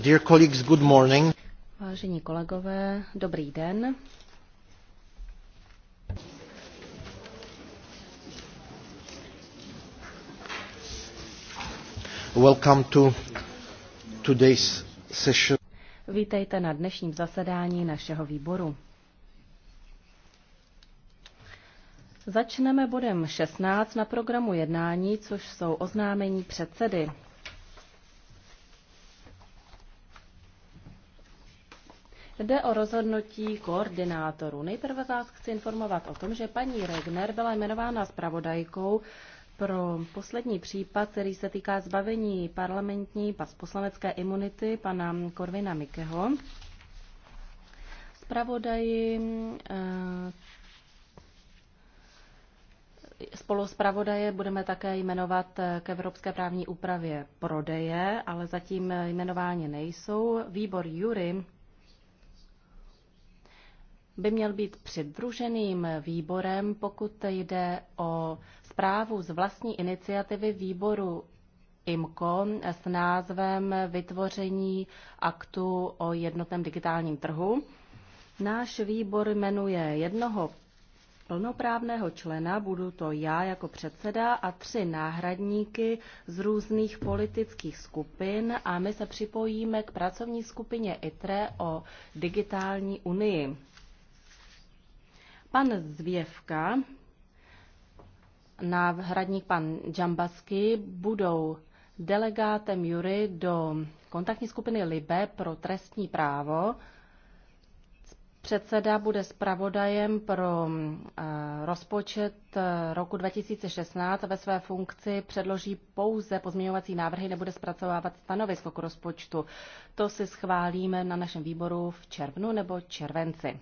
Dear colleagues, good morning. Vážení kolegové, dobrý den. Welcome to today's session. Vítejte na dnešním zasedání našeho výboru. Začneme bodem 16 na programu jednání, což jsou oznámení předsedy. Jde o rozhodnutí koordinátorů. Nejprve vás chci informovat o tom, že paní Regner byla jmenována zpravodajkou pro poslední případ, který se týká zbavení parlamentní poslanecké imunity pana Korvina Mikeho. Zpravodaji eh, Spolu pravodaje budeme také jmenovat k evropské právní úpravě prodeje, ale zatím jmenováni nejsou. Výbor Jury by měl být přidruženým výborem, pokud jde o zprávu z vlastní iniciativy výboru IMCO s názvem Vytvoření aktu o jednotném digitálním trhu. Náš výbor jmenuje jednoho plnoprávného člena, budu to já jako předseda a tři náhradníky z různých politických skupin a my se připojíme k pracovní skupině ITRE o digitální unii. Pan Zvěvka, náhradník pan Džambasky, budou delegátem jury do kontaktní skupiny LIBE pro trestní právo. Předseda bude zpravodajem pro eh, rozpočet eh, roku 2016 a ve své funkci předloží pouze pozměňovací návrhy, nebude zpracovávat stanovisko k rozpočtu. To si schválíme na našem výboru v červnu nebo červenci.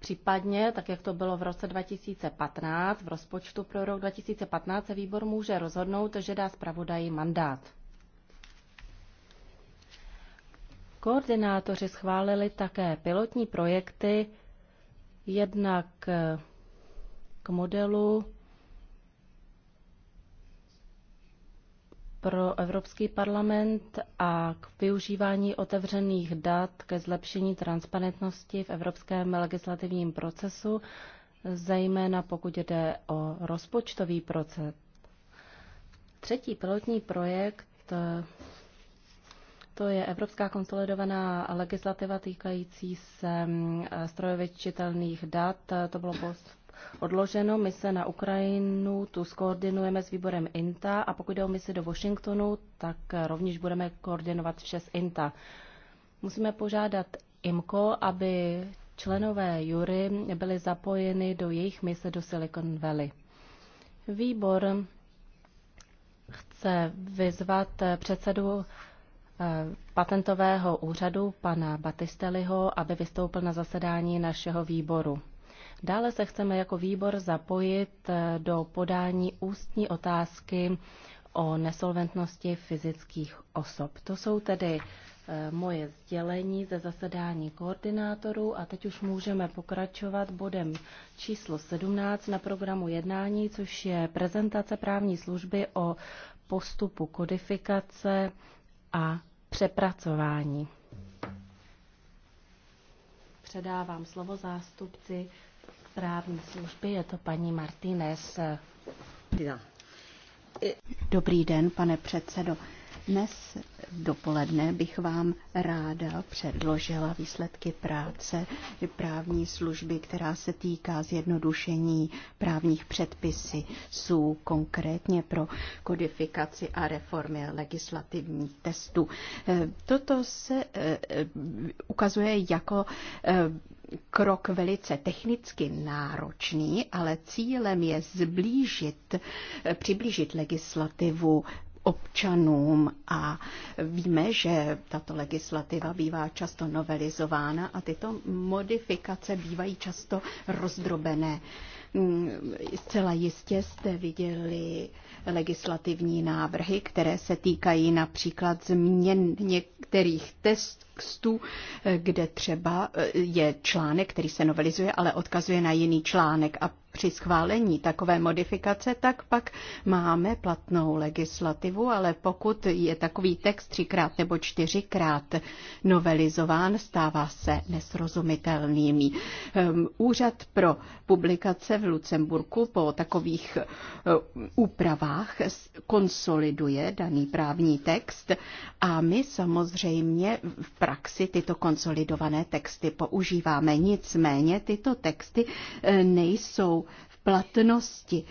Případně, tak jak to bylo v roce 2015, v rozpočtu pro rok 2015 se výbor může rozhodnout, že dá zpravodaji mandát. Koordinátoři schválili také pilotní projekty jednak k modelu pro Evropský parlament a k využívání otevřených dat ke zlepšení transparentnosti v evropském legislativním procesu, zejména pokud jde o rozpočtový proces. Třetí pilotní projekt to je Evropská konsolidovaná legislativa týkající se strojově čitelných dat. To bylo odloženo. My se na Ukrajinu tu skoordinujeme s výborem INTA a pokud jde o misi do Washingtonu, tak rovněž budeme koordinovat vše s INTA. Musíme požádat IMCO, aby členové jury byly zapojeny do jejich mise do Silicon Valley. Výbor chce vyzvat předsedu eh, patentového úřadu pana Batisteliho, aby vystoupil na zasedání našeho výboru. Dále se chceme jako výbor zapojit eh, do podání ústní otázky o nesolventnosti fyzických osob. To jsou tedy eh, moje sdělení ze zasedání koordinátorů a teď už můžeme pokračovat bodem číslo 17 na programu jednání, což je prezentace právní služby o postupu kodifikace a přepracování. Předávám slovo zástupci právní služby, je to paní Martínez. Dobrý den, pane předsedo. Dnes dopoledne bych vám ráda předložila výsledky práce právní služby, která se týká zjednodušení právních předpisů, konkrétně pro kodifikaci a reformy legislativních testů. Toto se eh, eh, ukazuje jako eh, krok velice technicky náročný, ale cílem je zblížit, přiblížit legislativu občanům a víme, že tato legislativa bývá často novelizována a tyto modifikace bývají často rozdrobené. Mm, zcela jistě jste viděli legislativní návrhy, které se týkají například změn některých textů, eh, kde třeba eh, je článek, který se novelizuje, ale odkazuje na jiný článek. A při schválení takové modifikace, tak pak máme platnou legislativu, ale pokud je takový text třikrát nebo čtyřikrát novelizován, stává se nesrozumitelným. Ehm, úřad pro publikace v Lucemburku po takových e, úpravách konsoliduje daný právní text a my samozřejmě v praxi tyto konsolidované texty používáme. Nicméně tyto texty e, nejsou platnosti.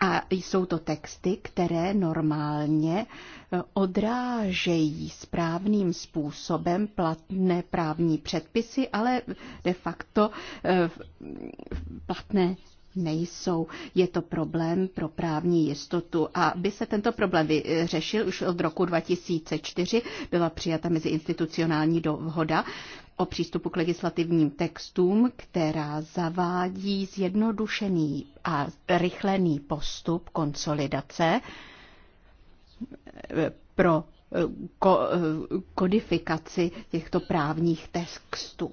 A jsou to texty, které normálně eh, odrážejí správným způsobem platné právní předpisy, ale de facto eh, platné nejsou. Je to problém pro právní jistotu. A by se tento problém vyřešil, eh, už od roku 2004 byla přijata meziinstitucionální dohoda, o přístupu k legislativním textům, která zavádí zjednodušený a rychlený postup konsolidace eh, pro eh, kodifikaci těchto právních textů.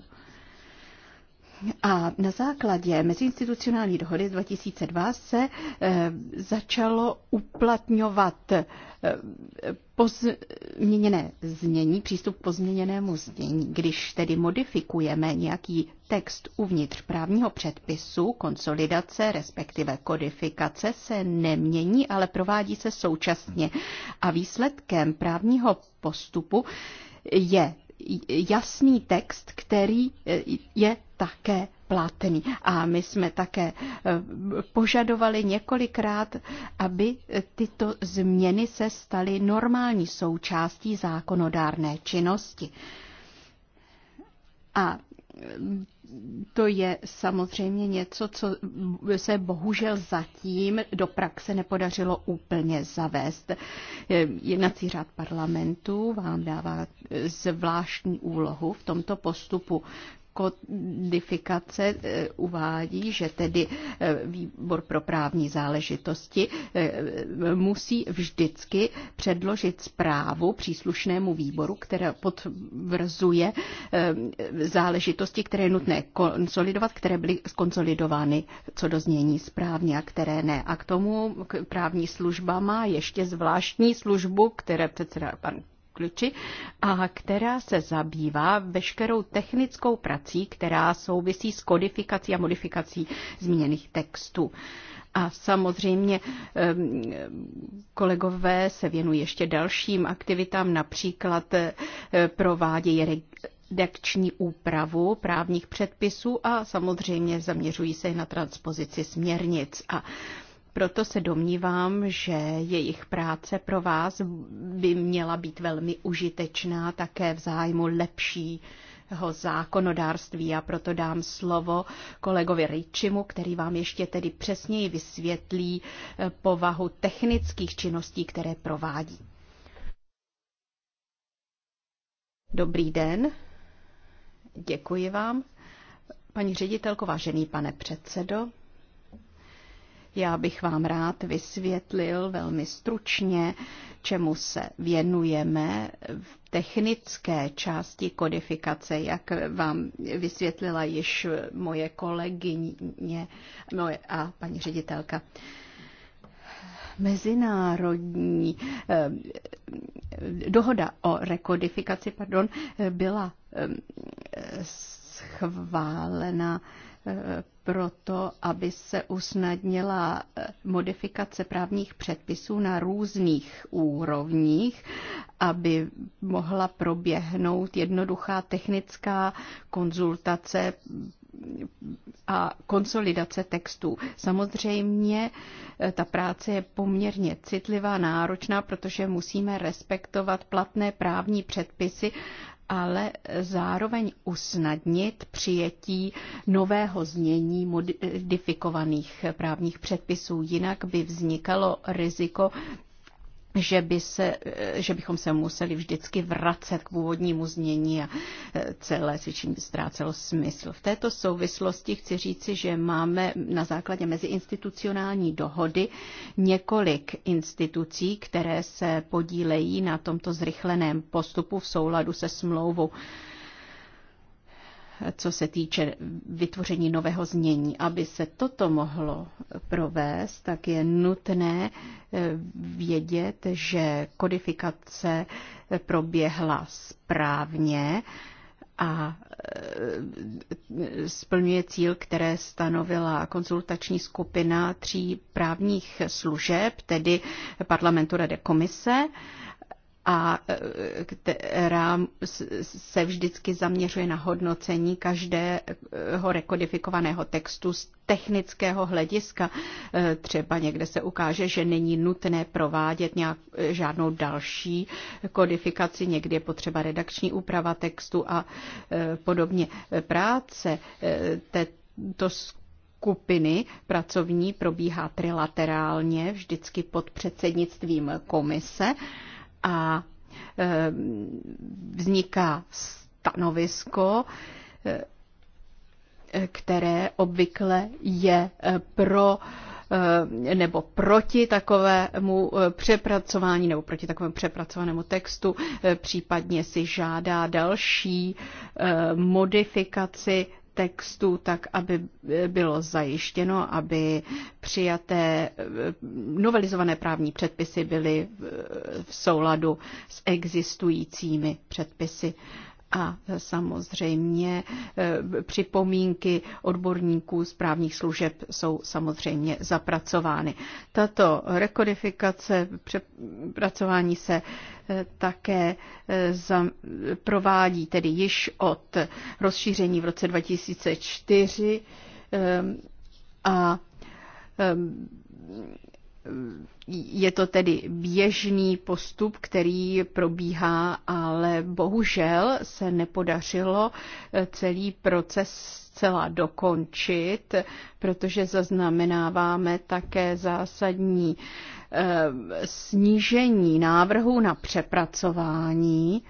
A na základě meziinstitucionální dohody z 2002 se eh, začalo uplatňovat eh, pozměněné znění, přístup k pozměněnému znění. Když tedy modifikujeme nějaký text uvnitř právního předpisu, konsolidace, respektive kodifikace se nemění, ale provádí se současně. A výsledkem právního postupu je jasný text, který eh, je také platný. A my jsme také eh, požadovali několikrát, aby eh, tyto změny se staly normální součástí zákonodárné činnosti. A to je samozřejmě něco, co se bohužel zatím do praxe nepodařilo úplně zavést. Jednací řád parlamentu vám dává zvláštní úlohu v tomto postupu kodifikace eh, uvádí, že tedy eh, výbor pro právní záležitosti eh, musí vždycky předložit zprávu příslušnému výboru, která potvrzuje záležitosti, které je nutné konsolidovat, které byly skonsolidovány, co do znění správně a které ne. A k tomu právní služba má ještě zvláštní službu, které předseda pan Kluči, a která se zabývá veškerou technickou prací, která souvisí s kodifikací a modifikací zmíněných textů. A samozřejmě kolegové se věnují ještě dalším aktivitám, například eh, provádějí redakční úpravu právních předpisů a samozřejmě zaměřují se na transpozici směrnic. A proto se domnívám, že jejich práce pro vás by měla být velmi užitečná také v zájmu lepší zákonodárství a proto dám slovo kolegovi Ričimu, který vám ještě tedy přesněji vysvětlí eh, povahu technických činností, které provádí. Dobrý den, děkuji vám. Paní ředitelko, vážený pane předsedo, já bych vám rád vysvětlil velmi stručně, čemu se věnujeme v technické části kodifikace, jak vám vysvětlila již moje kolegyně moje a paní ředitelka mezinárodní eh, dohoda o rekodifikaci pardon, eh, byla eh, schválena proto, aby se usnadnila eh, modifikace právních předpisů na různých úrovních, aby mohla proběhnout jednoduchá technická konzultace mm, a konsolidace textů. Samozřejmě eh, ta práce je poměrně citlivá, náročná, protože musíme respektovat platné právní předpisy ale zároveň usnadnit přijetí nového znění modifikovaných právních předpisů. Jinak by vznikalo riziko že, by se, eh, že bychom se museli vždycky vracet k původnímu znění a eh, celé cvičení by ztrácelo smysl. V této souvislosti chci říci, že máme na základě meziinstitucionální dohody několik institucí, které se podílejí na tomto zrychleném postupu v souladu se smlouvou co se týče vytvoření nového znění. Aby se toto mohlo provést, tak je nutné eh, vědět, že kodifikace proběhla správně a eh, splňuje cíl, které stanovila konzultační skupina tří právních služeb, tedy parlamentu rade komise a e, která se vždycky zaměřuje na hodnocení každého rekodifikovaného textu z technického hlediska. E, třeba někde se ukáže, že není nutné provádět nějak, e, žádnou další kodifikaci, někdy je potřeba redakční úprava textu a podobně. Práce této skupiny pracovní probíhá trilaterálně, vždycky pod předsednictvím komise a e, vzniká stanovisko, e, které obvykle je e, pro nebo proti takovému přepracování nebo proti takovému přepracovanému textu, případně si žádá další modifikaci textu, tak aby bylo zajištěno, aby přijaté eh, novelizované právní předpisy byly v souladu s existujícími předpisy. A samozřejmě eh, připomínky odborníků z právních služeb jsou samozřejmě zapracovány. Tato rekodifikace, přepracování se Eh, také eh, provádí tedy již od rozšíření v roce 2004 ehm, a ehm, je to tedy běžný postup, který probíhá, ale bohužel se nepodařilo eh, celý proces zcela dokončit, protože zaznamenáváme také zásadní eh, snížení návrhu na přepracování.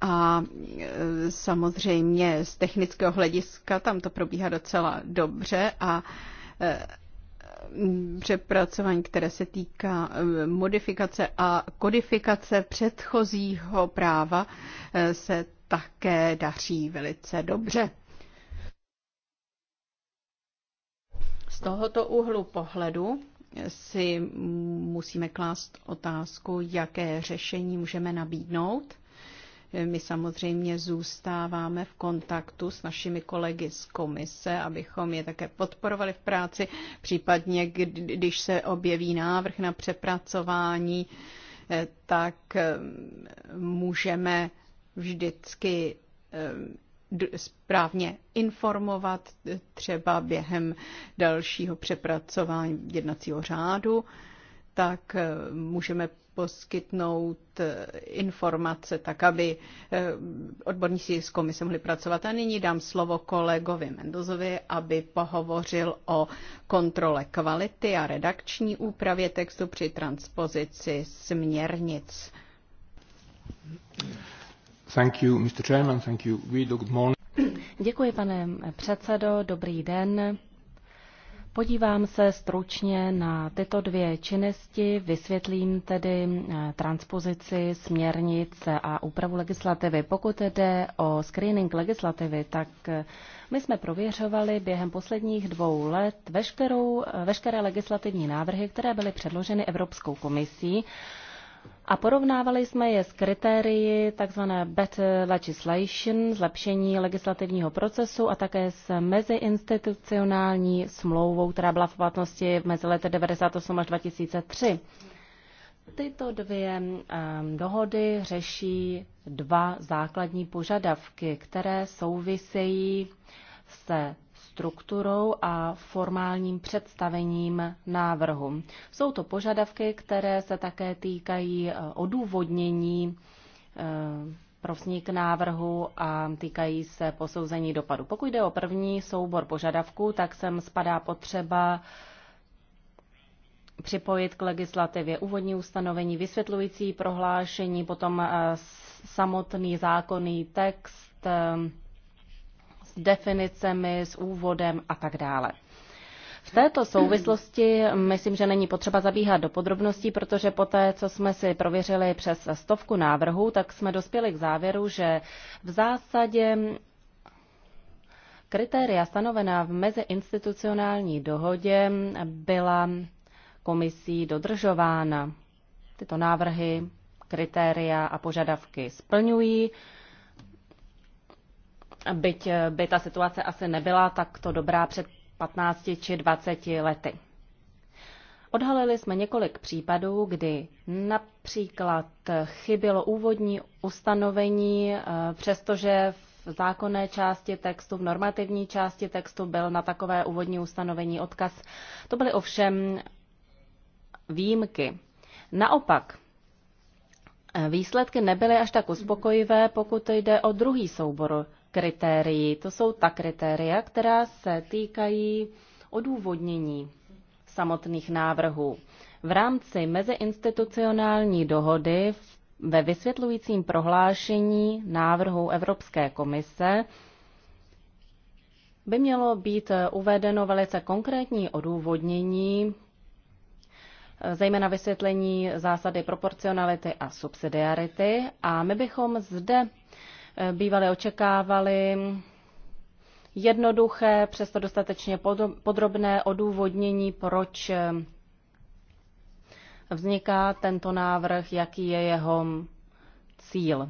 A eh, samozřejmě z technického hlediska tam to probíhá docela dobře a eh, přepracování, které se týká modifikace a kodifikace předchozího práva, se také daří velice dobře. Z tohoto úhlu pohledu si musíme klást otázku, jaké řešení můžeme nabídnout. My samozřejmě zůstáváme v kontaktu s našimi kolegy z komise, abychom je také podporovali v práci, případně když se objeví návrh na přepracování, eh, tak eh, můžeme vždycky eh, správně informovat třeba během dalšího přepracování jednacího řádu, tak e, můžeme poskytnout e, informace tak, aby e, odborníci z komise mohli pracovat. A nyní dám slovo kolegovi Mendozovi, aby pohovořil o kontrole kvality a redakční úpravě textu při transpozici směrnic. Děkuji, pane předsedo. Dobrý den. Podívám se stručně na tyto dvě činnosti, vysvětlím tedy eh, transpozici směrnice a úpravu legislativy. Pokud jde o screening legislativy, tak eh, my jsme prověřovali během posledních dvou let veškerou, eh, veškeré legislativní návrhy, které byly předloženy Evropskou komisí a porovnávali jsme je s kritérii tzv. better legislation, zlepšení legislativního procesu a také s meziinstitucionální smlouvou, která byla v platnosti mezi lety 1998 až 2003. Tyto dvě um, dohody řeší dva základní požadavky, které souvisejí se strukturou a formálním představením návrhu. Jsou to požadavky, které se také týkají eh, odůvodnění eh, pro vznik návrhu a týkají se posouzení dopadu. Pokud jde o první soubor požadavků, tak sem spadá potřeba připojit k legislativě úvodní ustanovení, vysvětlující prohlášení, potom eh, samotný zákonný text, definicemi, s úvodem a tak dále. V této souvislosti myslím, že není potřeba zabíhat do podrobností, protože poté, co jsme si prověřili přes stovku návrhů, tak jsme dospěli k závěru, že v zásadě kritéria stanovená v meziinstitucionální dohodě byla komisí dodržována. Tyto návrhy, kritéria a požadavky splňují byť eh, by ta situace asi nebyla takto dobrá před 15 či 20 lety. Odhalili jsme několik případů, kdy například chybělo úvodní ustanovení, eh, přestože v zákonné části textu, v normativní části textu byl na takové úvodní ustanovení odkaz. To byly ovšem výjimky. Naopak, eh, výsledky nebyly až tak uspokojivé, pokud jde o druhý soubor kritérií. To jsou ta kritéria, která se týkají odůvodnění samotných návrhů. V rámci meziinstitucionální dohody ve vysvětlujícím prohlášení návrhu Evropské komise by mělo být uvedeno velice konkrétní odůvodnění, zejména vysvětlení zásady proporcionality a subsidiarity a my bychom zde bývali očekávali jednoduché, přesto dostatečně podrobné odůvodnění, proč eh, vzniká tento návrh, jaký je jeho cíl.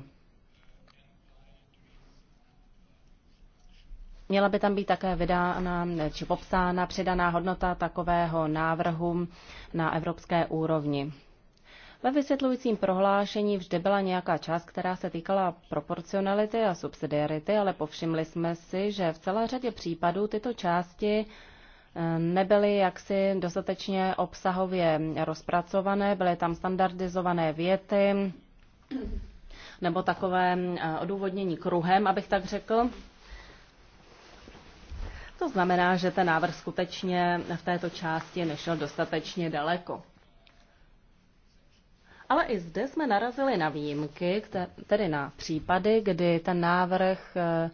Měla by tam být také vydána či popsána přidaná hodnota takového návrhu na evropské úrovni. Ve vysvětlujícím prohlášení vždy byla nějaká část, která se týkala proporcionality a subsidiarity, ale povšimli jsme si, že v celé řadě případů tyto části eh, nebyly jaksi dostatečně obsahově rozpracované, byly tam standardizované věty nebo takové eh, odůvodnění kruhem, abych tak řekl. To znamená, že ten návrh skutečně v této části nešel dostatečně daleko. Ale i zde jsme narazili na výjimky, tedy na případy, kdy ten návrh eh,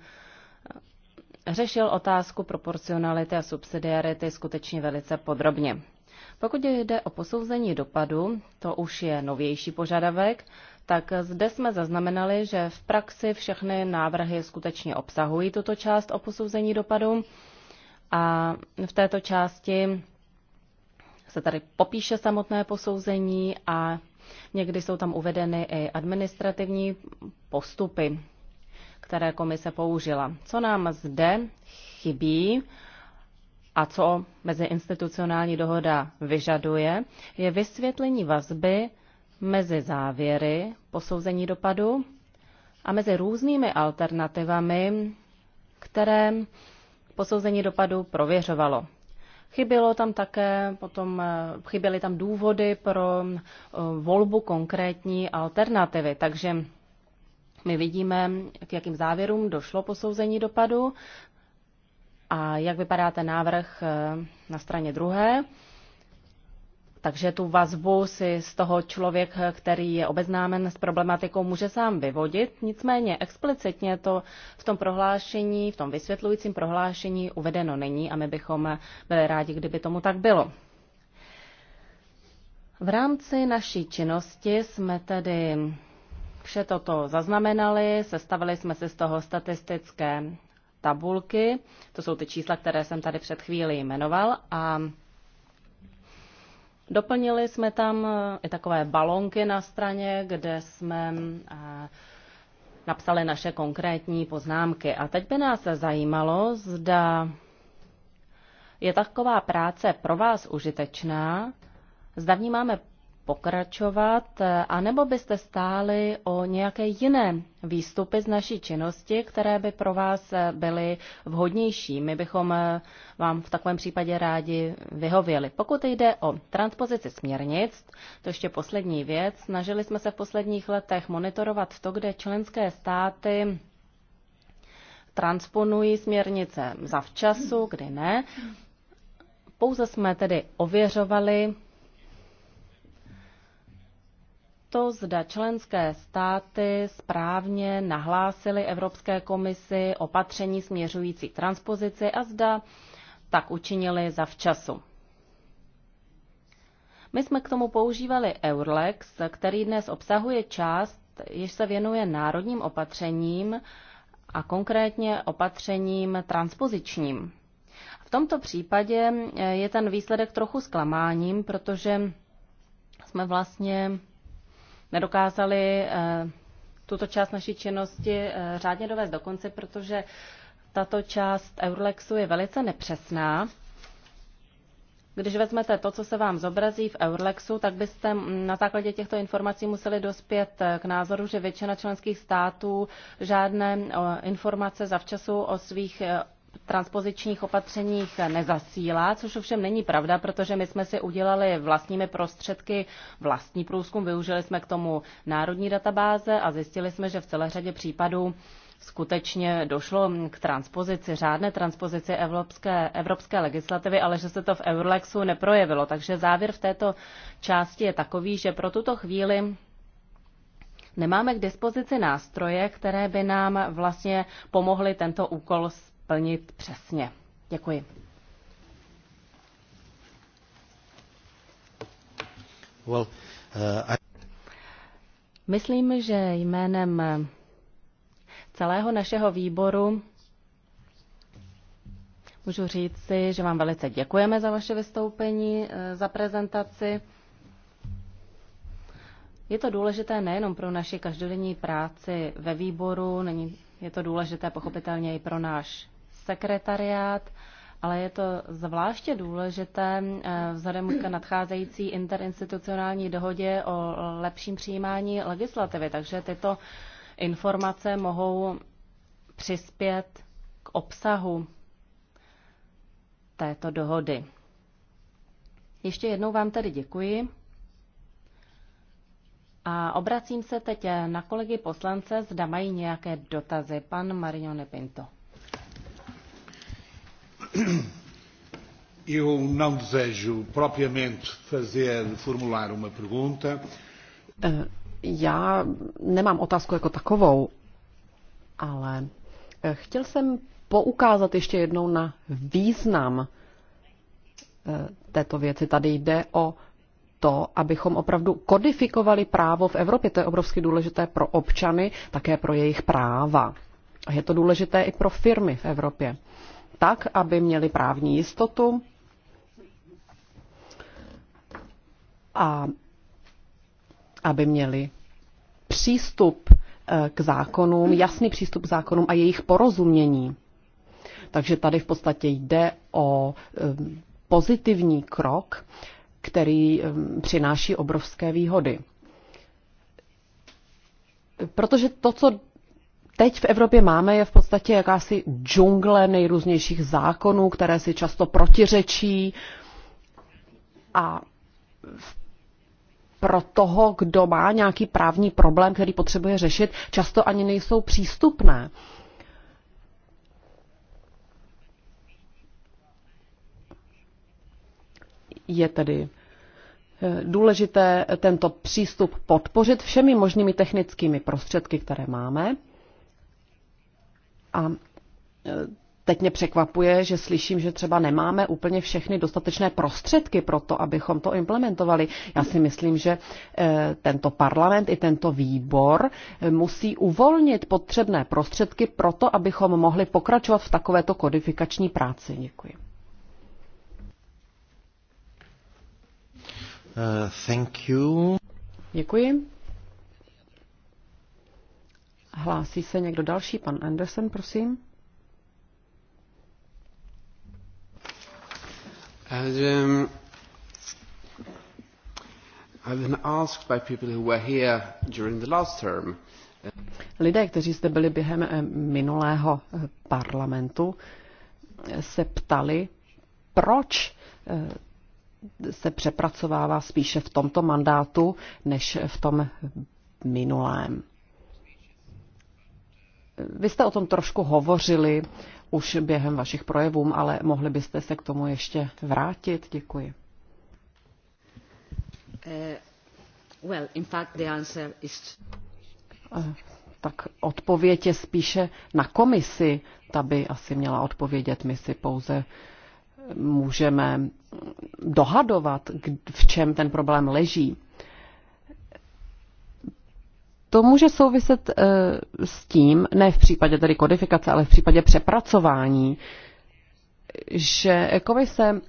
eh, řešil otázku proporcionality a subsidiarity skutečně velice podrobně. Pokud jde o posouzení dopadu, to už je novější požadavek, tak zde jsme zaznamenali, že v praxi všechny návrhy skutečně obsahují tuto část o posouzení dopadu a v této části se tady popíše samotné posouzení a Někdy jsou tam uvedeny i administrativní postupy, které komise použila. Co nám zde chybí a co meziinstitucionální dohoda vyžaduje, je vysvětlení vazby mezi závěry posouzení dopadu a mezi různými alternativami, které posouzení dopadu prověřovalo. Chybělo tam také, potom eh, chyběly tam důvody pro eh, volbu konkrétní alternativy. Takže my vidíme, k jakým závěrům došlo posouzení dopadu a jak vypadá ten návrh eh, na straně druhé. Takže tu vazbu si z toho člověk, který je obeznámen s problematikou, může sám vyvodit. Nicméně explicitně to v tom prohlášení, v tom vysvětlujícím prohlášení uvedeno není a my bychom byli rádi, kdyby tomu tak bylo. V rámci naší činnosti jsme tedy vše toto zaznamenali, sestavili jsme si z toho statistické tabulky, to jsou ty čísla, které jsem tady před chvílí jmenoval a Doplnili jsme tam eh, i takové balonky na straně, kde jsme eh, napsali naše konkrétní poznámky. A teď by nás zajímalo, zda je taková práce pro vás užitečná, zda v ní máme pokračovat, eh, anebo byste stáli o nějaké jiné výstupy z naší činnosti, které by pro vás eh, byly vhodnější. My bychom eh, vám v takovém případě rádi vyhověli. Pokud jde o transpozici směrnic, to ještě poslední věc, snažili jsme se v posledních letech monitorovat to, kde členské státy transponují směrnice včasu, kdy ne. Pouze jsme tedy ověřovali, to, zda členské státy správně nahlásily Evropské komisi opatření směřující k transpozici a zda tak učinili včasu. My jsme k tomu používali Eurlex, který dnes obsahuje část, jež se věnuje národním opatřením a konkrétně opatřením transpozičním. V tomto případě je ten výsledek trochu zklamáním, protože jsme vlastně nedokázali eh, tuto část naší činnosti eh, řádně dovést do konce, protože tato část Eurlexu je velice nepřesná. Když vezmete to, co se vám zobrazí v Eurlexu, tak byste na základě těchto informací museli dospět eh, k názoru, že většina členských států žádné informace zavčasu o svých transpozičních opatřeních nezasílá, což ovšem není pravda, protože my jsme si udělali vlastními prostředky vlastní průzkum, využili jsme k tomu národní databáze a zjistili jsme, že v celé řadě případů skutečně došlo k transpozici, řádné transpozici evropské, evropské legislativy, ale že se to v Eurlexu neprojevilo. Takže závěr v této části je takový, že pro tuto chvíli nemáme k dispozici nástroje, které by nám vlastně pomohly tento úkol plnit přesně. Děkuji. Well, uh, I... Myslím, že jménem celého našeho výboru můžu říci, že vám velice děkujeme za vaše vystoupení, eh, za prezentaci. Je to důležité nejenom pro naši každodenní práci ve výboru, není, je to důležité pochopitelně i pro náš sekretariát, ale je to zvláště důležité eh, vzhledem k nadcházející interinstitucionální dohodě o lepším přijímání legislativy. Takže tyto informace mohou přispět k obsahu této dohody. Ještě jednou vám tedy děkuji. A obracím se teď na kolegy poslance, zda mají nějaké dotazy. Pan Marione Pinto. Eu não desejo propriamente fazer, formular uma pergunta. Eh, já nemám otázku jako takovou, ale eh, chtěl jsem poukázat ještě jednou na význam eh, této věci. Tady jde o to, abychom opravdu kodifikovali právo v Evropě. To je obrovsky důležité pro občany, také pro jejich práva. A je to důležité i pro firmy v Evropě tak, aby měli právní jistotu a aby měli přístup eh, k zákonům, jasný přístup k zákonům a jejich porozumění. Takže tady v podstatě jde o eh, pozitivní krok, který eh, přináší obrovské výhody. Protože to, co teď v Evropě máme, je v podstatě jakási džungle nejrůznějších zákonů, které si často protiřečí a pro toho, kdo má nějaký právní problém, který potřebuje řešit, často ani nejsou přístupné. Je tedy eh, důležité tento přístup podpořit všemi možnými technickými prostředky, které máme. A e, teď mě překvapuje, že slyším, že třeba nemáme úplně všechny dostatečné prostředky pro to, abychom to implementovali. Já si myslím, že e, tento parlament i tento výbor e, musí uvolnit potřebné prostředky pro to, abychom mohli pokračovat v takovéto kodifikační práci. Děkuji. Uh, thank you. Děkuji. Hlásí se někdo další? Pan Anderson, prosím. um, I've been asked by people who were here during the last term. Uh, Lidé, kteří zde byli během eh, minulého eh, parlamentu, se ptali, proč eh, se přepracovává spíše v tomto mandátu, než v tom minulém. Vy jste o tom trošku hovořili už během vašich projevů, ale mohli byste se k tomu ještě vrátit? Děkuji. Uh, well, in fact the answer is... Uh, tak odpověď je spíše na komisi. Ta by asi měla odpovědět. My si pouze můžeme dohadovat, v čem ten problém leží. To může souviset eh, s tím, ne v případě tedy kodifikace, ale v případě přepracování, že komise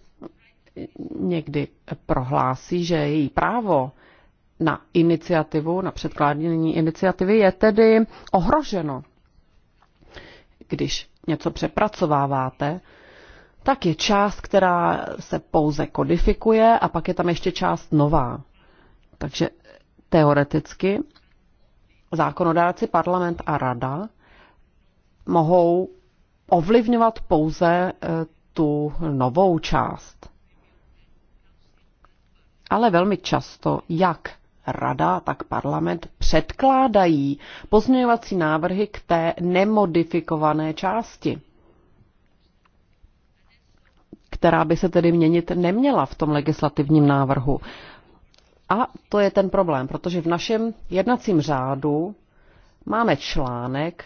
někdy prohlásí, že její právo na iniciativu, na předkládání iniciativy je tedy ohroženo. Když něco přepracováváte, tak je část, která se pouze kodifikuje a pak je tam ještě část nová. Takže teoreticky zákonodárci parlament a rada mohou ovlivňovat pouze e, tu novou část. Ale velmi často, jak rada, tak parlament předkládají pozměňovací návrhy k té nemodifikované části, která by se tedy měnit neměla v tom legislativním návrhu. A to je ten problém, protože v našem jednacím řádu máme článek,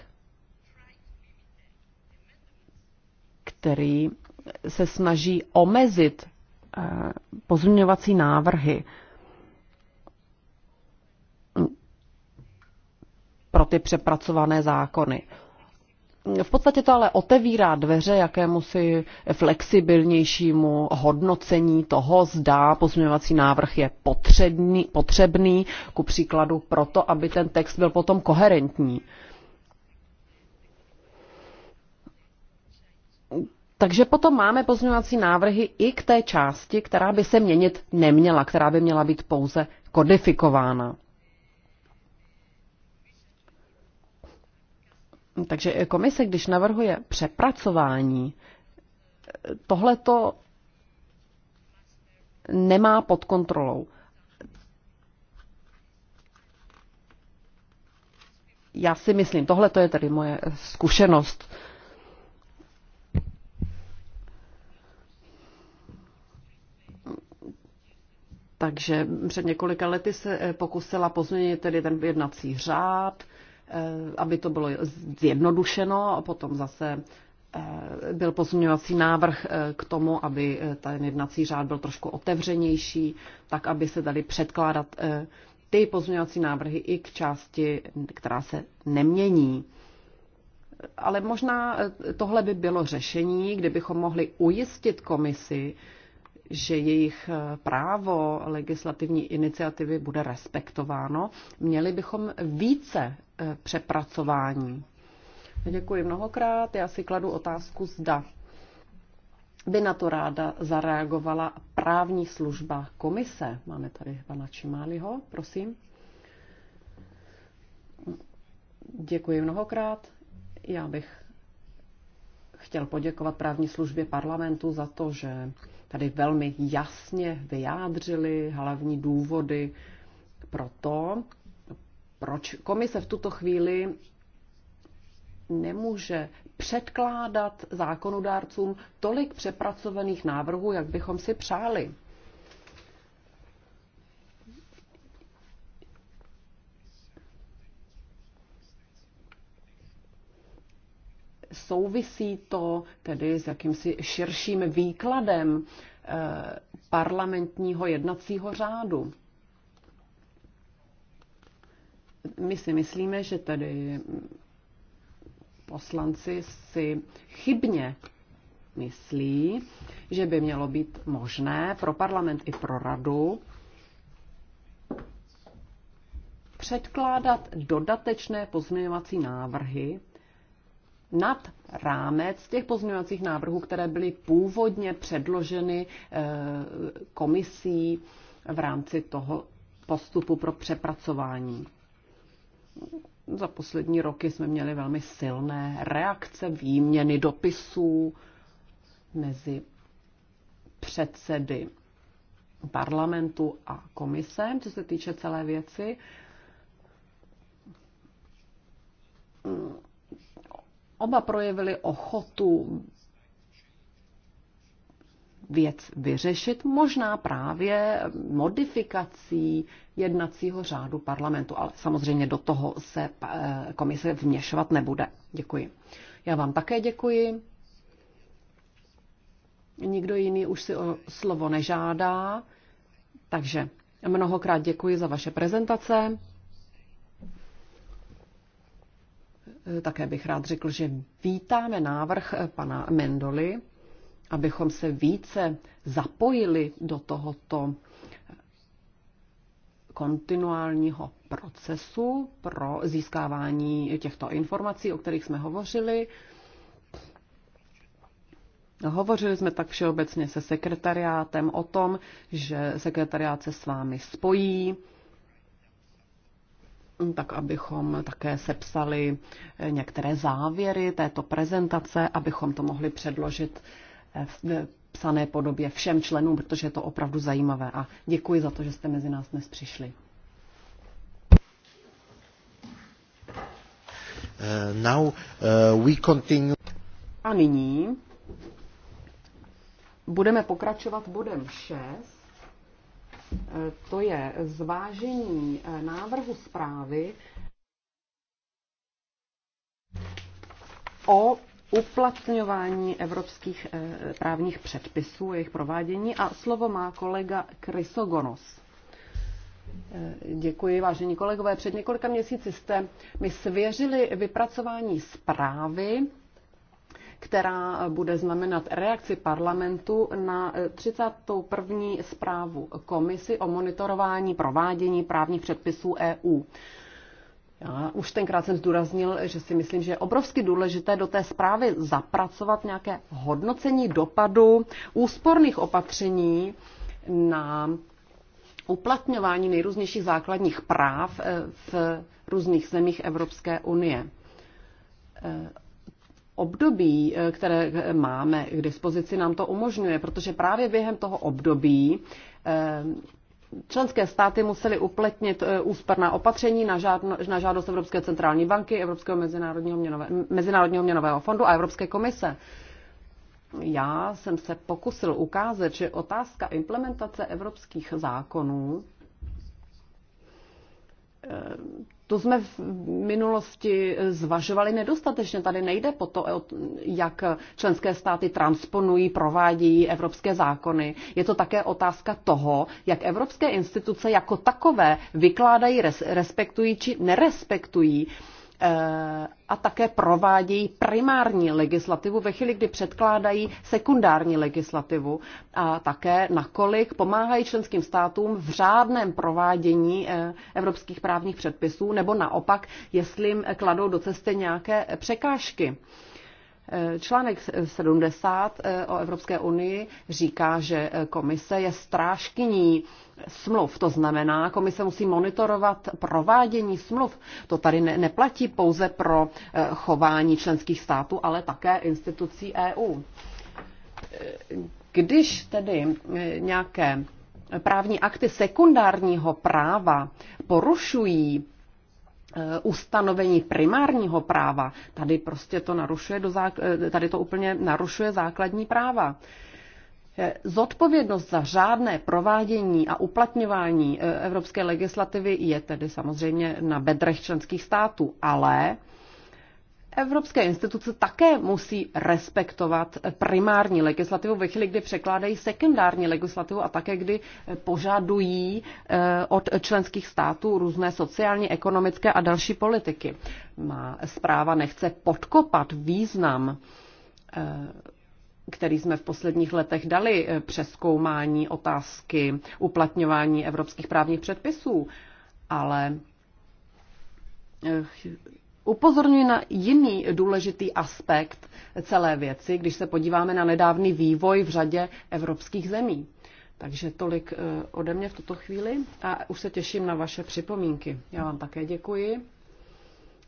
který se snaží omezit eh, pozměňovací návrhy pro ty přepracované zákony. V podstatě to ale otevírá dveře jakému si flexibilnějšímu hodnocení toho, zda pozměňovací návrh je potřebný, potřebný ku příkladu proto, aby ten text byl potom koherentní. Takže potom máme pozměňovací návrhy i k té části, která by se měnit neměla, která by měla být pouze kodifikována. Takže komise, když navrhuje přepracování, tohle to nemá pod kontrolou. Já si myslím, tohle to je tedy moje zkušenost. Takže před několika lety se pokusila pozměnit tedy ten jednací řád, Eh, aby to bylo zjednodušeno a potom zase eh, byl pozměňovací návrh eh, k tomu, aby ten jednací řád byl trošku otevřenější, tak aby se dali předkládat ty pozměňovací návrhy i k části, která se nemění. Ale možná tohle by bylo řešení, kdybychom mohli ujistit komisi, že jejich eh, právo legislativní iniciativy bude respektováno, měli bychom více eh, přepracování. Děkuji mnohokrát. Já si kladu otázku, zda by na to ráda zareagovala právní služba komise. Máme tady pana Čimáliho, prosím. Děkuji mnohokrát. Já bych chtěl poděkovat právní službě parlamentu za to, že tady velmi jasně vyjádřili hlavní důvody pro to, proč komise v tuto chvíli nemůže předkládat zákonodárcům tolik přepracovaných návrhů, jak bychom si přáli. Souvisí to tedy s jakýmsi širším výkladem eh, parlamentního jednacího řádu. My si myslíme, že tedy poslanci si chybně myslí, že by mělo být možné pro parlament i pro radu předkládat dodatečné pozměňovací návrhy nad rámec těch pozměňovacích návrhů, které byly původně předloženy eh, komisí v rámci toho postupu pro přepracování. Za poslední roky jsme měli velmi silné reakce, výměny dopisů mezi předsedy parlamentu a komise, co se týče celé věci oba projevili ochotu věc vyřešit, možná právě modifikací jednacího řádu parlamentu, ale samozřejmě do toho se eh, komise vměšovat nebude. Děkuji. Já vám také děkuji. Nikdo jiný už si o slovo nežádá, takže mnohokrát děkuji za vaše prezentace. Eh, také bych rád řekl, že vítáme návrh eh, pana Mendoly, abychom se více zapojili do tohoto eh, kontinuálního procesu pro získávání těchto informací, o kterých jsme hovořili. Hovořili jsme tak všeobecně se sekretariátem o tom, že sekretariát se s vámi spojí, tak abychom také sepsali některé závěry této prezentace, abychom to mohli předložit eh, v psané podobě všem členům, protože je to opravdu zajímavé. A děkuji za to, že jste mezi nás dnes přišli. Uh, now uh, we continue. A nyní budeme pokračovat bodem 6. Eh, to je zvážení eh, návrhu zprávy o uplatňování evropských eh, právních předpisů, jejich provádění a slovo má kolega Krysogonos. Děkuji, vážení kolegové. Před několika měsíci jste mi svěřili vypracování zprávy která bude znamenat reakci parlamentu na 31. Eh, zprávu komisi o monitorování provádění právních předpisů EU. Já už tenkrát jsem zdůraznil, že si myslím, že je obrovsky důležité do té zprávy zapracovat nějaké hodnocení dopadu úsporných opatření na uplatňování nejrůznějších základních práv eh, v různých zemích Evropské unie. Eh, období, eh, které eh, máme k dispozici, nám to umožňuje, protože právě během toho období eh, členské státy musely uplatnit úsporná opatření na, žádno, na žádost Evropské centrální banky, Evropského mezinárodního, měnové, mezinárodního měnového fondu a Evropské komise. Já jsem se pokusil ukázat, že otázka implementace evropských zákonů to jsme v minulosti zvažovali nedostatečně. Tady nejde po to, jak členské státy transponují, provádí evropské zákony. Je to také otázka toho, jak evropské instituce jako takové vykládají, respektují či nerespektují Eh, a také provádějí primární legislativu ve chvíli, kdy předkládají sekundární legislativu a také nakolik pomáhají členským státům v řádném provádění eh, evropských právních předpisů nebo naopak, jestli jim kladou do cesty nějaké překážky. Článek 70 eh, o Evropské unii říká, že eh, komise je strážkyní smluv. To znamená, komise musí monitorovat provádění smluv. To tady ne, neplatí pouze pro eh, chování členských států, ale také institucí EU. Když tedy nějaké právní akty sekundárního práva porušují Eh, ustanovení primárního práva, tady prostě to narušuje, do zákl- eh, tady to úplně narušuje základní práva. Eh, zodpovědnost za řádné provádění a uplatňování evropské legislativy je tedy samozřejmě na bedrech členských států, ale Evropské instituce také musí respektovat primární legislativu ve chvíli, kdy překládají sekundární legislativu a také kdy požadují eh, od členských států různé sociální, ekonomické a další politiky. Má zpráva nechce podkopat význam eh, který jsme v posledních letech dali eh, přeskoumání otázky uplatňování evropských právních předpisů, ale Upozorňuji na jiný důležitý aspekt celé věci, když se podíváme na nedávný vývoj v řadě evropských zemí. Takže tolik eh, ode mě v tuto chvíli a už se těším na vaše připomínky. Já vám také děkuji.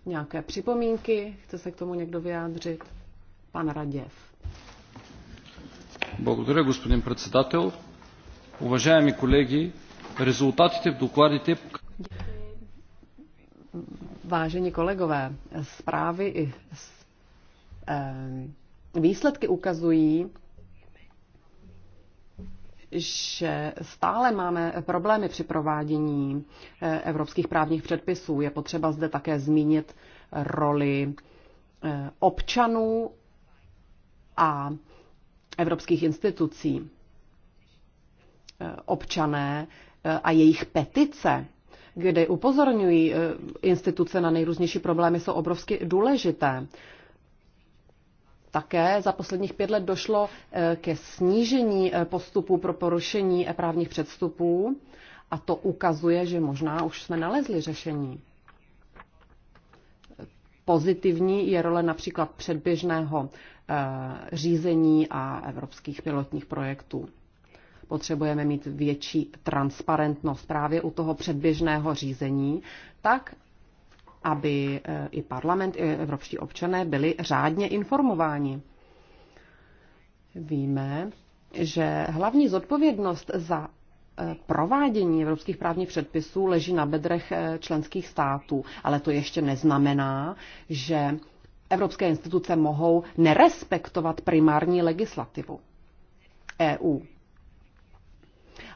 Nějaké připomínky? Chce se k tomu někdo vyjádřit? Pan Raděv. Благодаря, господин председател. Уважаеми колеги, резултатите в докладите... Vážení kolegové, zprávy i eh, výsledky ukazují, že stále máme problémy při provádění eh, evropských právních předpisů. Je potřeba zde také zmínit roli eh, občanů a evropských institucí. Občané a jejich petice kde upozorňují eh, instituce na nejrůznější problémy, jsou obrovsky důležité. Také za posledních pět let došlo eh, ke snížení eh, postupů pro porušení právních předstupů a to ukazuje, že možná už jsme nalezli řešení. Pozitivní je role například předběžného řízení a evropských pilotních projektů. Potřebujeme mít větší transparentnost právě u toho předběžného řízení, tak aby e, i parlament, i evropští občané byli řádně informováni. Víme, že hlavní zodpovědnost za e, provádění evropských právních předpisů leží na bedrech e, členských států, ale to ještě neznamená, že evropské instituce mohou nerespektovat primární legislativu EU.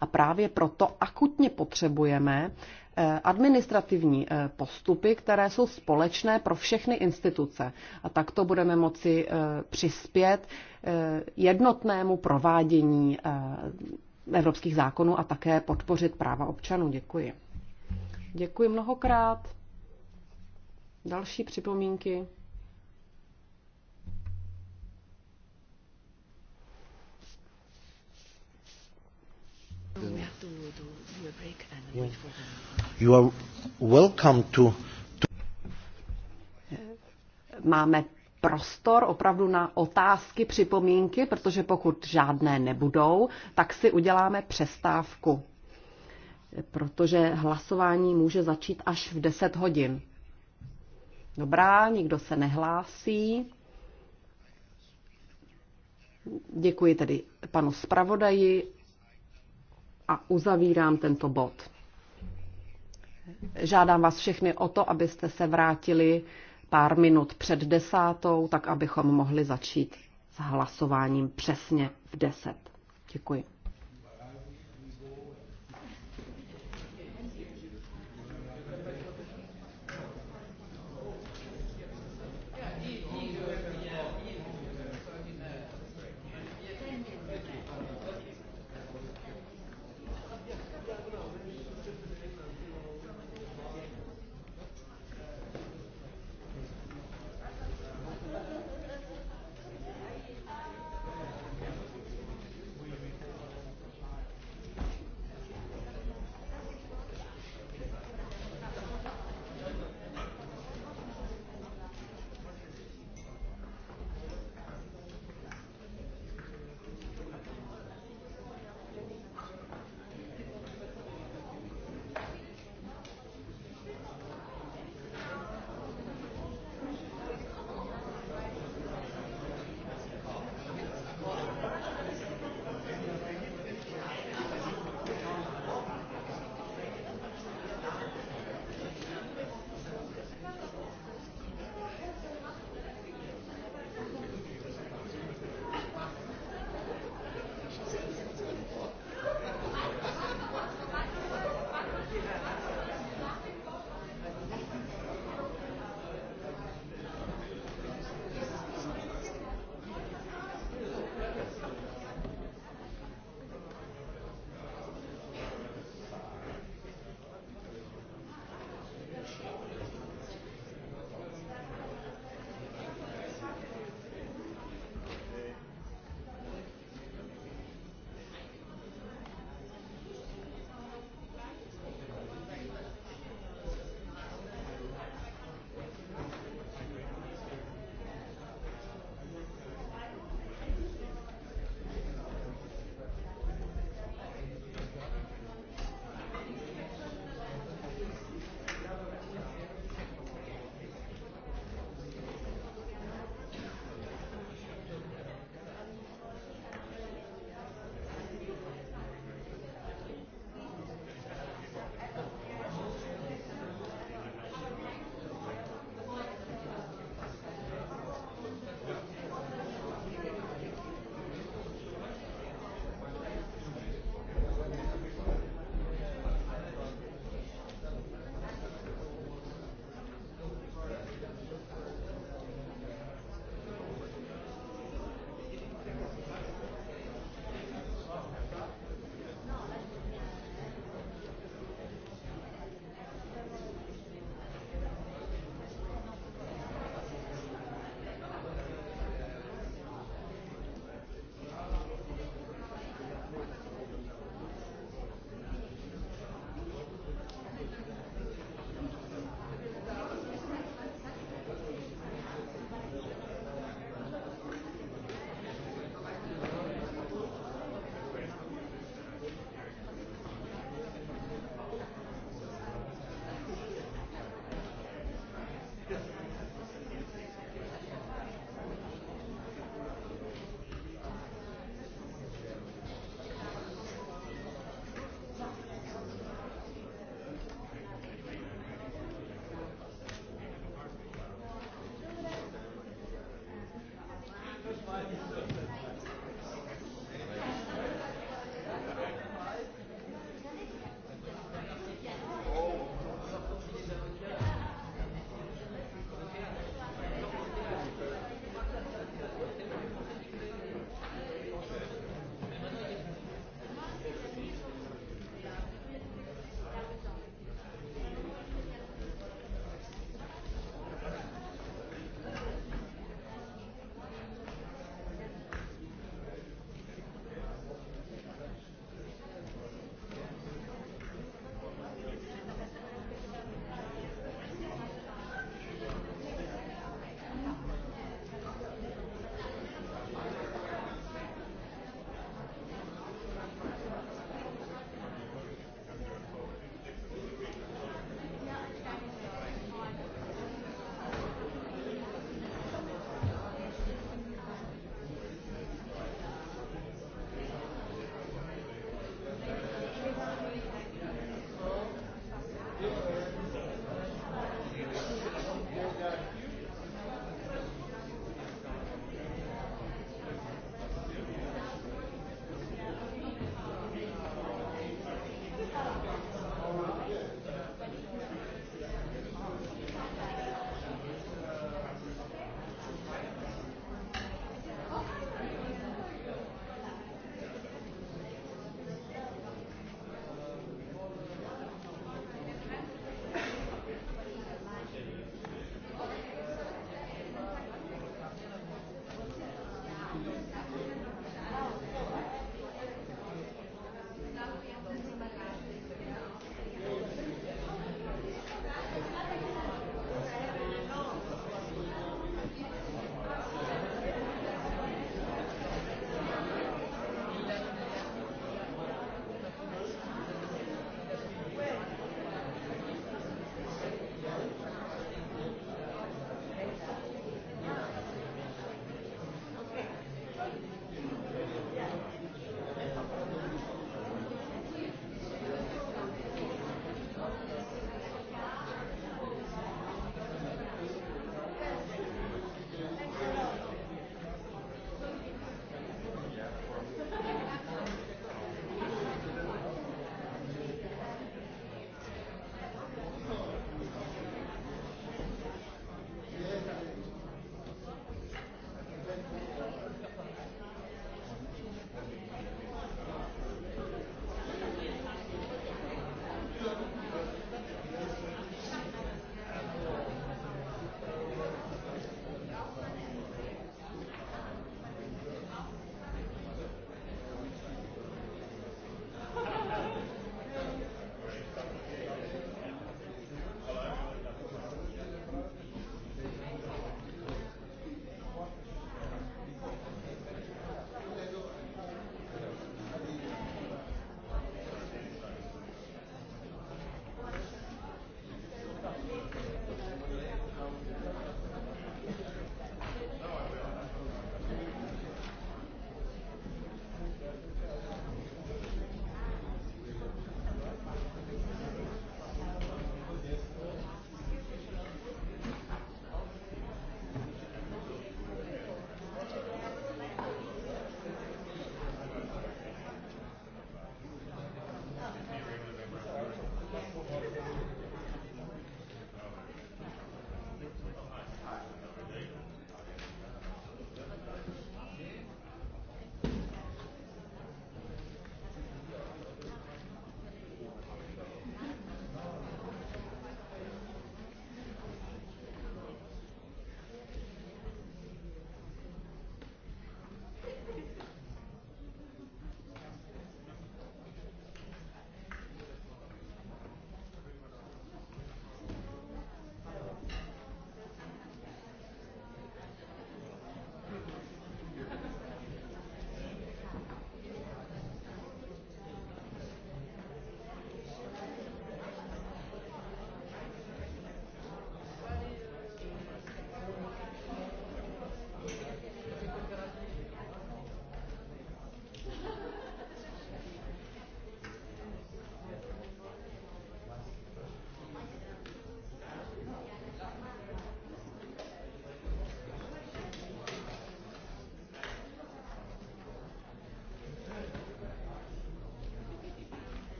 A právě proto akutně potřebujeme eh, administrativní eh, postupy, které jsou společné pro všechny instituce. A takto budeme moci eh, přispět jednotnému provádění evropských zákonů a také podpořit práva občanů. Děkuji. Děkuji mnohokrát. Další připomínky? You are welcome to, to... Máme prostor opravdu na otázky, připomínky, protože pokud žádné nebudou, tak si uděláme přestávku, protože hlasování může začít až v 10 hodin. Dobrá, nikdo se nehlásí. Děkuji tedy panu zpravodaji a uzavírám tento bod. Žádám vás všechny o to, abyste se vrátili pár minut před desátou, tak abychom mohli začít s hlasováním přesně v deset. Děkuji.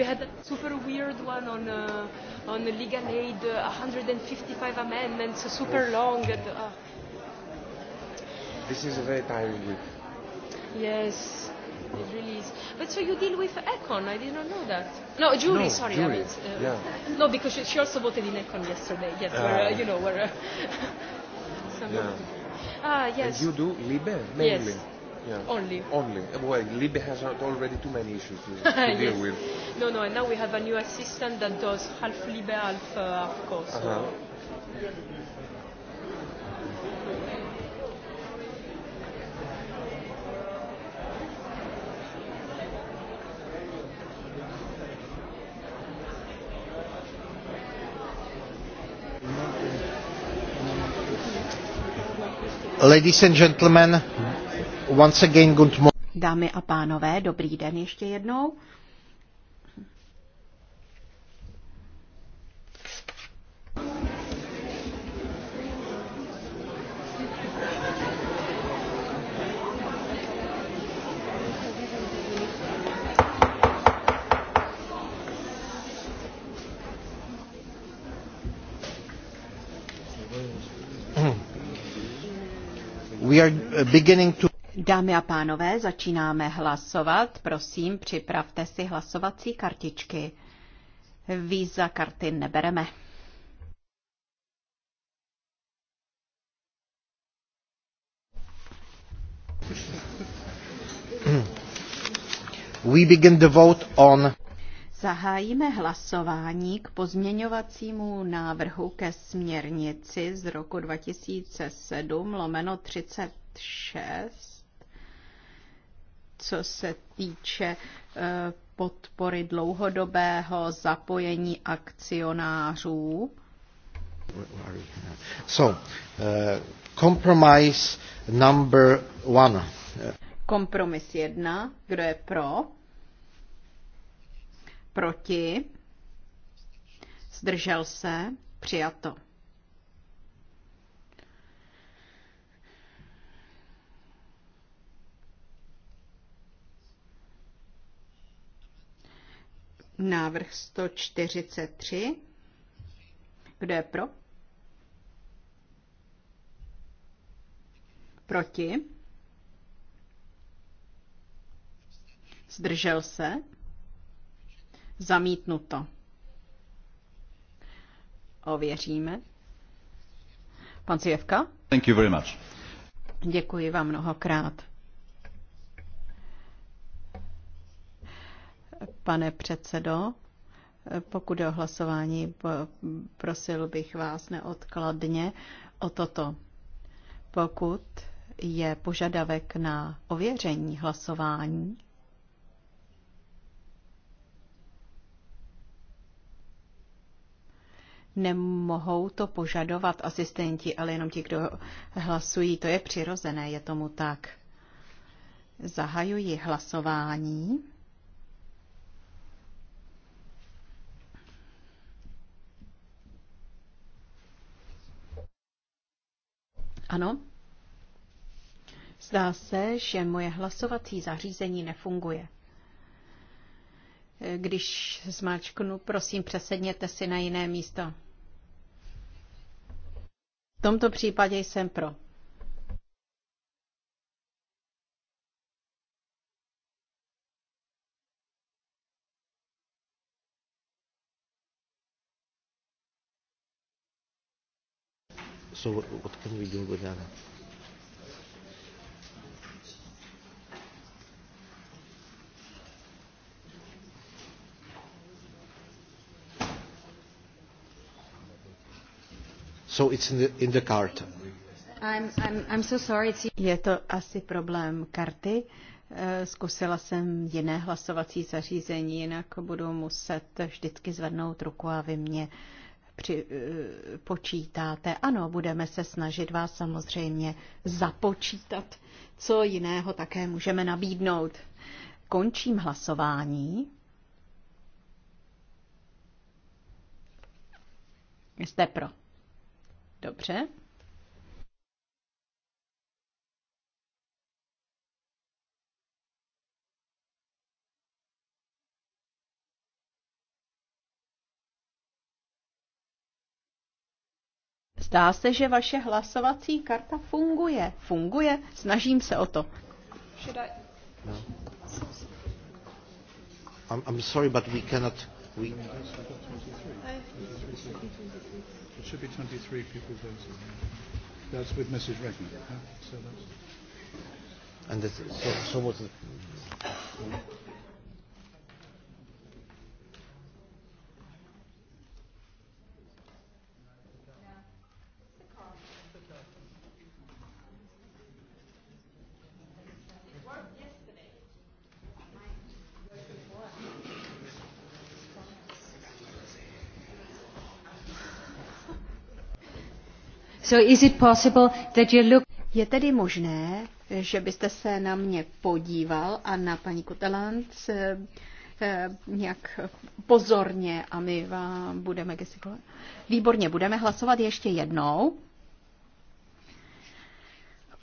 we had a super weird one on uh, on legal aid, uh, 155 amendments, super Oof. long. And, uh, this is a very tiring week. Yes, it really is. But so you deal with Econ? I did not know that. No, no Julie. No, sorry, jury. I mean, uh, yeah. no, because she, she also voted in Econ yesterday. Yes, uh, where, uh, you know where. Uh, yeah. No. Ah yes. And you do Libe mainly. Yes yeah. only. Only. Well, Libby has already too many issues to, to deal yes. with. No, no, and now we have a new assistant that does half Libby, half uh, AFCO. So. Uh-huh. Ladies and gentlemen, Once again, good Dámy a pánové, dobrý den ještě jednou. we are beginning to Dámy a pánové, začínáme hlasovat. Prosím, připravte si hlasovací kartičky. Víza karty nebereme. We begin the vote on Zahájíme hlasování k pozměňovacímu návrhu ke směrnici z roku 2007 lomeno 36 co se týče eh, podpory dlouhodobého zapojení akcionářů. So, uh, compromise number one. Kompromis jedna. Kdo je pro? Proti? Zdržel se? Přijato. Návrh 143. Kdo je pro? Proti? Zdržel se? Zamítnuto. Ověříme. Pan Cijevka? Thank you very much. Děkuji vám mnohokrát. pane předsedo. Pokud je o hlasování, prosil bych vás neodkladně o toto. Pokud je požadavek na ověření hlasování, nemohou to požadovat asistenti, ale jenom ti, kdo hlasují. To je přirozené, je tomu tak. Zahajuji hlasování. Ano? Zdá se, že moje hlasovací zařízení nefunguje. Když zmáčknu, prosím, přesedněte si na jiné místo. V tomto případě jsem pro. So what can we So it's in the, in the card. I'm, I'm, I'm so sorry. Je to asi problém karty. Eh, zkusila jsem jiné hlasovací zařízení, jinak budu muset vždycky zvednout ruku a vy mě uh, při, eh, počítáte. Ano, budeme se snažit vás samozřejmě započítat. Co jiného také můžeme nabídnout? Končím hlasování. Jste pro. Dobře. Zdá se, že vaše hlasovací karta funguje. Funguje, snažím se o to. No. I'm, sorry, but we cannot... We... It should be 23 people voting. That's with Mrs. Huh? So that's... And this, so, so what's... The... So is it possible that you look... Je tedy možné, že byste se na mě podíval a na paní Kutelant eh, nějak pozorně a my vám budeme gestikulovat. Výborně, budeme hlasovat ještě jednou.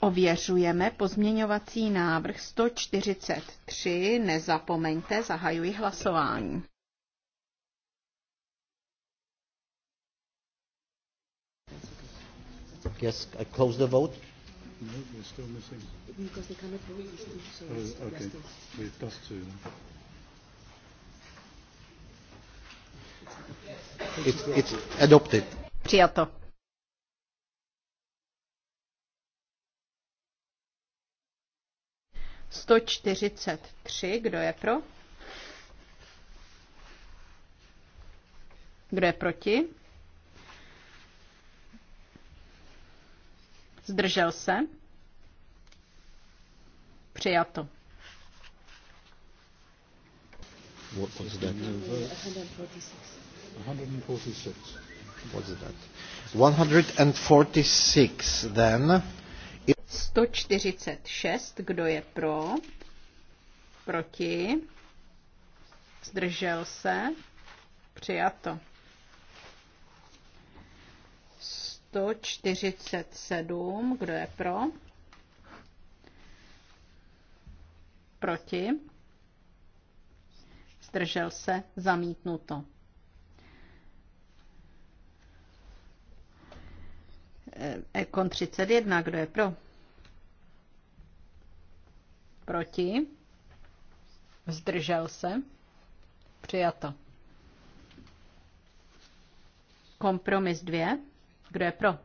Ověřujeme pozměňovací návrh 143. Nezapomeňte, zahajuji hlasování. Yes, I close the vote. No, we're still missing. Because they cannot vote these two, so oh, it's okay. two. We lost two. It's, it's adopted. Přijato. Sto čtyřicet tři, kdo je pro? Kdo je proti? Zdržel se? Přijato. What was that? 146. What's that? 146 then. 146, kdo je pro? Proti? Zdržel se? Přijato. 147. Kdo je pro? Proti? Zdržel se? Zamítnuto. Eh, Ekon 31. Kdo je pro? Proti? Zdržel se? Přijato. Kompromis 2. Kdo je pro?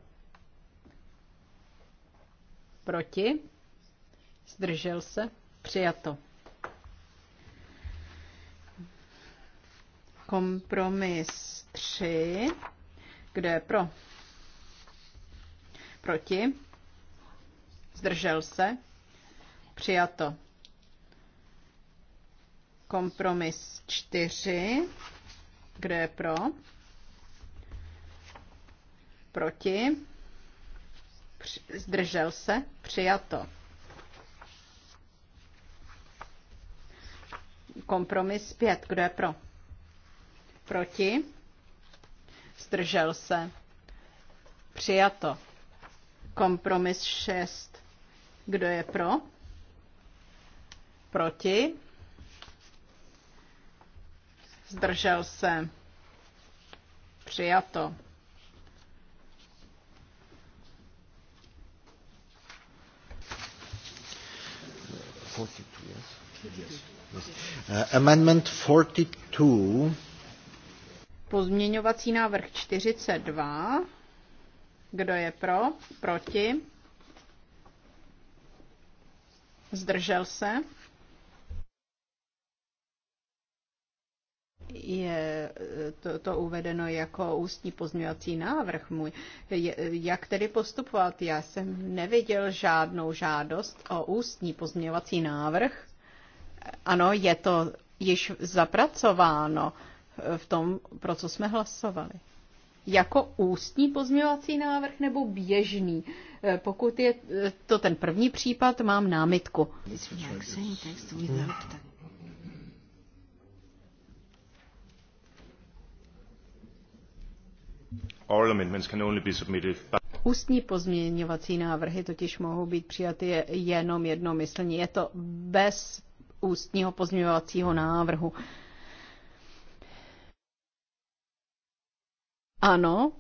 Proti? Zdržel se? Přijato. Kompromis 3. Kdo je pro? Proti? Zdržel se? Přijato. Kompromis 4. Kdo je pro? Proti? Zdržel se? Přijato. Kompromis 5. Kdo je pro? Proti? Zdržel se? Přijato. Kompromis 6. Kdo je pro? Proti? Zdržel se? Přijato. 42, yes? Yes. Uh, amendment 42. Pozměňovací návrh 42. Kdo je pro? Proti? Zdržel se? je eh, to, to uvedeno jako ústní pozměňovací návrh můj. Je, jak tedy postupovat? Já jsem neviděl žádnou žádost o ústní pozměňovací návrh. Ano, je to již zapracováno v tom, pro co jsme hlasovali. Jako ústní pozměňovací návrh nebo běžný? Eh, pokud je eh, to ten první případ, mám námitku. Hmm. Ústní pozměňovací návrhy totiž mohou být přijaty jenom jednomyslně. Je to bez ústního pozměňovacího návrhu. Ano,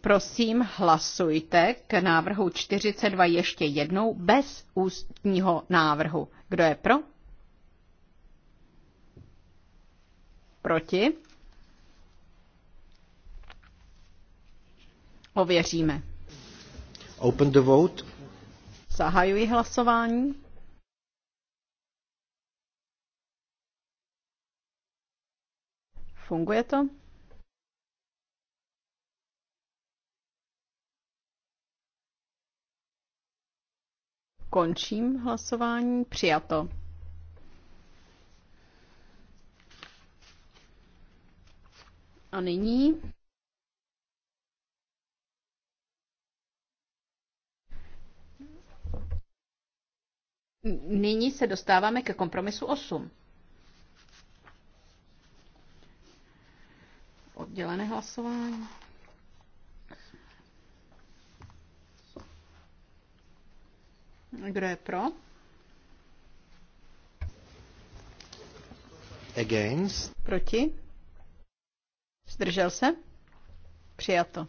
prosím, hlasujte k návrhu 42 ještě jednou bez ústního návrhu. Kdo je pro? Proti? Ověříme. Open the vote. Zahajuji hlasování. Funguje to? Končím hlasování. Přijato. A nyní Nyní se dostáváme ke kompromisu 8. Oddělené hlasování. Kdo je pro? Against. Proti? Zdržel se? Přijato.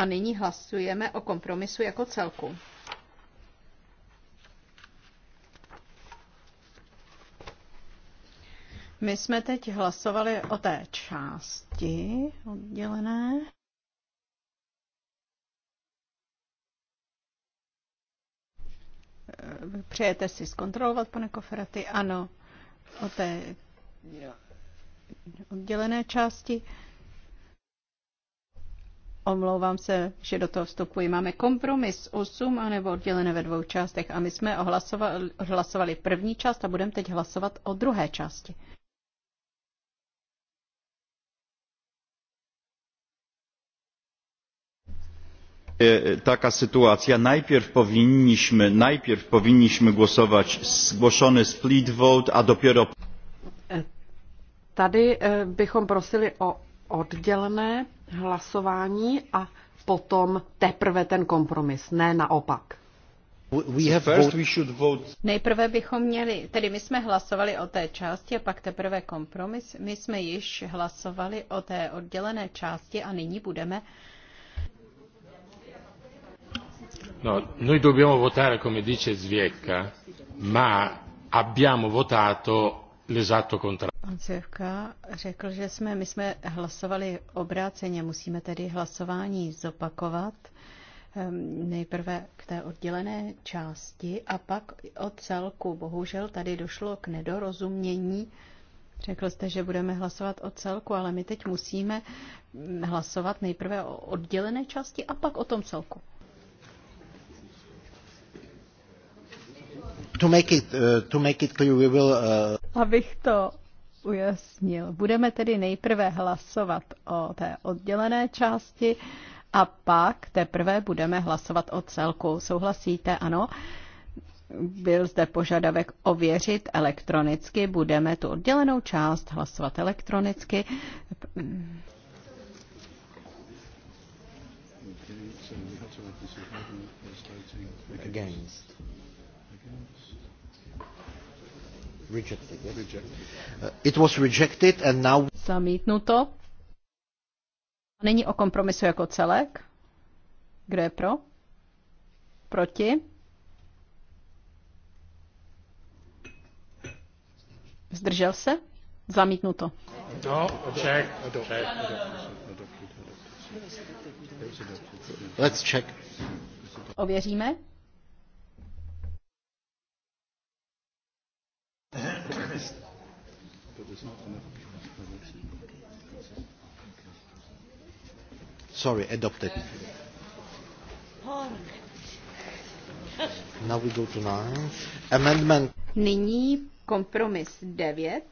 A nyní hlasujeme o kompromisu jako celku. My jsme teď hlasovali o té části oddělené. Přejete si zkontrolovat, pane Koferaty? Ano, o té oddělené části. Omlouvám se, že do toho vstupuji. Máme kompromis 8 anebo oddělené ve dvou částech a my jsme hlasovali první část a budeme teď hlasovat o druhé části. E, e, taka sytuacja najpierw powinniśmy najpierw powinniśmy głosować zgłoszony split vote a dopiero e, tady bychom prosili o oddělené hlasování a potom teprve ten kompromis, ne naopak. Nejprve bychom měli, tedy my jsme hlasovali o té části a pak teprve kompromis. My jsme již hlasovali o té oddělené části a nyní budeme. No, noi dobbiamo votare, come dice Zviecka, ma abbiamo votato l'esatto contrario. Pan Cevka řekl, že jsme, my jsme hlasovali obráceně, musíme tedy hlasování zopakovat ehm, nejprve k té oddělené části a pak o celku. Bohužel tady došlo k nedorozumění. Řekl jste, že budeme hlasovat o celku, ale my teď musíme mm, hlasovat nejprve o oddělené části a pak o tom celku. To make it, uh, to make it clear, we will, uh... Abych to ujasnil, budeme tedy nejprve hlasovat o té oddělené části a pak teprve budeme hlasovat o celku. Souhlasíte? Ano. Byl zde požadavek ověřit elektronicky. Budeme tu oddělenou část hlasovat elektronicky. Against. Rejected, yes? rejected. it was rejected and now... Zamítnuto. A o kompromisu jako celek. Kdo je pro? Proti? Zdržel se? Zamítnuto. No, check. Let's check. Ověříme. Sorry, adopted. Now we go to nine. Amendment. Nyní kompromis 9.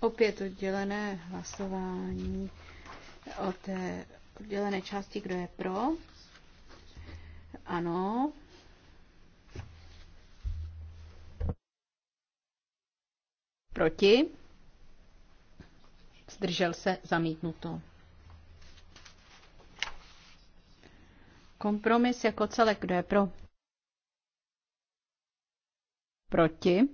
Opět oddělené hlasování o té oddělené části, kdo je pro. Ano. Proti. Zdržel se zamítnuto. Kompromis jako celek, kdo je pro? Proti.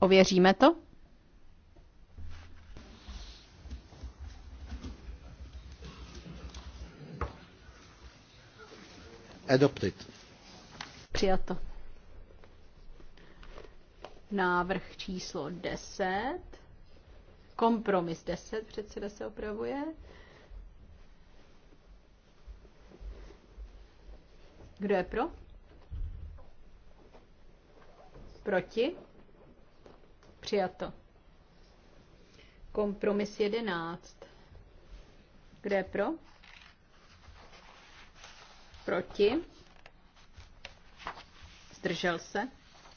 Ověříme to? Přijato. Návrh číslo 10. Kompromis 10, předseda se opravuje. Kdo je pro? Proti? Přijato. Kompromis 11. Kdo je pro? Proti? Zdržel se?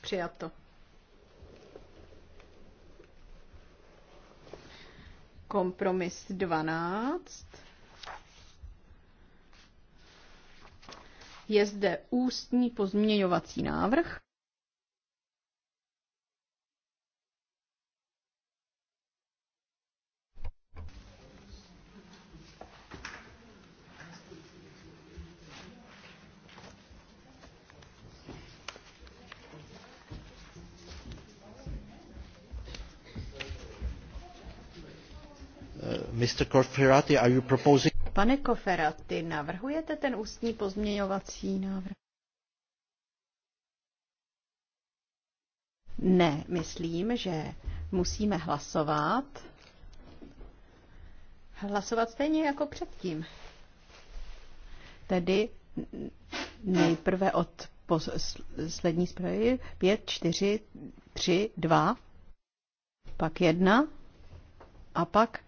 Přijato. Kompromis 12. Je zde ústní pozměňovací návrh. Pane Koferaty, navrhujete ten ústní pozměňovací návrh? Ne, myslím, že musíme hlasovat. Hlasovat stejně jako předtím. Tedy nejprve od poslední zprávy 5, 4, 3, 2, pak 1 a pak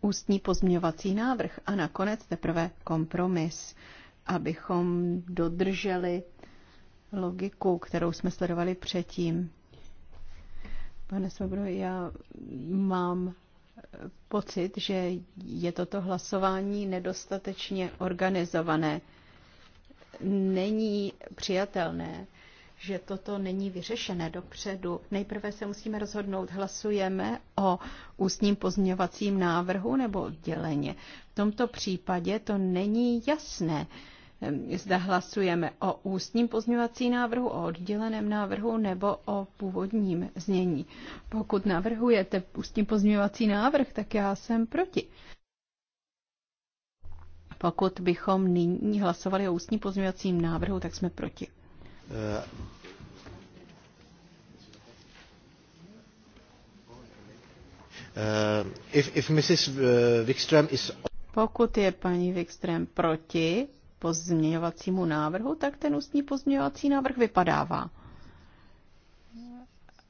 ústní pozměňovací návrh a nakonec teprve kompromis, abychom dodrželi logiku, kterou jsme sledovali předtím. Pane Svobro, já mám pocit, že je toto hlasování nedostatečně organizované. Není přijatelné, že toto není vyřešené dopředu. Nejprve se musíme rozhodnout, hlasujeme o ústním pozměňovacím návrhu nebo odděleně. V tomto případě to není jasné. Ehm, zda hlasujeme o ústním pozměňovací návrhu, o odděleném návrhu nebo o původním znění. Pokud navrhujete ústní pozměňovací návrh, tak já jsem proti. Pokud bychom nyní hlasovali o ústním pozměňovacím návrhu, tak jsme proti. Eh, eh, eh, Pokud je paní Wikström proti pozměňovacímu návrhu, tak ten ústní pozměňovací návrh vypadává.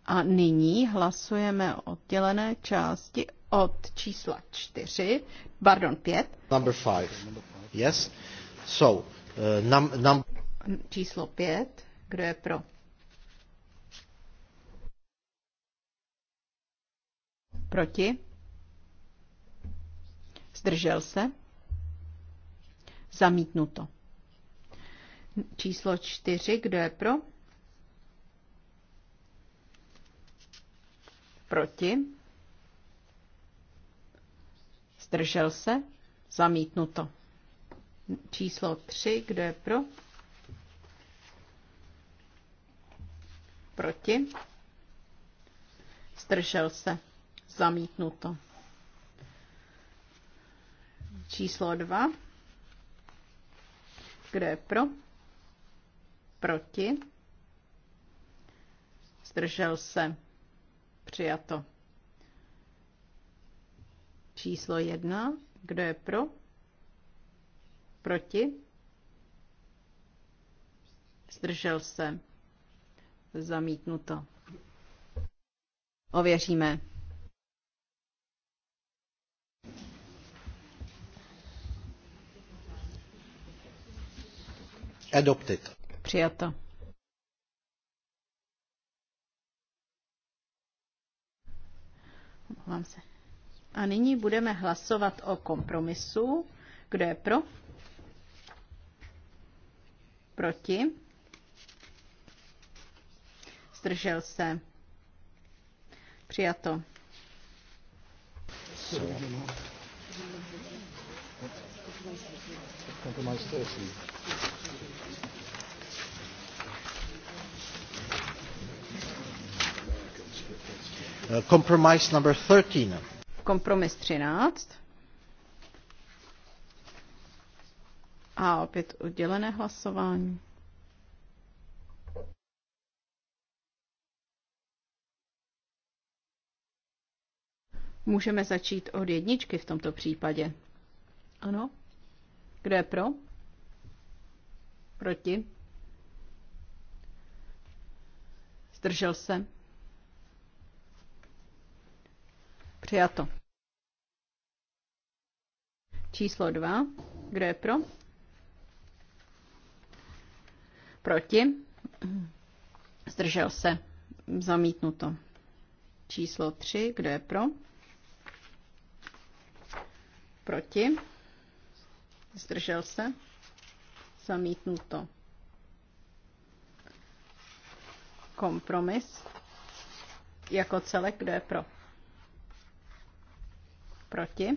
A nyní hlasujeme o oddělené části od čísla 4, pardon 5. Number 5. Yes. So, uh, num, num... Číslo 5. Kdo je pro? Proti? Zdržel se? Zamítnuto. Číslo čtyři. Kdo je pro? Proti? Zdržel se? Zamítnuto. Číslo tři. Kdo je pro? Proti? Zdržel se. Zamítnuto. Číslo 2. Kdo je pro? Proti? Zdržel se. Přijato. Číslo 1. Kdo je pro? Proti? Zdržel se. Zamítnuto. Ověříme. Adopted. Přijato. se. A nyní budeme hlasovat o kompromisu. Kdo je pro? Proti? zdržel se. Přijato. Compromise number 13. Kompromis 13. A opět oddělené hlasování. Můžeme začít od jedničky v tomto případě. Ano? Kdo je pro? Proti? Zdržel se? Přijato. Číslo dva. Kdo je pro? Proti? Zdržel se? Zamítnuto. Číslo tři. Kdo je pro? Proti? Zdržel se? Zamítnuto. Kompromis. Jako celek, kdo je pro? Proti?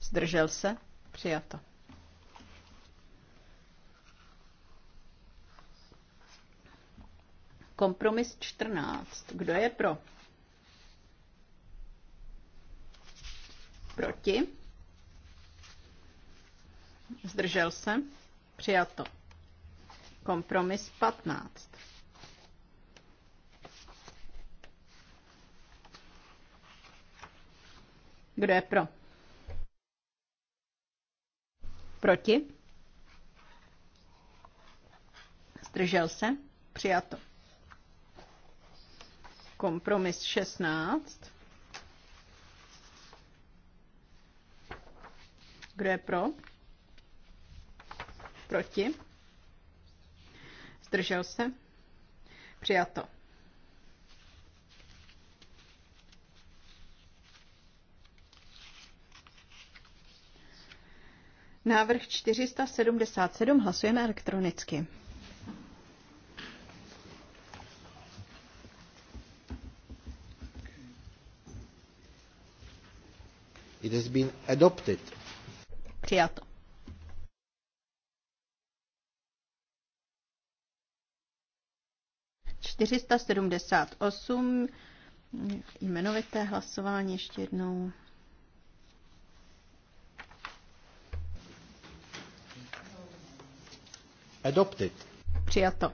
Zdržel se? Přijato. Kompromis 14. Kdo je pro? Proti? Zdržel se? Přijato. Kompromis 15. Kdo je pro? Proti? Zdržel se? Přijato. Kompromis 16. Kdo je pro? Proti? Zdržel se? Přijato. Návrh 477 hlasujeme elektronicky. It has been adopted. Přijato. Čtyřista Jmenovité hlasování ještě jednou. Adopted. Přijato.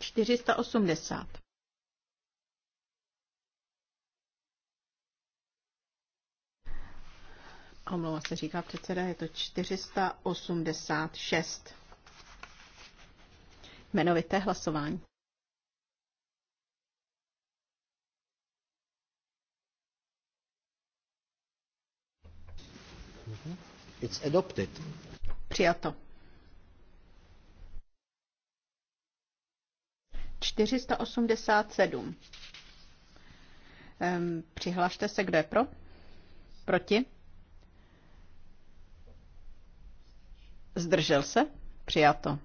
Čtyřista osmdesát. omlouvám se, říká předseda, je to 486. Jmenovité hlasování. It's adopted. Přijato. 487. Um, ehm, přihlašte se, kdo je pro? Proti? Zdržel se? Přijato.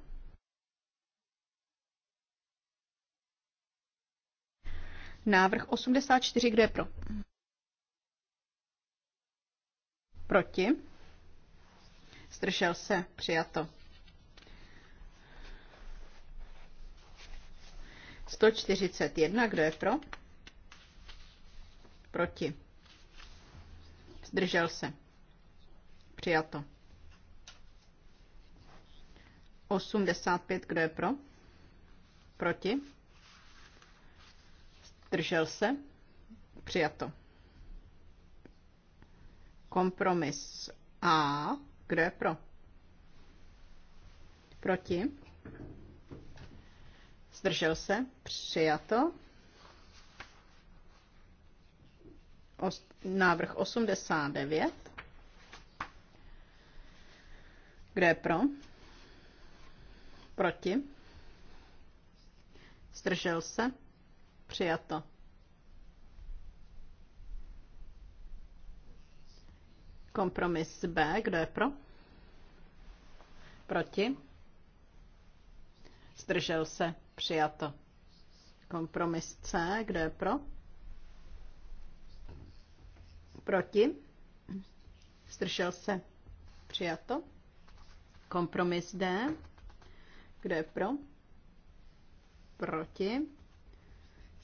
Návrh 84, kdo je pro? Proti? Zdržel se? Přijato. 141, kdo je pro? Proti. Zdržel se. Přijato. 85, kdo je pro? Proti? Zdržel se? Přijato. Kompromis A, kdo je pro? Proti? Zdržel se? Přijato. Os, návrh 89. Kdo je pro? Proti? Zdržel se? Přijato. Kompromis B. Kdo je pro? Proti? Zdržel se? Přijato. Kompromis C. Kdo je pro? Proti? Zdržel se? Přijato. Kompromis D. Kdo je pro? Proti?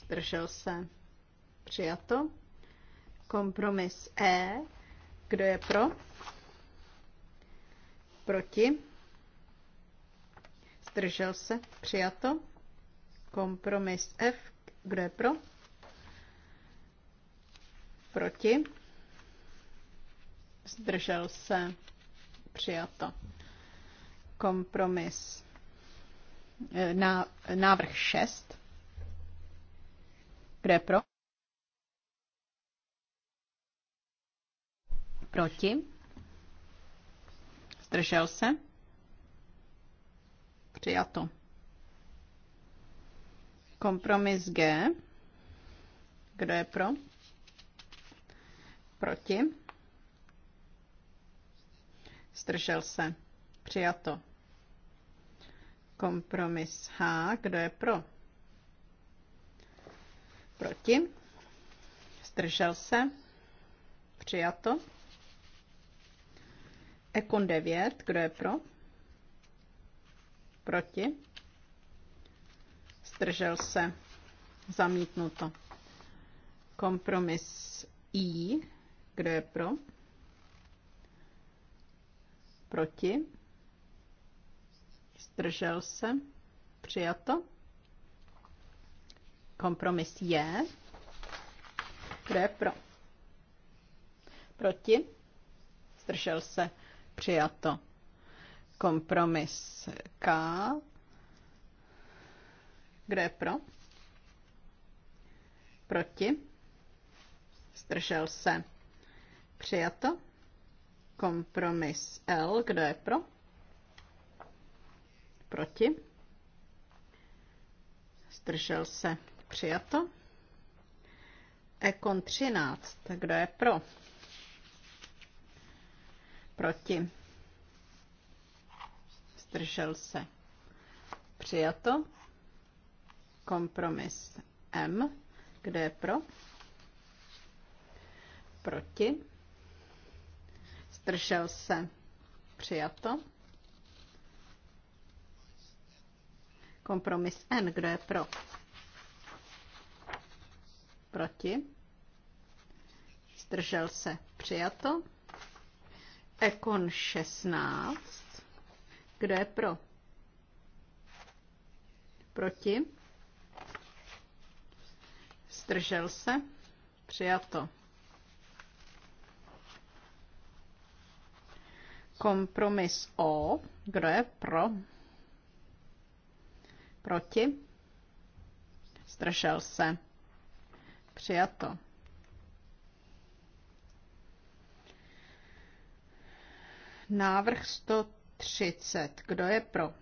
Zdržel se? Přijato. Kompromis E. Kdo je pro? Proti? Zdržel se? Přijato. Kompromis F. Kdo je pro? Proti? Zdržel se? Přijato. Kompromis na návrh 6. Kdo je pro? Proti? Zdržel se? Přijato. Kompromis G. Kdo je pro? Proti? Zdržel se. Přijato. Kompromis H. Kdo je pro? Proti? Zdržel se? Přijato. Ekon 9. Kdo je pro? Proti? Zdržel se? Zamítnuto. Kompromis I. Kdo je pro? Proti? zdržel se, přijato. Kompromis je, kdo je pro, proti, zdržel se, přijato. Kompromis K, kdo je pro, proti, zdržel se, přijato. Kompromis L, kdo je pro? Proti? Zdržel se. Přijato. Ekon 13. Kdo je pro? Proti? Zdržel se. Přijato. Kompromis M. Kdo je pro? Proti? Zdržel se. Přijato. Kompromis N. Kdo je pro? Proti? Zdržel se. Přijato. Ekon 16. Kdo je pro? Proti? Zdržel se. Přijato. Kompromis O. Kdo je pro? Proti? Zdržel se. Přijato. Návrh 130. Kdo je pro?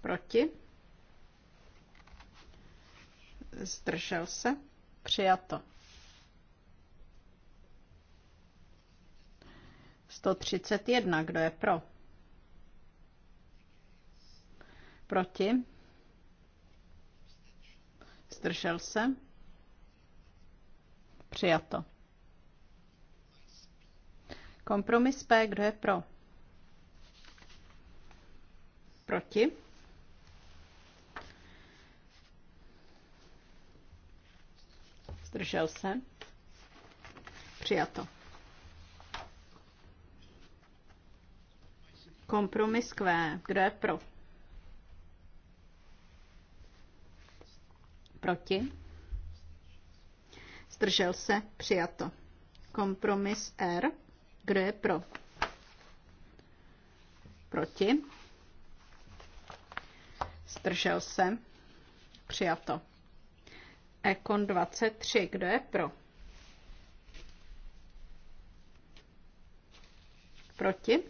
Proti? Zdržel se? Přijato. 131. Kdo je pro? Proti? Zdržel se? Přijato. Kompromis P, kdo je pro? Proti? Zdržel se? Přijato. Kompromis Q, kdo je pro? Proti? Zdržel se? Přijato. Kompromis R. Kdo je pro? Proti? Zdržel se? Přijato. Ekon 23. Kdo je pro? Proti?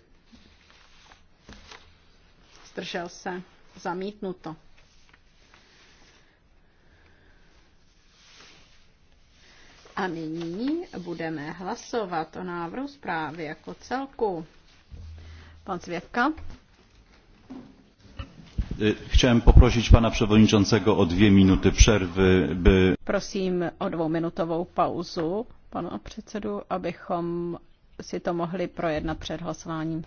Zdržel se? Zamítnuto. A nyní budeme hlasovat o návrhu zprávy jako celku. Pan Cvěvka. Chciałem poprosić pana przewodniczącego o dvě minuty przerwy, by... Prosím o dvouminutovou pauzu pana předsedu, abychom si to mohli projednat před hlasováním.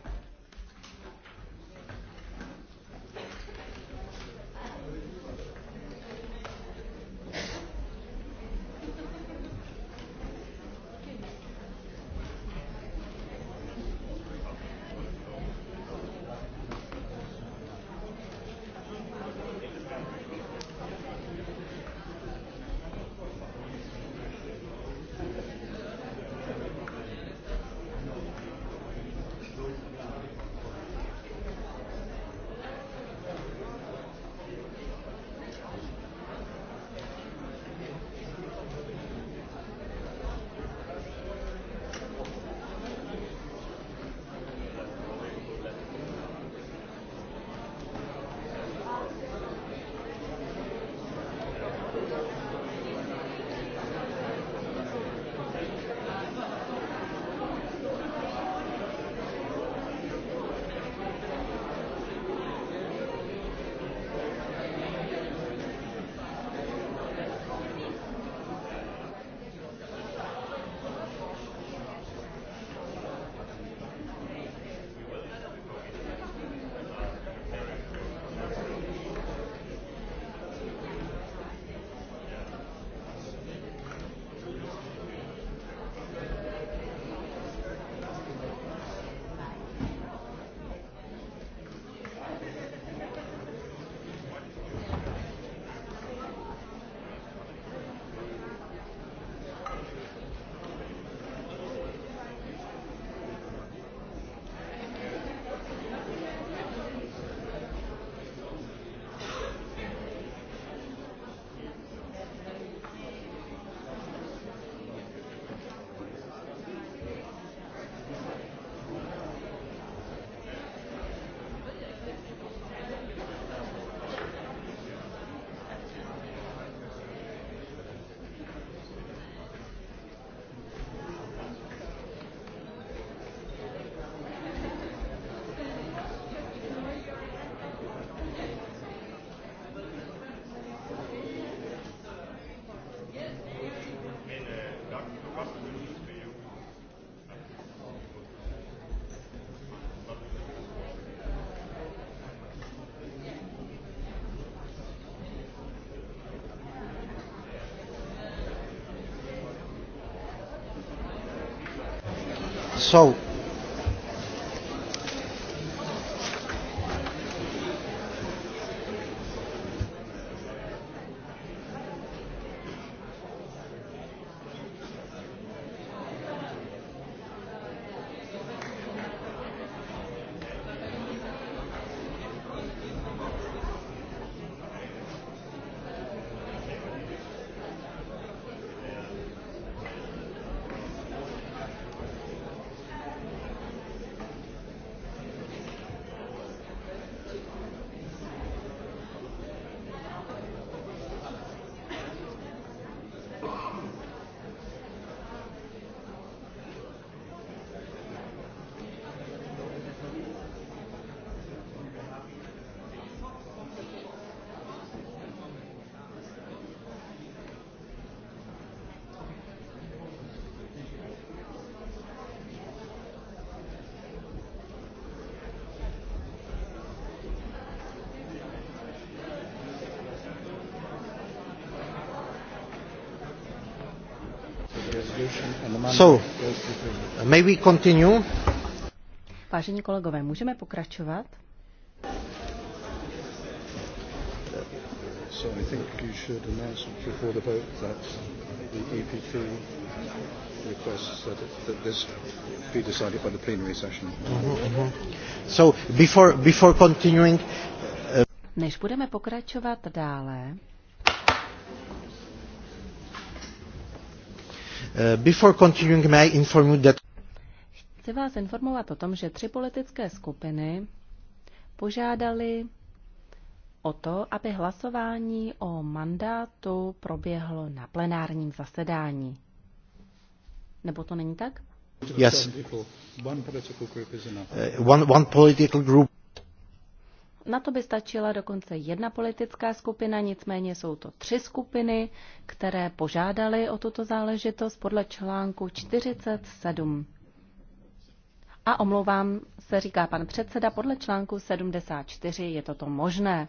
So, May we continue? Vážení kolegové, můžeme pokračovat? So I think you should announce before the vote that the EPP requests that, that this be decided by the plenary session. Mm-hmm. So before, before continuing, uh... Než budeme pokračovat dále, Eh, Chci vás informovat o tom, že tři politické skupiny požádali o to, aby hlasování o mandátu proběhlo na plenárním zasedání. Nebo to není tak? Yes. One political group is enough. Uh, one, one political group na to by stačila dokonce jedna politická skupina, nicméně jsou to tři skupiny, které požádaly o tuto záležitost podle článku 47. A omlouvám se, říká pan předseda, podle článku 74 je toto možné.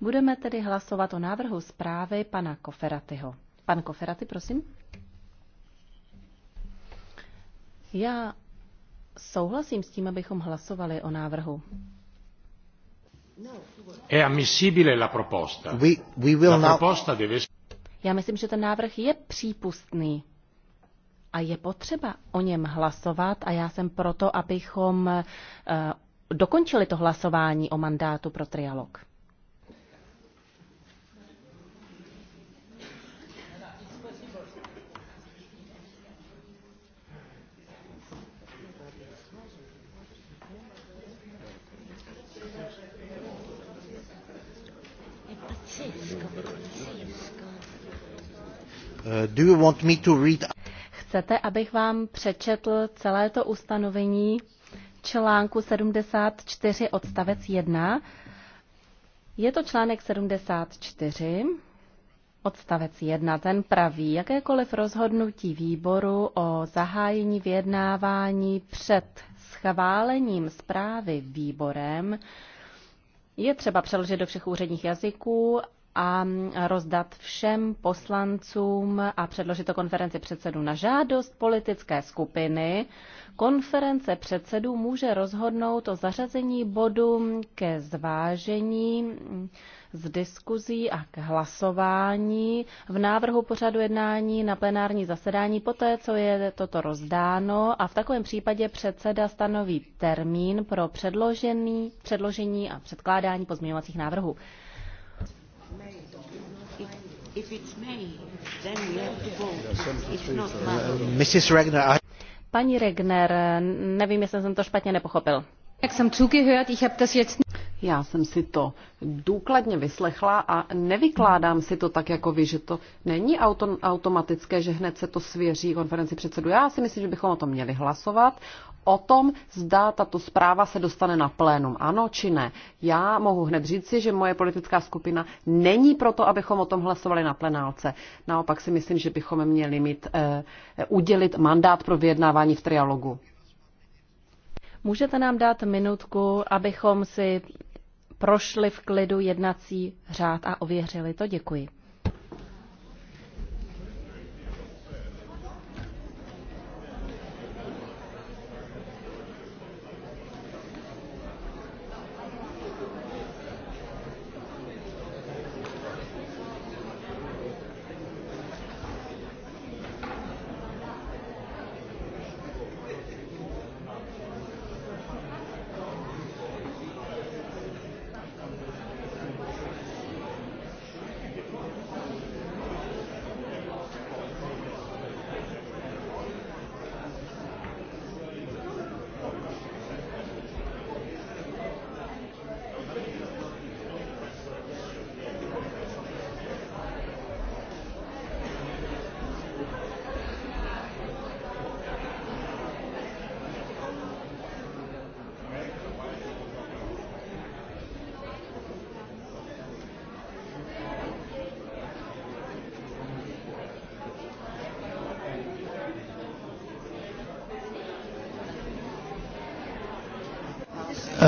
Budeme tedy hlasovat o návrhu zprávy pana Koferatyho. Pan Koferaty, prosím. Já souhlasím s tím, abychom hlasovali o návrhu. È ammissibile la proposta. We, we la proposta deve... Já myslím, že ten návrh je přípustný a je potřeba o něm hlasovat a já jsem proto, abychom eh, dokončili to hlasování o mandátu pro trialog. Uh, Chcete, abych vám přečetl celé to ustanovení článku 74 odstavec 1? Je to článek 74 odstavec 1. Ten praví, jakékoliv rozhodnutí výboru o zahájení vyjednávání před schválením zprávy výborem je třeba přeložit do všech úředních jazyků a rozdat všem poslancům a předložit to konferenci předsedů na žádost politické skupiny. Konference předsedů může rozhodnout o zařazení bodu ke zvážení mm, z diskuzí a k hlasování v návrhu pořadu jednání na plenární zasedání poté, co je toto rozdáno a v takovém případě předseda stanoví termín pro předložení a předkládání pozměňovacích návrhů. Mrs. Um, Regner, I... Paní Regner, nevím, jestli jsem to špatně nepochopil. Jak jsem zugehört, ich habe das jetzt já jsem si to důkladně vyslechla a nevykládám si to tak jako vy, že to není auto, automatické, že hned se to svěří konferenci předsedu. Já si myslím, že bychom o tom měli hlasovat o tom, zda tato zpráva se dostane na plénum, ano či ne. Já mohu hned říci, že moje politická skupina není proto, abychom o tom hlasovali na plenálce. Naopak si myslím, že bychom měli mít, uh, udělit mandát pro vyjednávání v trialogu. Můžete nám dát minutku, abychom si prošli v klidu jednací řád a ověřili to? Děkuji.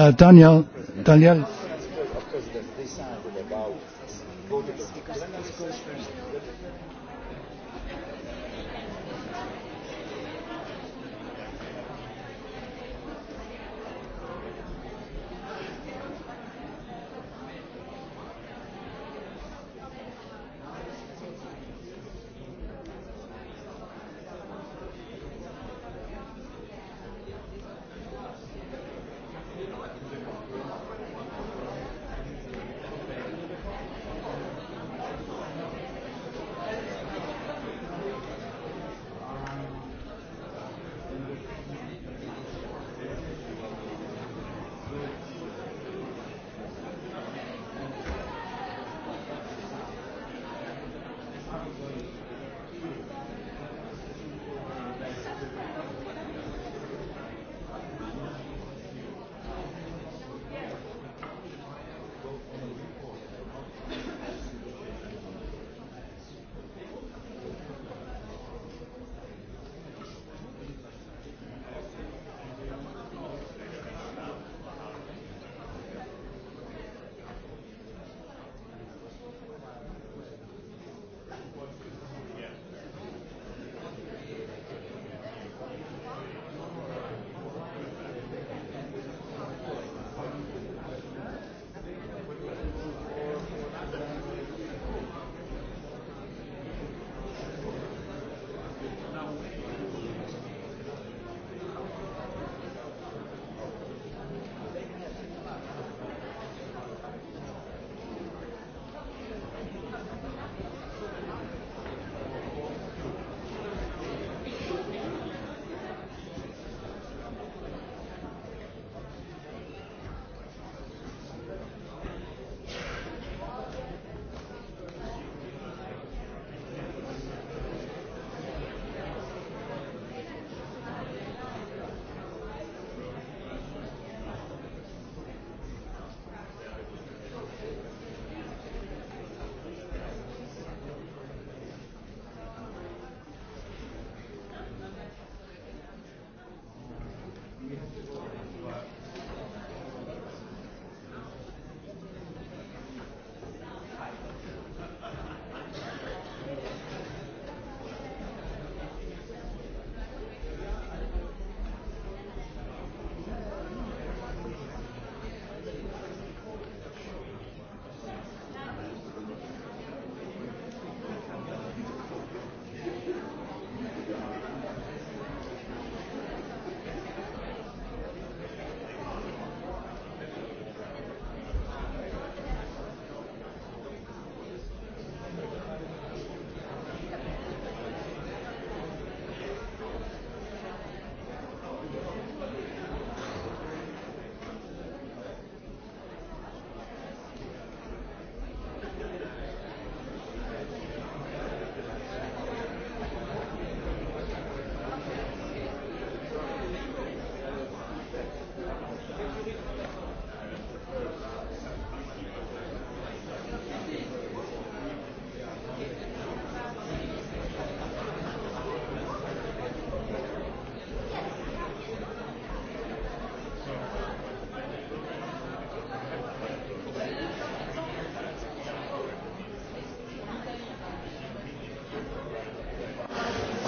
Eh, Daniel, Daniel,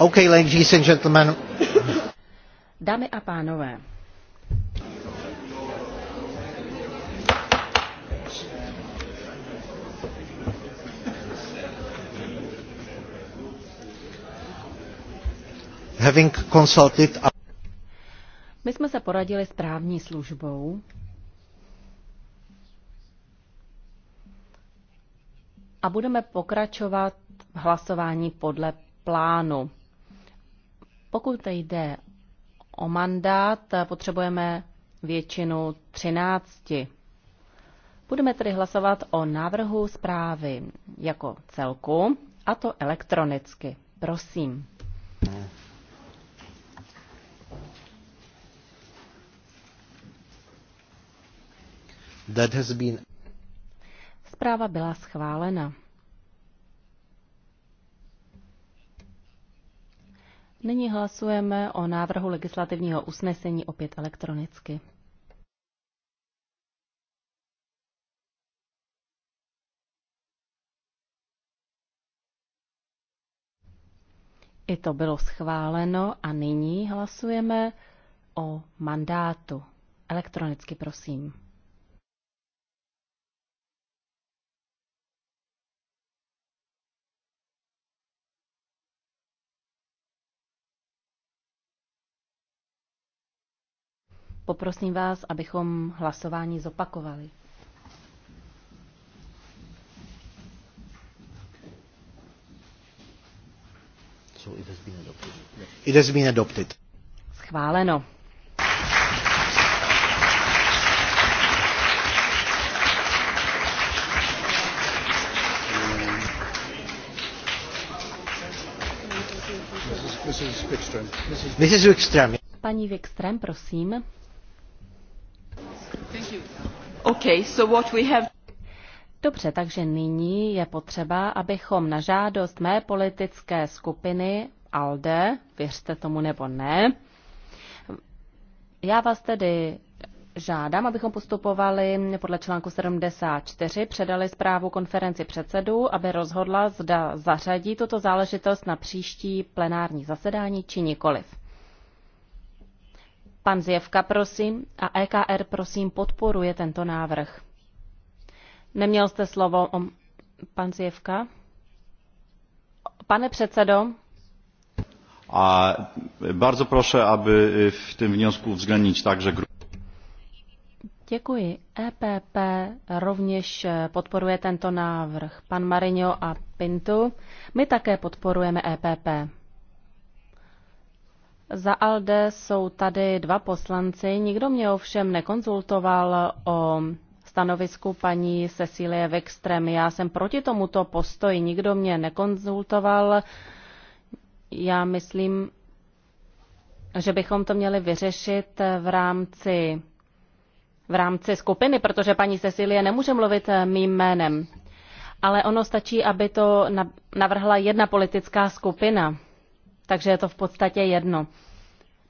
Okay, ladies and gentlemen. Dámy a pánové. Having consulted my jsme se poradili s právní službou a budeme pokračovat v hlasování podle plánu. Pokud jde o mandát, potřebujeme většinu 13. Budeme tedy hlasovat o návrhu zprávy jako celku, a to elektronicky. Prosím. That has been... Zpráva byla schválena. Nyní hlasujeme o návrhu legislativního usnesení opět elektronicky. I to bylo schváleno a nyní hlasujeme o mandátu. Elektronicky prosím. Poprosím vás, abychom hlasování zopakovali. So it has been Schváleno. Mrs. Wickström. Mrs. Wickström. Paní Wickström, prosím. Okay, so what we have... Dobře, takže nyní je potřeba, abychom na žádost mé politické skupiny ALDE, věřte tomu nebo ne, já vás tedy žádám, abychom postupovali podle článku 74, předali zprávu konferenci předsedů, aby rozhodla, zda zařadí tuto záležitost na příští plenární zasedání či nikoliv. Pan Zjevka, prosím, a EKR, prosím, podporuje tento návrh. Neměl jste slovo, o... pan Zjevka? Pane předsedo, a bardzo proszę, aby w tym wniosku uwzględnić także Děkuji. EPP rovněž podporuje tento návrh. Pan Marino a Pintu. My také podporujeme EPP. Za ALDE jsou tady dva poslanci, nikdo mě ovšem nekonzultoval o stanovisku paní Cecilie Vextrem. Já jsem proti tomuto postoji, nikdo mě nekonzultoval. Já myslím, že bychom to měli vyřešit v rámci, v rámci skupiny, protože paní Cecilie nemůže mluvit mým jménem. Ale ono stačí, aby to navrhla jedna politická skupina takže je to v podstatě jedno.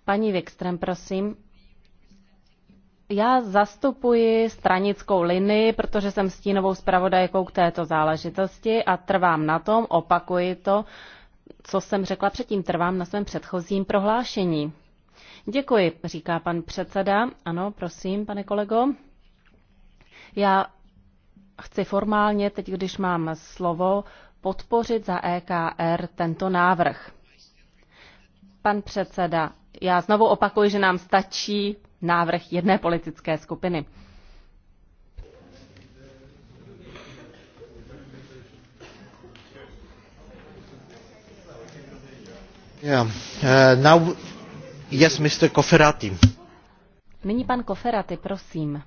Paní Wikström, prosím. Já zastupuji stranickou linii, protože jsem stínovou zpravodajkou k této záležitosti a trvám na tom, opakuji to, co jsem řekla předtím, trvám na svém předchozím prohlášení. Děkuji, říká pan předseda. Ano, prosím, pane kolego. Já chci formálně, teď když mám slovo, podpořit za EKR tento návrh. Pan předseda, já znovu opakuji, že nám stačí návrh jedné politické skupiny. Yeah. Uh, now, yes, Mr. Koferati. Nyní pan Koferaty, prosím.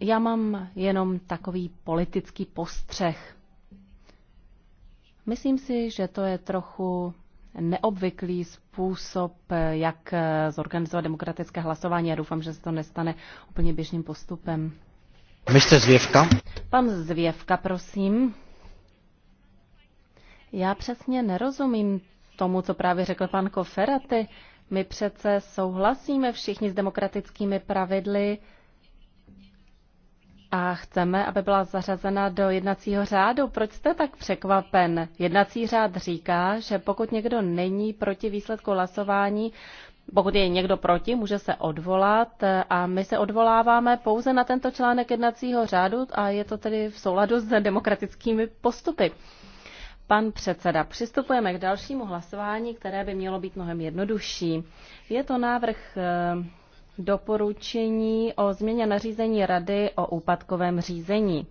Já mám jenom takový politický postřeh. Myslím si, že to je trochu neobvyklý způsob, jak zorganizovat demokratické hlasování. Já doufám, že se to nestane úplně běžným postupem. Mr. Zvěvka. Pan Zvěvka, prosím. Já přesně nerozumím tomu, co právě řekl pan Koferaty. My přece souhlasíme všichni s demokratickými pravidly, a chceme, aby byla zařazena do jednacího řádu. Proč jste tak překvapen? Jednací řád říká, že pokud někdo není proti výsledku hlasování, pokud je někdo proti, může se odvolat a my se odvoláváme pouze na tento článek jednacího řádu a je to tedy v souladu s demokratickými postupy. Pan předseda, přistupujeme k dalšímu hlasování, které by mělo být mnohem jednodušší. Je to návrh eh, doporučení o změně nařízení Rady o úpadkovém řízení.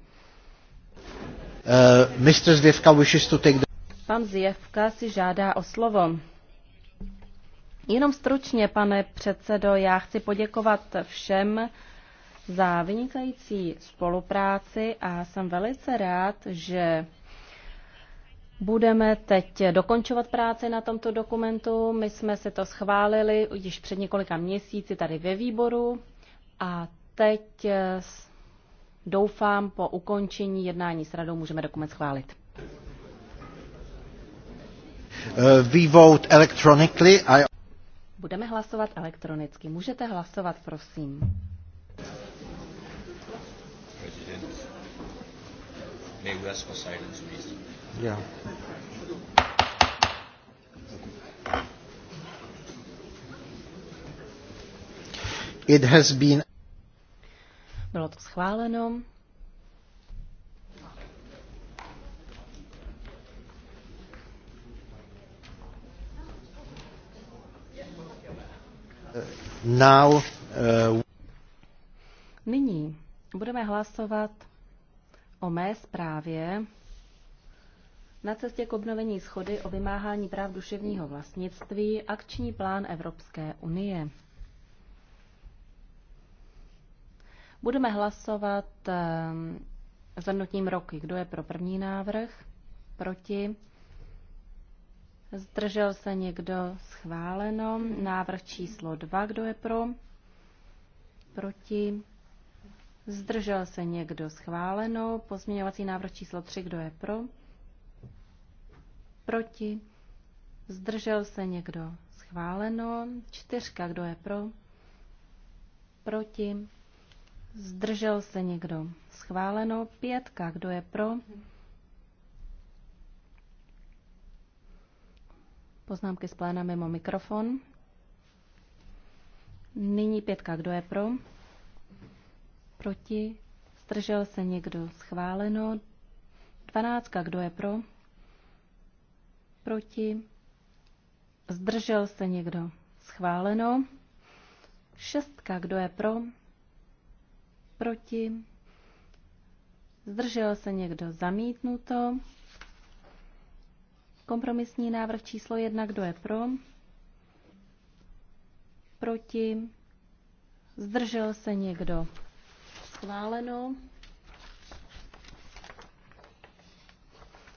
Uh, the... Pan Zjevka si žádá o slovo. Jenom stručně, pane předsedo, já chci poděkovat všem za vynikající spolupráci a jsem velice rád, že Budeme teď dokončovat práci na tomto dokumentu. My jsme se to schválili již před několika měsíci tady ve výboru a teď eh, doufám po ukončení jednání s radou můžeme dokument schválit. Uh, we vote electronically. I... Budeme hlasovat elektronicky. Můžete hlasovat, prosím. May we ask for silence, please? It has been... Bylo to schváleno. Now, uh... Nyní budeme hlasovat o mé zprávě na cestě k obnovení schody o vymáhání práv duševního vlastnictví akční plán Evropské unie. Budeme hlasovat ehm, zhrnutím roky. Kdo je pro první návrh? Proti? Zdržel se někdo? Schváleno. Návrh číslo 2. Kdo je pro? Proti? Zdržel se někdo? Schváleno. Pozměňovací návrh číslo 3. Kdo je pro? proti, zdržel se někdo, schváleno, čtyřka, kdo je pro, proti, zdržel se někdo, schváleno, pětka, kdo je pro, poznámky z pléna mimo mikrofon, nyní pětka, kdo je pro, proti, zdržel se někdo, schváleno, dvanáctka, kdo je pro, Proti? Zdržel se někdo? Schváleno. Šestka, kdo je pro? Proti? Zdržel se někdo? Zamítnuto. Kompromisní návrh číslo jedna, kdo je pro? Proti? Zdržel se někdo? Schváleno.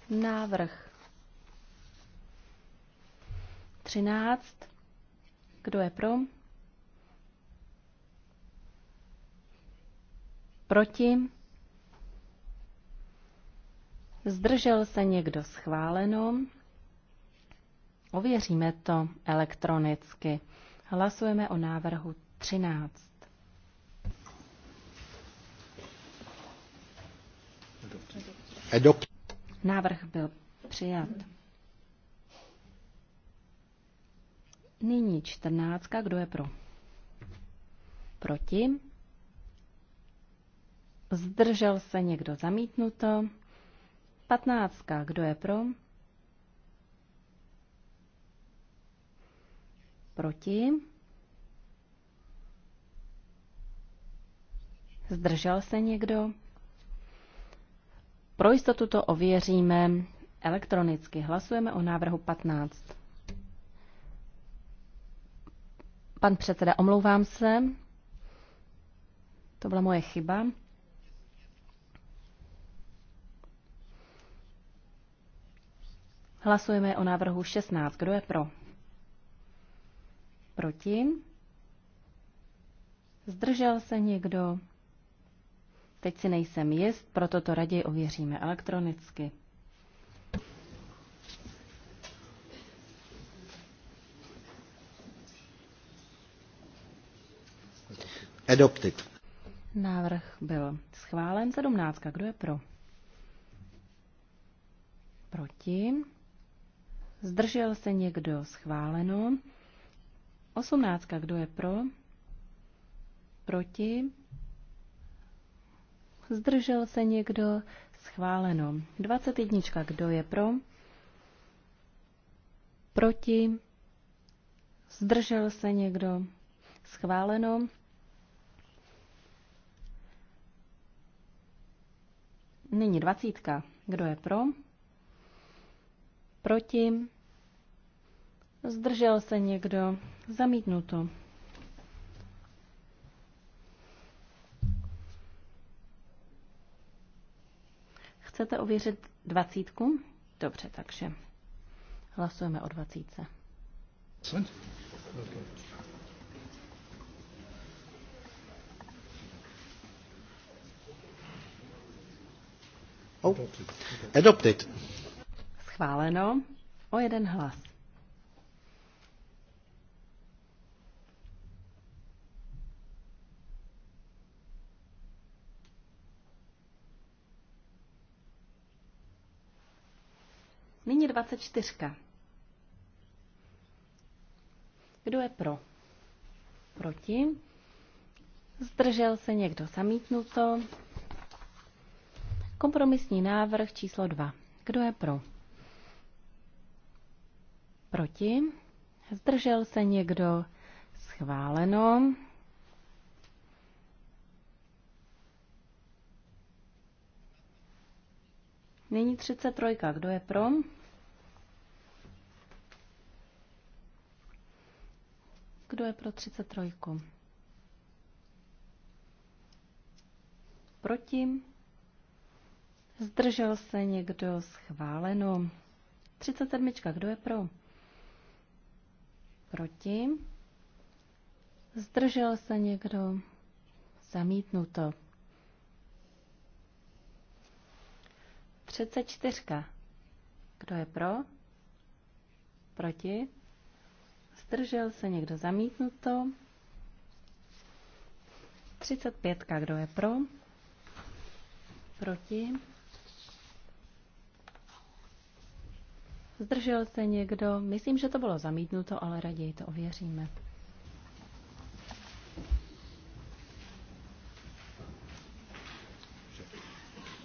Návrh 13. Kdo je pro? Proti? Zdržel se někdo schváleno? Ověříme to elektronicky. Hlasujeme o návrhu 13. Návrh byl přijat. Nyní čtrnáctka, kdo je pro? Proti? Zdržel se někdo zamítnuto? Patnáctka, kdo je pro? Proti? Zdržel se někdo? Pro jistotu to ověříme elektronicky. Hlasujeme o návrhu 15. Pan předseda, omlouvám se. To byla moje chyba. Hlasujeme o návrhu 16. Kdo je pro? Proti? Zdržel se někdo? Teď si nejsem jist, proto to raději ověříme elektronicky. Adopted. Návrh byl schválen. 17. Kdo je pro? Proti. Zdržel se někdo? Schváleno. 18. Kdo je pro? Proti. Zdržel se někdo? Schváleno. 21. Kdo je pro? Proti? Zdržel se někdo? Schváleno. Nyní dvacítka. Kdo je pro? Proti? Zdržel se někdo? Zamítnuto. Chcete ověřit dvacítku? Dobře, takže hlasujeme o dvacítce. Okay. Oh. Adopted. Schváleno o jeden hlas. Nyní 24. Kdo je pro? Proti? Zdržel se někdo zamítnuto? Kompromisní návrh číslo 2. Kdo je pro? Proti? Zdržel se někdo? Schváleno. Nyní 33. Kdo je pro? Kdo je pro 33? Proti? Zdržel se někdo schváleno? 37. Kdo je pro? Proti? Zdržel se někdo? Zamítnuto. 34. Kdo je pro? Proti? Zdržel se někdo? Zamítnuto. 35. Kdo je pro? Proti? Zdržel se někdo? Myslím, že to bylo zamítnuto, ale raději to ověříme.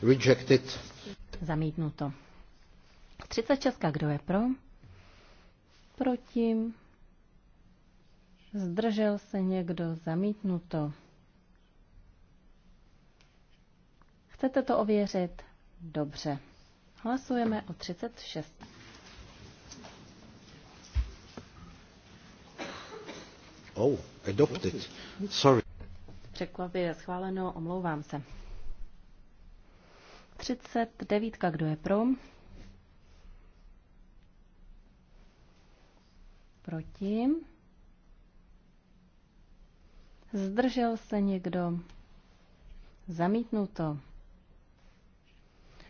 Rejected. Zamítnuto. 36. Kdo je pro? Proti? Zdržel se někdo? Zamítnuto. Chcete to ověřit? Dobře. Hlasujeme o 36. Oh, adopted. Sorry. Překvapivě schváleno, omlouvám se. 39. Kdo je pro? Proti? Zdržel se někdo? Zamítnuto.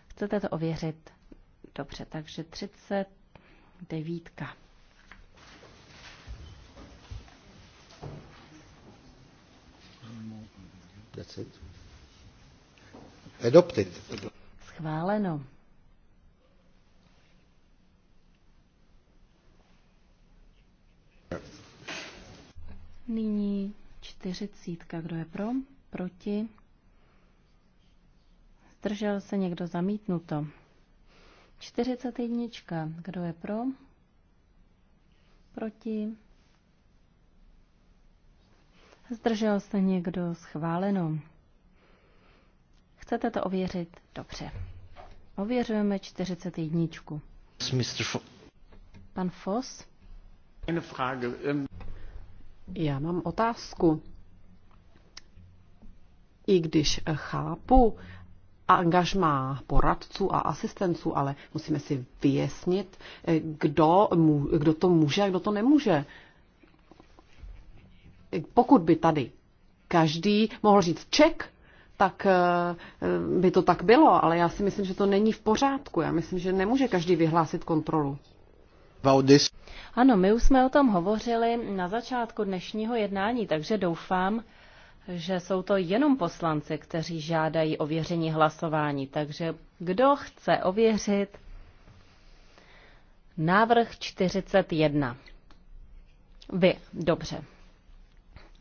Chcete to ověřit? Dobře, takže 39. That's it. Adopted. Schváleno. Nyní čtyřicítka. Kdo je pro? Proti? Zdržel se někdo zamítnuto. jednička. Kdo je pro? Proti? Zdržel se někdo schváleno? Chcete to ověřit? Dobře. Ověřujeme 41. Pan Foss? Ähm, Já mám otázku. I když chápu angažmá poradců a asistenců, ale musíme si vyjasnit, eh, kdo, kdo to může a kdo to nemůže pokud by tady každý mohl říct ček, tak eh, eh, by to tak bylo, ale já si myslím, že to není v pořádku. Já myslím, že nemůže každý vyhlásit kontrolu. Ano, my už jsme o tom hovořili na začátku dnešního jednání, takže doufám, že jsou to jenom poslanci, kteří žádají ověření hlasování. Takže kdo chce ověřit návrh 41? Vy, dobře.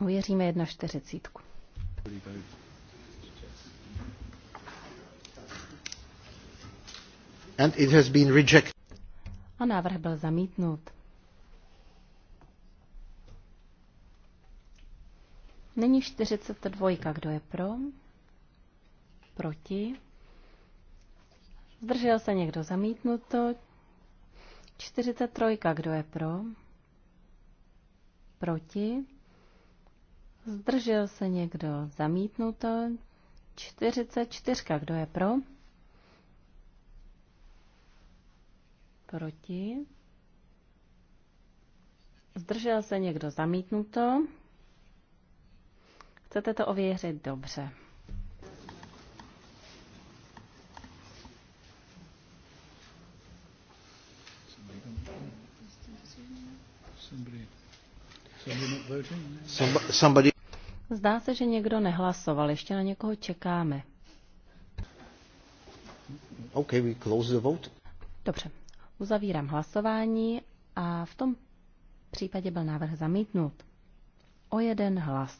Uvěříme čtyřicítku. And it has been rejected. A návrh byl zamítnut. Není 42. Kdo je pro? Proti? Zdržel se někdo zamítnuto? 43. Kdo je pro? Proti? Zdržel se někdo? Zamítnuto. 44. Kdo je pro? Proti. Zdržel se někdo? Zamítnuto. Chcete to ověřit? Dobře. Somebody. Somebody Somebody Zdá se, že někdo nehlasoval. Ještě na někoho čekáme. Okay, we close the vote. Dobře, uzavírám hlasování a v tom případě byl návrh zamítnut. O jeden hlas.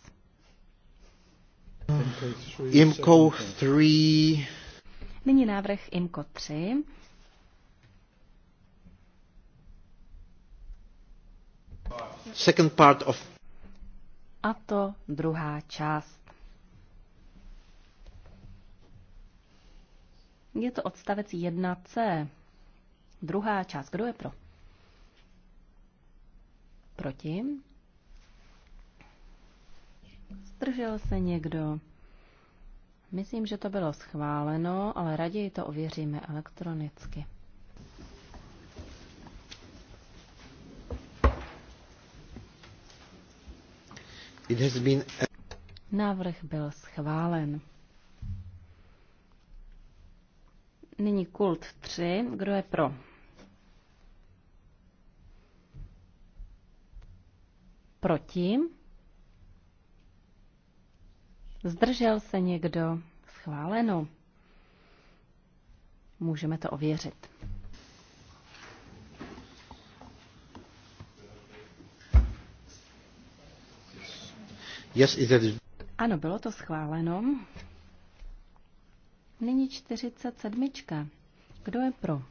IMCO 3. Nyní návrh IMCO 3. Second part of a to druhá část. Je to odstavec 1c. Druhá část. Kdo je pro? Proti? Zdržel se někdo? Myslím, že to bylo schváleno, ale raději to ověříme elektronicky. Návrh byl schválen. Nyní kult 3. Kdo je pro? Proti? Zdržel se někdo? Schváleno. Můžeme to ověřit. Yes, it is. Ano, bylo to schváleno. Nyní 47. Kdo je pro?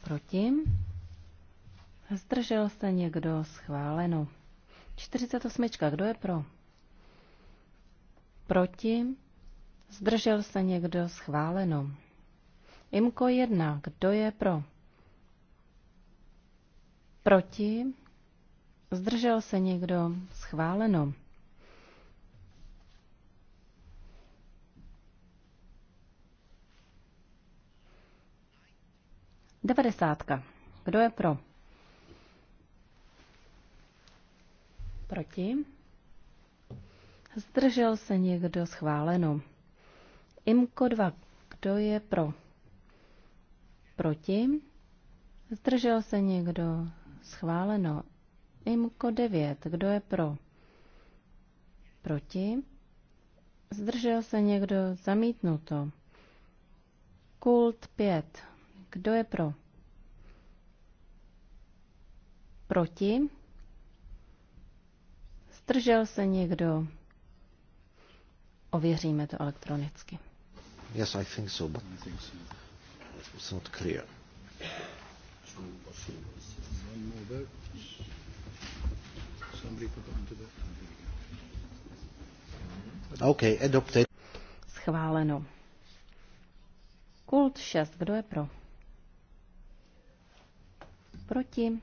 Proti? Zdržel se někdo schváleno. 48. Kdo je pro? Proti? Zdržel se někdo schváleno. Imko 1. Kdo je pro? Proti? Zdržel se někdo? Schváleno. Devadesátka. Kdo je pro? Proti? Zdržel se někdo? Schváleno. Imko 2. Kdo je pro? Proti? Zdržel se někdo? Schváleno. IMKO 9. Kdo je pro? Proti? Zdržel se někdo? Zamítnuto. Kult 5. Kdo je pro? Proti? Zdržel se někdo? Ověříme to elektronicky. Yes, I think so, but it's not clear. One more vote. Okay, adopted. Schváleno. Kult 6. Kdo je pro? Proti?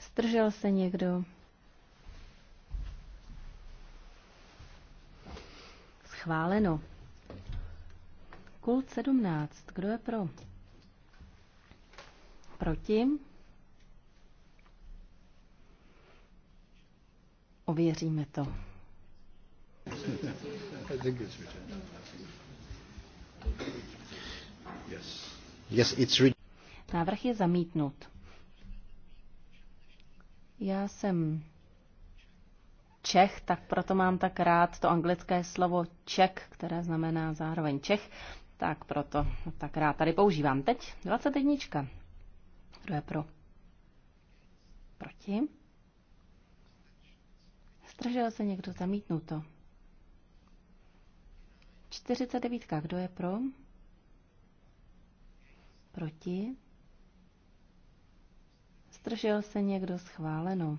Zdržel se někdo? Schváleno. Kult 17. Kdo je pro? proti? Ověříme to. Yes, it's Návrh je zamítnut. Já jsem Čech, tak proto mám tak rád to anglické slovo Čech, které znamená zároveň Čech, tak proto tak rád tady používám. Teď 21. Kdo je pro? Proti? Zdržel se někdo zamítnuto. 49. Kdo je pro? Proti? Zdržel se někdo schváleno.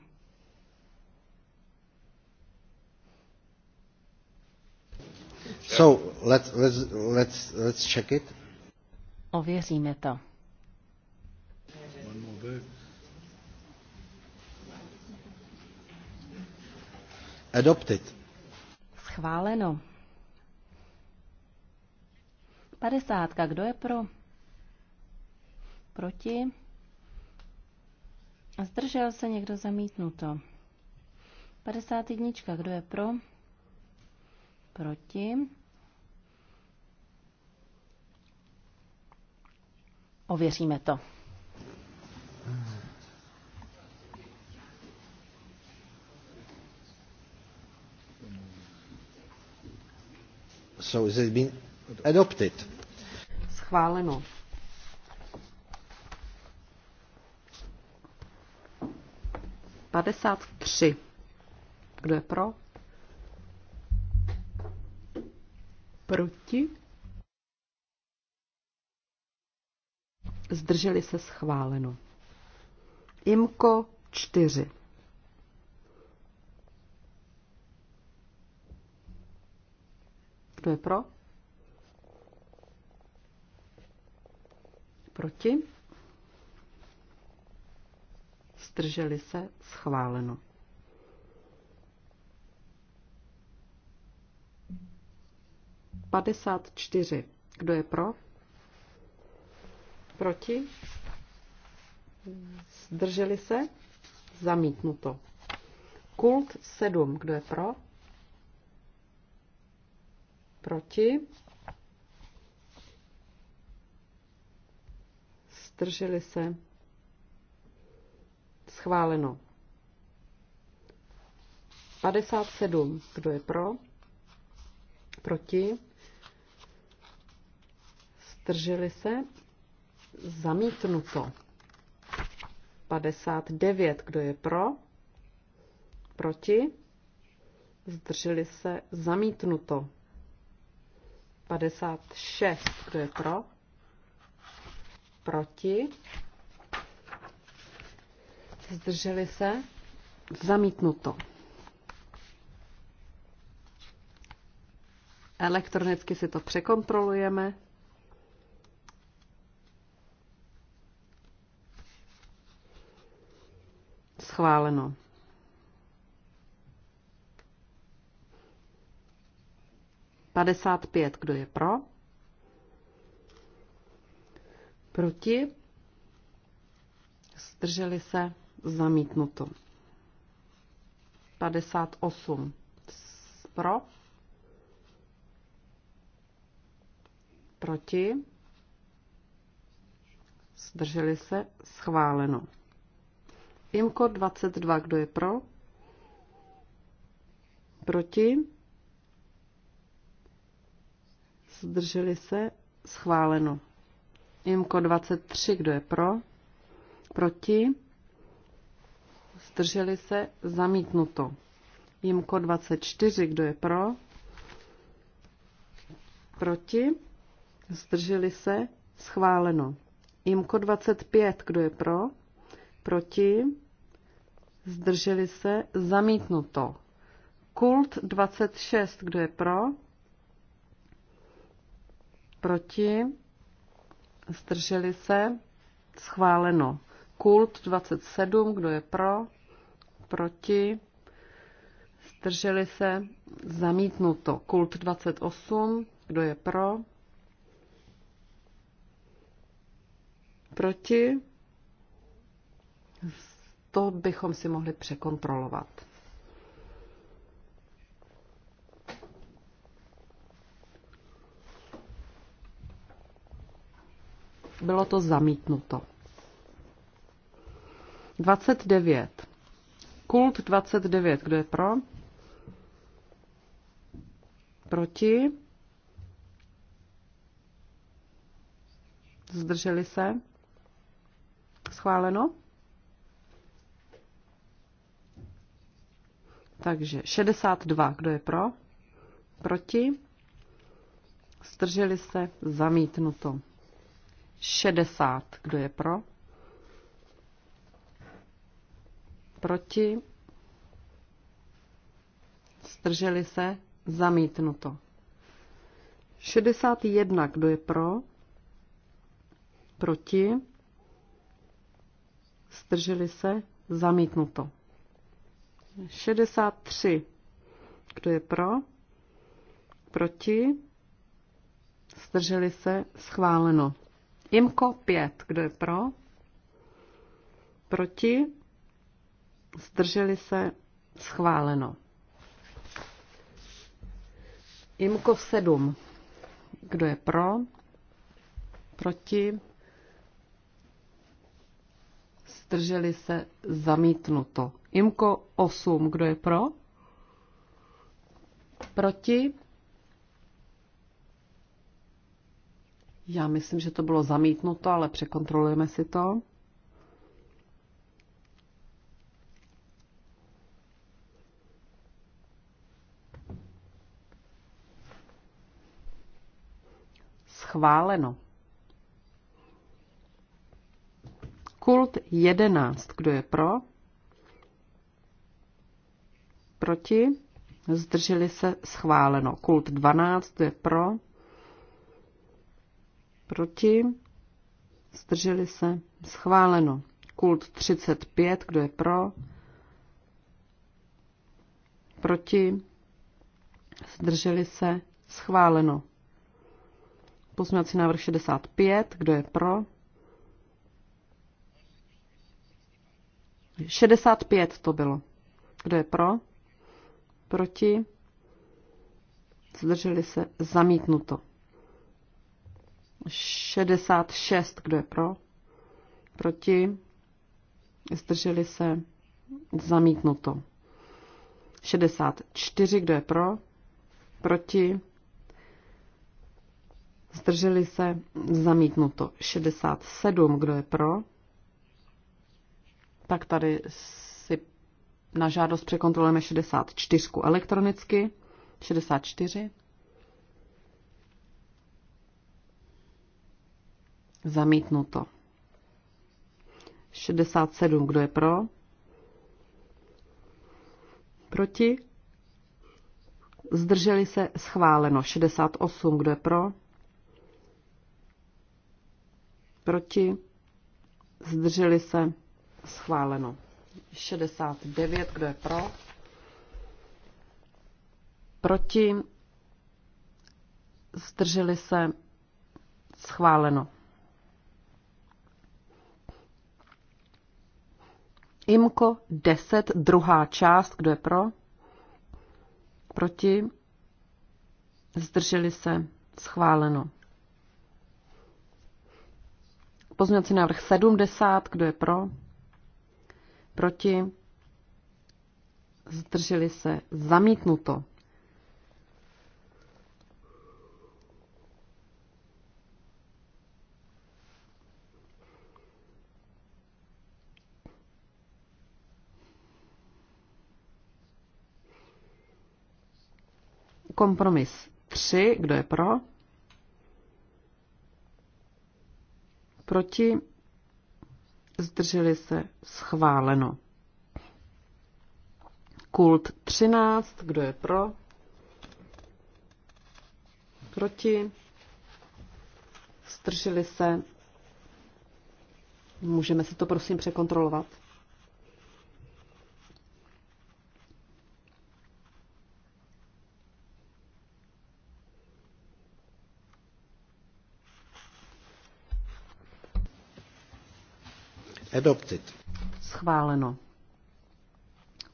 So, let's, let's, let's, let's check it. Ověříme to. Adopted. Schváleno. 50. Kdo je pro? Proti? A Zdržel se někdo zamítnuto. 51. Kdo je pro? Proti? Ověříme to. Hmm. So it has been adopted. Schváleno. Padesát tři. Kdo je pro? Proti? Zdrželi se schváleno. Imko čtyři. Kdo je pro? Proti? Zdrželi se? Schváleno. Padesát čtyři. Kdo je pro? Proti? Zdrželi se? Zamítnuto. Kult sedm. Kdo je pro? Proti? Zdrželi se? Schváleno. 57. Kdo je pro? Proti? Zdrželi se? Zamítnuto. 59. Kdo je pro? Proti? Zdrželi se? Zamítnuto. 56. Kdo je pro? Proti? Zdrželi se? Zamítnuto. Elektronicky si to překontrolujeme. Schváleno. 55. Kdo je pro? Proti? Zdrželi se? Zamítnuto. 58. Pro? Proti? Zdrželi se? Schváleno. Imko 22. Kdo je pro? Proti? zdrželi se, schváleno. Imko 23, kdo je pro, proti, zdrželi se, zamítnuto. Jemko 24, kdo je pro, proti, zdrželi se, schváleno. Imko 25, kdo je pro, proti, zdrželi se, zamítnuto. Kult 26, kdo je pro, proti, zdrželi se, schváleno. Kult 27, kdo je pro, proti, zdrželi se, zamítnuto. Kult 28, kdo je pro, proti, to bychom si mohli překontrolovat. Bylo to zamítnuto. 29. Kult 29. Kdo je pro? Proti? Zdrželi se? Schváleno? Takže 62. Kdo je pro? Proti? Zdrželi se? Zamítnuto. 60. Kdo je pro? Proti? Strželi se? Zamítnuto. 61. Kdo je pro? Proti? Strželi se? Zamítnuto. 63. Kdo je pro? Proti? Strželi se? Schváleno. Imko 5. Kdo je pro? Proti? Zdrželi se? Schváleno. Imko 7. Kdo je pro? Proti? Zdrželi se? Zamítnuto. Imko 8. Kdo je pro? Proti? Já myslím, že to bylo zamítnuto, ale překontrolujeme si to. Schváleno. Kult 11. Kdo je pro? Proti? Zdrželi se schváleno. Kult 12. Kdo je pro? Proti? Zdrželi se? Schváleno. Kult 35, kdo je pro? Proti? Zdrželi se? Schváleno. Pozměňovací návrh 65, kdo je pro? 65 to bylo. Kdo je pro? Proti? Zdrželi se? Zamítnuto. 66, kdo je pro? Proti? Zdrželi se? Zamítnuto. 64, kdo je pro? Proti? Zdrželi se? Zamítnuto. 67, kdo je pro? Tak tady si na žádost překontrolujeme 64 elektronicky. 64. Zamítnuto. 67. Kdo je pro? Proti? Zdrželi se schváleno. 68. Kdo je pro? Proti? Zdrželi se schváleno. 69. Kdo je pro? Proti? Zdrželi se schváleno. Imko 10, druhá část, kdo je pro? Proti? Zdrželi se? Schváleno. Pozměňovací návrh 70, kdo je pro? Proti? Zdrželi se? Zamítnuto. Kompromis 3, kdo je pro? Proti? Zdrželi se schváleno. Kult 13, kdo je pro? Proti? Zdrželi se Můžeme si to prosím překontrolovat. Adopted. Schváleno.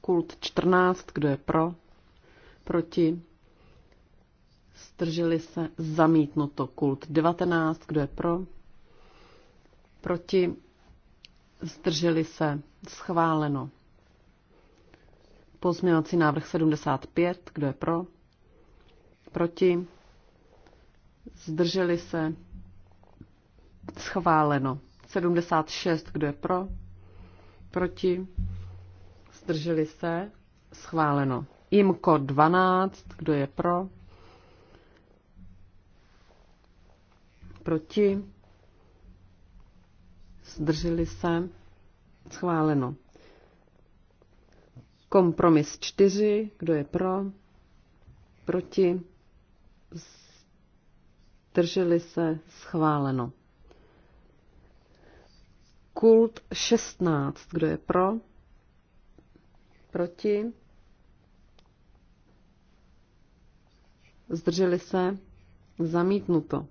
Kult 14, kdo je pro? Proti? Zdrželi se? Zamítnuto. Kult 19, kdo je pro? Proti? Zdrželi se? Schváleno. Pozměňovací návrh 75, kdo je pro? Proti? Zdrželi se? Schváleno. 76, kdo je pro? Proti? Zdrželi se? Schváleno. Imko 12, kdo je pro? Proti? Zdrželi se? Schváleno. Kompromis 4, kdo je pro? Proti? Zdrželi se? Schváleno. Kult 16. Kdo je pro? Proti? Zdrželi se? Zamítnuto.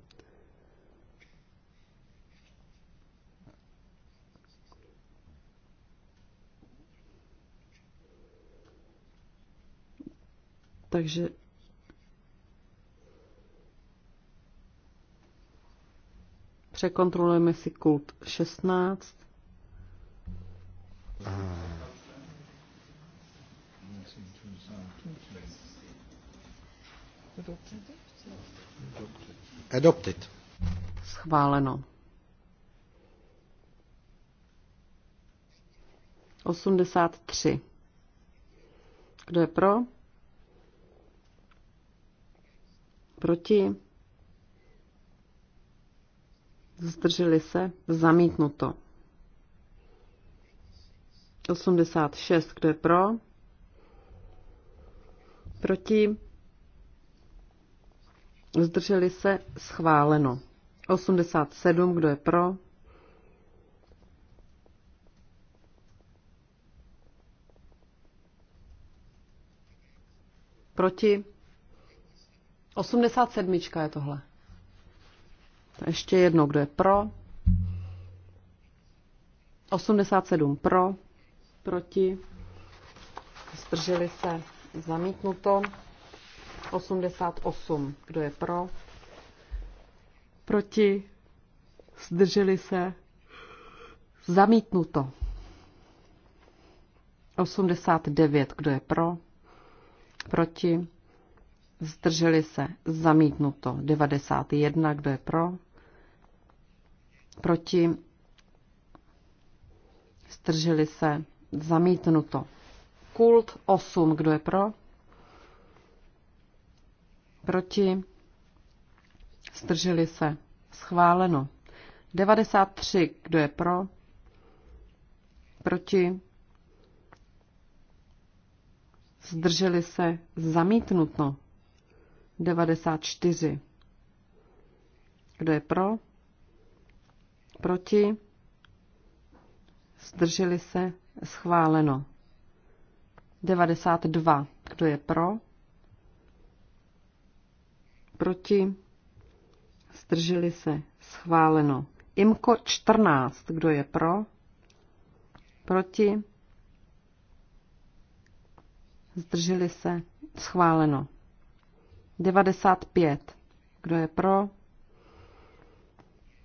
Takže Překontrolujeme si kult 16. Adopted. Schváleno. 83. Kdo je pro? Proti? zdrželi se, zamítnuto. 86, kdo je pro, proti, zdrželi se, schváleno. 87, kdo je pro, proti, 87 je tohle. Ještě jedno, kdo je pro. 87 pro, proti, zdrželi se, zamítnuto. 88, kdo je pro, proti, zdrželi se, zamítnuto. 89, kdo je pro, proti, zdrželi se, zamítnuto. 91, kdo je pro, proti, zdrželi se, zamítnuto. Kult 8, kdo je pro, proti, zdrželi se, schváleno. 93, kdo je pro, proti, zdrželi se, zamítnuto. 94. Kdo je pro? proti, zdrželi se, schváleno. 92, kdo je pro, proti, zdrželi se, schváleno. Imko 14, kdo je pro, proti, zdrželi se, schváleno. 95, kdo je pro,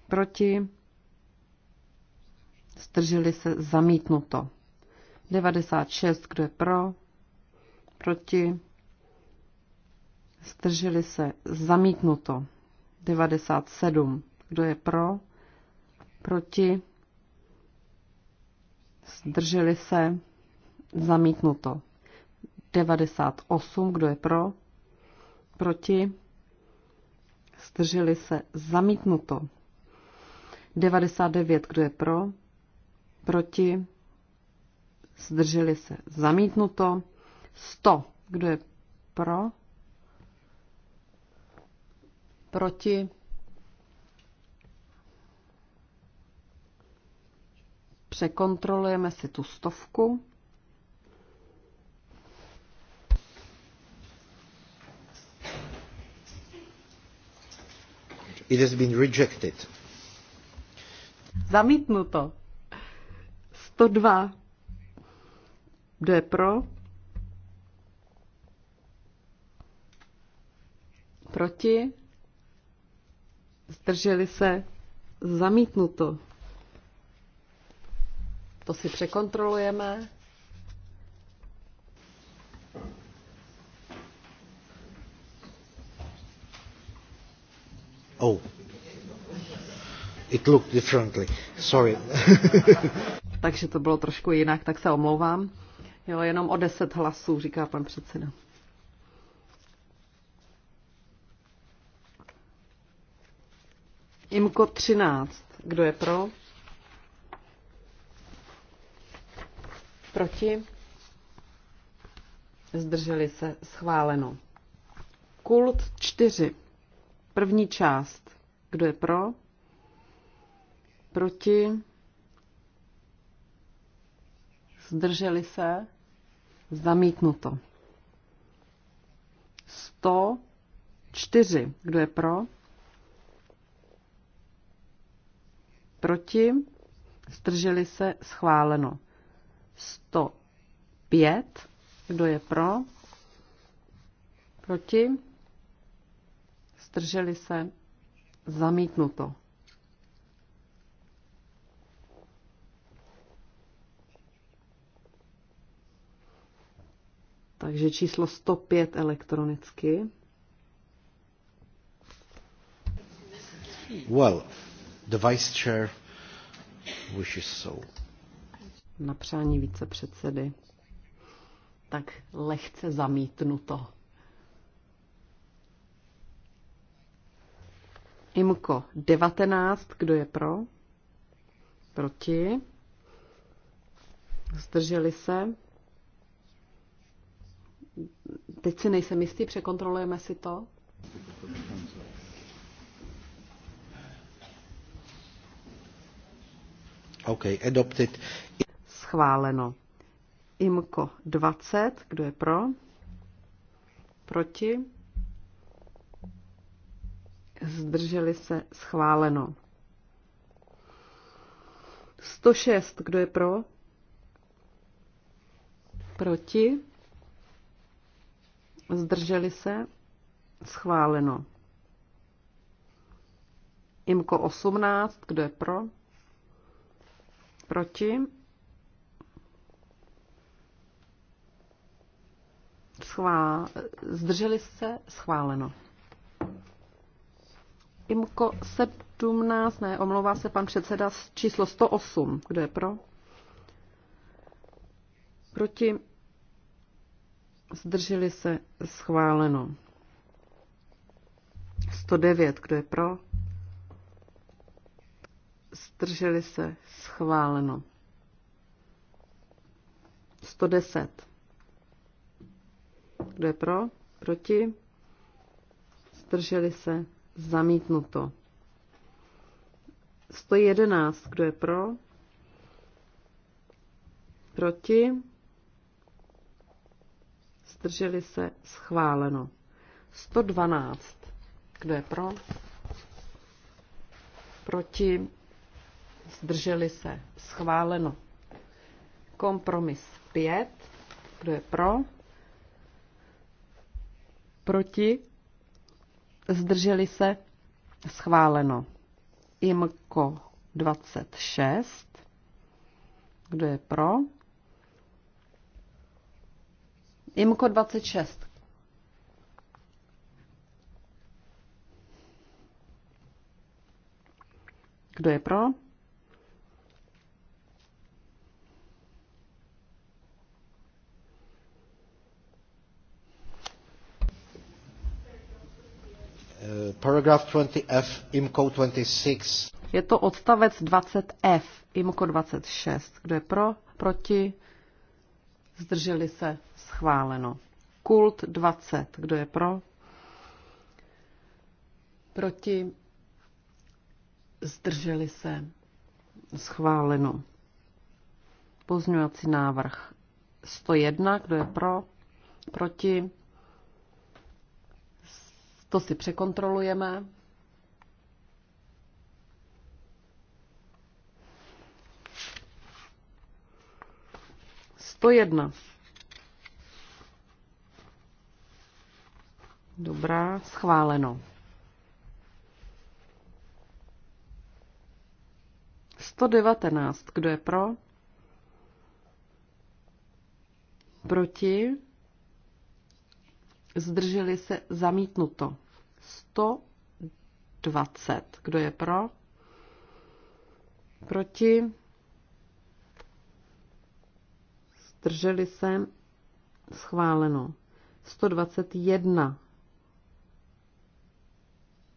proti, zdrželi se, zamítnuto. 96, kdo je pro, proti, zdrželi se, zamítnuto. 97, kdo je pro, proti, zdrželi se, zamítnuto. 98, kdo je pro, proti, zdrželi se, zamítnuto. 99, kdo je pro, proti, zdrželi se, zamítnuto. 100, kdo je pro, proti, překontrolujeme si tu stovku. It has been rejected. Zamítnuto. 102. Kdo je pro? Proti? Zdrželi se? Zamítnuto. To si překontrolujeme. Oh. It looked differently. Sorry. takže to bylo trošku jinak, tak se omlouvám. Jo, jenom o deset hlasů, říká pan předseda. Imko 13. Kdo je pro? Proti? Zdrželi se. Schváleno. Kult 4. První část. Kdo je pro? Proti? zdrželi se, zamítnuto. 104, kdo je pro, proti, zdrželi se, schváleno. 105, kdo je pro, proti, zdrželi se, zamítnuto. Takže číslo 105 elektronicky. Well, the vice chair wishes so. Na přání vicepředsedy. Tak lehce zamítnu to. Imko 19, kdo je pro? Proti? Zdrželi se? teď si nejsem jistý, překontrolujeme si to. OK, adopted. Schváleno. IMKO 20, kdo je pro? Proti? Zdrželi se schváleno. 106, kdo je pro? Proti? zdrželi se, schváleno. Imko 18, kdo je pro? Proti? Schvá... Zdrželi se? Schváleno. Imko 17, ne, omlouvá se pan předseda číslo 108. Kdo je pro? Proti? zdrželi se schváleno. 109, kdo je pro, zdrželi se schváleno. 110. Kdo je pro? Proti? Zdrželi se? Zamítnuto. 111. Kdo je pro? Proti? zdrželi se, schváleno. 112. Kdo je pro? Proti? Zdrželi se. Schváleno. Kompromis 5. Kdo je pro? Proti? Zdrželi se. Schváleno. IMKO 26. Kdo je pro? Imko 26. Kdo je pro? Paragraf 20F, IMCO 26. Je to odstavec 20F, IMCO 26. Kdo je pro? Proti? zdrželi se, schváleno. Kult 20, kdo je pro? Proti, zdrželi se, schváleno. Pozňovací návrh 101, kdo je pro? Proti, to si překontrolujeme. 101. Dobrá, schváleno. 119. Kdo je pro? Proti? Zdrželi se zamítnuto. 120. Kdo je pro? Proti? zdrželi se, schváleno. 121.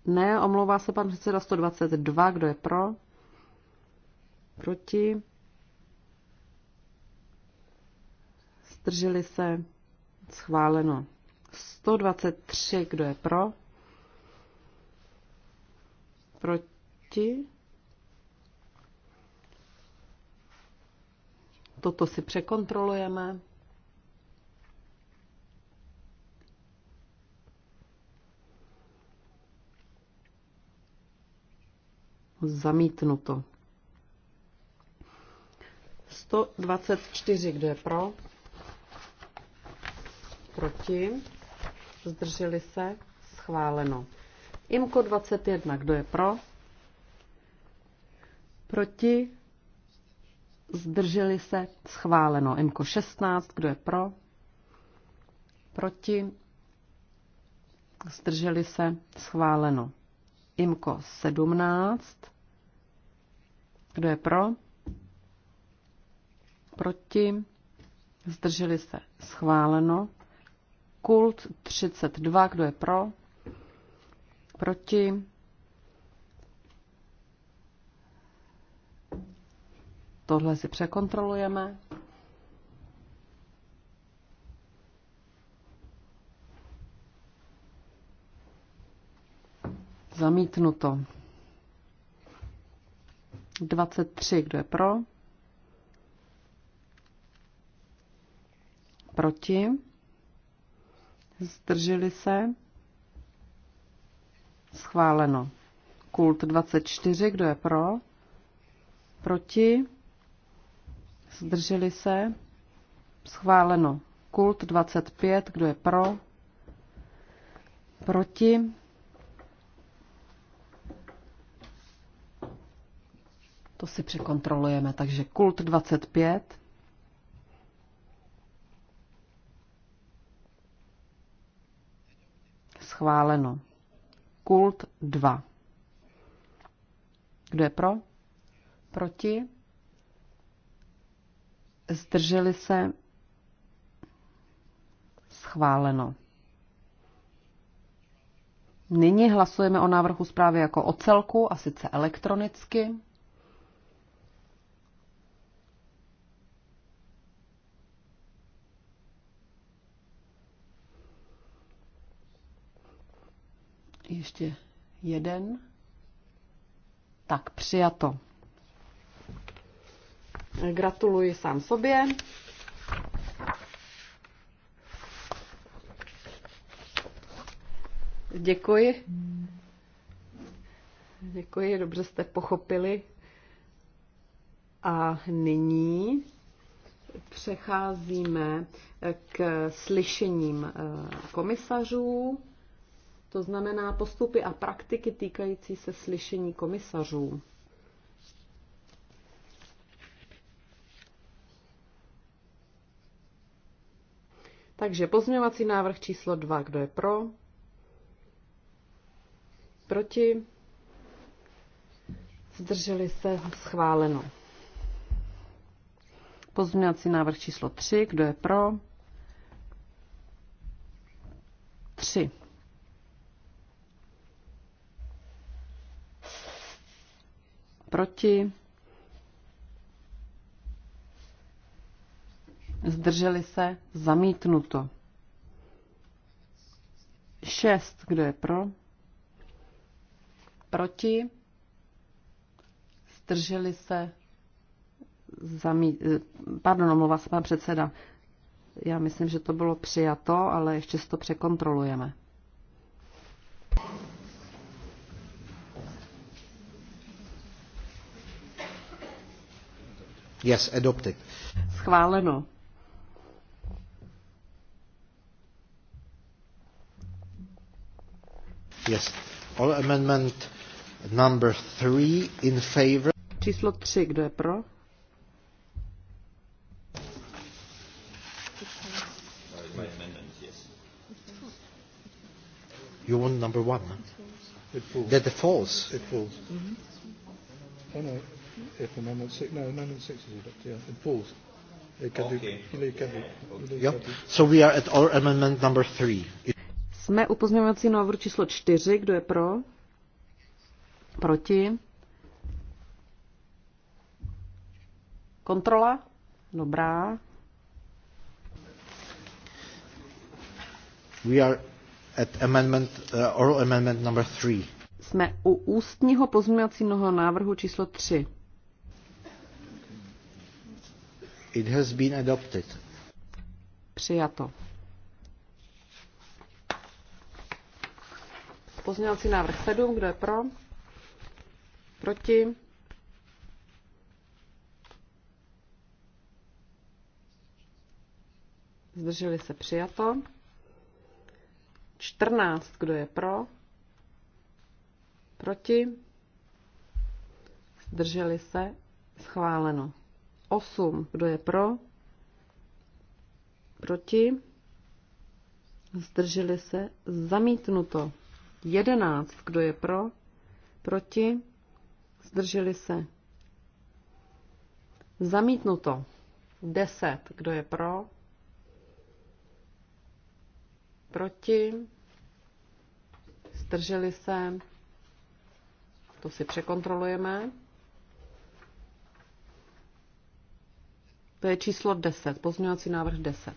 Ne, omlouvá se pan předseda 122, kdo je pro? Proti? Zdrželi se, schváleno. 123, kdo je pro? Proti? Toto si překontrolujeme. Zamítnuto. 124, kdo je pro? Proti? Zdrželi se? Schváleno. IMKO 21, kdo je pro? Proti? zdrželi se, schváleno. Imko 16, kdo je pro, proti, zdrželi se, schváleno. Imko 17, kdo je pro, proti, zdrželi se, schváleno. Kult 32, kdo je pro, proti, Tohle si překontrolujeme. Zamítnuto. 23, kdo je pro? Proti? Zdrželi se? Schváleno. Kult 24, kdo je pro? Proti? zdrželi se, schváleno. Kult 25, kdo je pro, proti, to si překontrolujeme, takže kult 25, schváleno. Kult 2. Kdo je pro? Proti? zdrželi se, schváleno. Nyní hlasujeme o návrhu zprávy jako o celku, a sice elektronicky. Ještě jeden. Tak přijato. Gratuluji sám sobě. Děkuji. Děkuji, dobře jste pochopili. A nyní přecházíme k slyšením eh, komisařů, to znamená postupy a praktiky týkající se slyšení komisařů. Takže pozměňovací návrh číslo 2, kdo je pro? Proti? Zdrželi se schváleno. Pozměňovací návrh číslo 3, kdo je pro? 3. Proti? zdrželi se, zamítnuto. 6, kdo je pro, proti, zdrželi se, zamít, pardon, omlouvá se pan předseda. Já myslím, že to bylo přijato, ale ještě si to překontrolujeme. Yes, adopted. Schváleno. Yes. All amendment number three in favor. Číslo tři, kdo je pro? You want number one? It falls. That the false. It falls. Mm-hmm. Oh no, if amendment six, no, amendment six is adopted. Yeah, it falls. It can okay. be. It can be. It can be. Yep. So we are at our amendment number three. Jsme u pozměňovací návrhu číslo 4. Kdo je pro? Proti? Kontrola? Dobrá. We are at amendment, uh, oral amendment number three. Jsme u ústního pozměňovacího návrhu číslo 3. It has been adopted. Přijato. Pozměňovací návrh 7, kdo je pro? Proti? Zdrželi se přijato. 14, kdo je pro? Proti? Zdrželi se schváleno. 8, kdo je pro? Proti? Zdrželi se zamítnuto. 11. Kdo je pro? Proti? Zdrželi se? Zamítnuto. 10. Kdo je pro? Proti? Zdrželi se? To si překontrolujeme. To je číslo 10, pozměňovací návrh 10.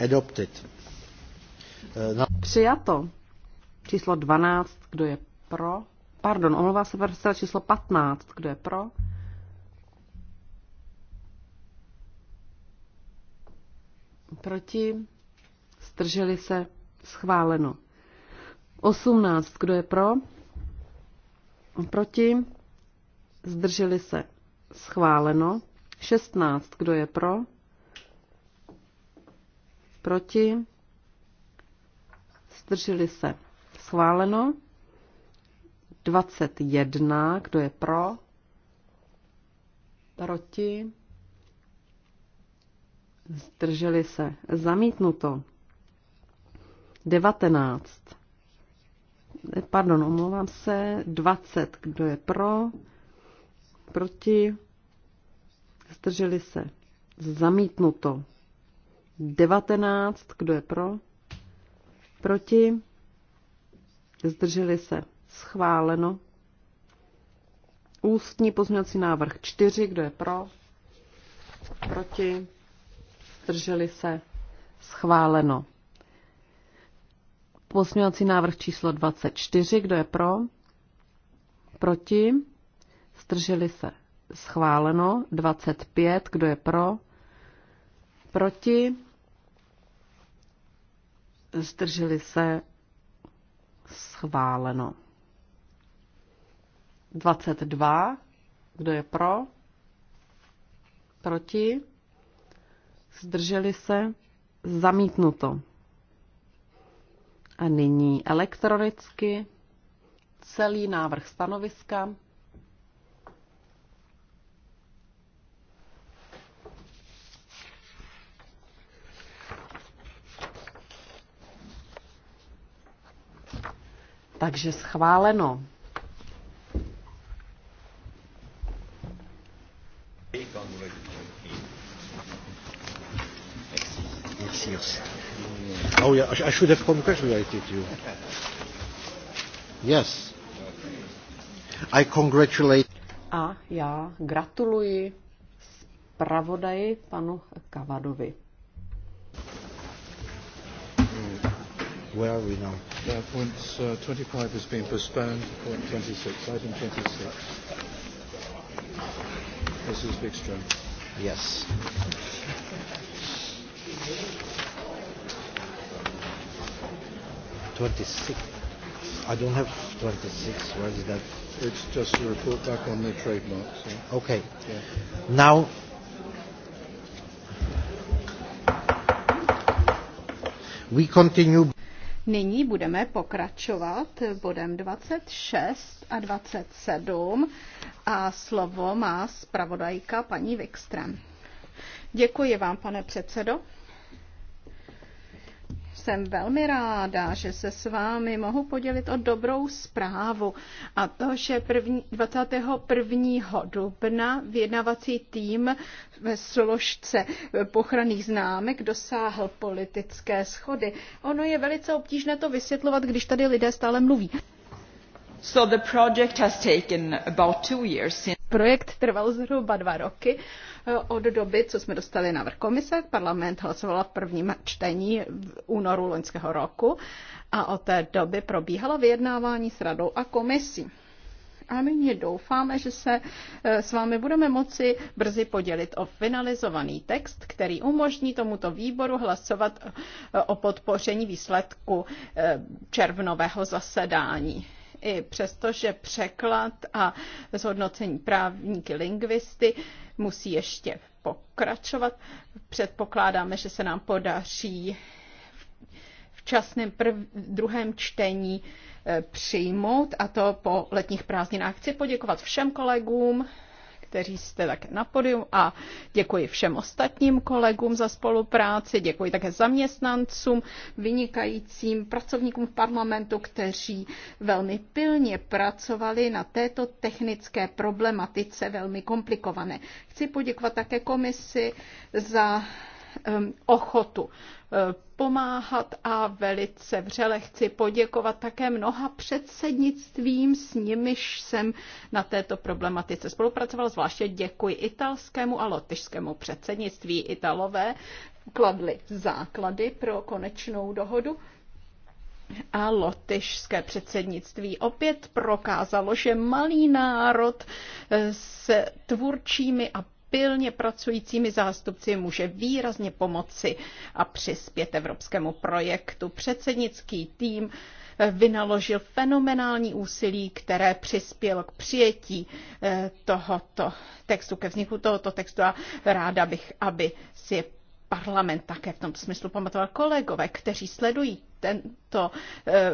Adopted. Eh, Přijato. Číslo 12, kdo je pro? Pardon, omlouvá se předseda číslo 15, kdo je pro? Proti? Zdrželi se? Schváleno. 18, kdo je pro? Proti? Zdrželi se? Schváleno. 16. Kdo je pro? Proti? Zdrželi se. Schváleno. 21. Kdo je pro? Proti? Zdrželi se. Zamítnuto. 19. Pardon, omlouvám se. 20. Kdo je pro? proti, zdrželi se, zamítnuto. 19, kdo je pro, proti, zdrželi se, schváleno. Ústní pozměňovací návrh 4, kdo je pro, proti, zdrželi se, schváleno. Pozměňovací návrh číslo 24, kdo je pro, proti, Zdrželi se schváleno. 25. Kdo je pro? Proti? Zdrželi se schváleno. 22. Kdo je pro? Proti? Zdrželi se? Zamítnuto. A nyní elektronicky celý návrh stanoviska. Takže schváleno. Oh yeah, I should have congratulated you. Yes. I congratulate. A já gratuluji zpravodaji panu Kavadovi. Where are we now? Uh, point uh, 25 has been postponed. to Point 26, item 26. This is Wikström. Yes. Twenty-six. I don't have twenty-six. Where is that? It's just a report back on the trademark. So. Okay. Yeah. Now. We continue. Nyní budeme pokračovat bodem 26 a 27 a slovo má zpravodajka paní Wikström. Děkuji vám, pane předsedo. Jsem velmi ráda, že se s vámi mohu podělit o dobrou zprávu a to, že první, 21. dubna vědnavací tým ve složce pochranných známek dosáhl politické schody. Ono je velice obtížné to vysvětlovat, když tady lidé stále mluví. So the project has taken about two years since... Projekt trval zhruba dva roky eh, od doby, co jsme dostali návrh komise. Parlament hlasoval v prvním čtení v únoru loňského roku a od té doby probíhalo vyjednávání s radou a komisí a my doufáme, že se eh, s vámi budeme moci brzy podělit o finalizovaný text, který umožní tomuto výboru hlasovat eh, o podpoření výsledku červnového zasedání i přesto, že překlad a zhodnocení právníky lingvisty musí ještě pokračovat. Předpokládáme, že se nám podaří časném prv, druhém čtení eh, přijmout a to po letních prázdninách. Chci poděkovat všem kolegům, kteří jste tak na podium a děkuji všem ostatním kolegům za spolupráci, děkuji také zaměstnancům, vynikajícím pracovníkům v parlamentu, kteří velmi pilně pracovali na této technické problematice velmi komplikované. Chci poděkovat také komisi za Um, ochotu uh, pomáhat a velice vřele chci poděkovat také mnoha předsednictvím, s nimiž jsem na této problematice spolupracoval. Zvláště děkuji italskému a lotyšskému předsednictví. Italové kladli základy pro konečnou dohodu. A lotyšské předsednictví opět prokázalo, že malý národ eh, se tvůrčími a pilně pracujícími zástupci může výrazně pomoci a přispět evropskému projektu. Předsednický tým eh, vynaložil fenomenální úsilí, které přispělo k přijetí eh, tohoto textu, ke vzniku tohoto textu a ráda bych, aby si parlament také v tom smyslu pamatoval kolegové, kteří sledují tento eh,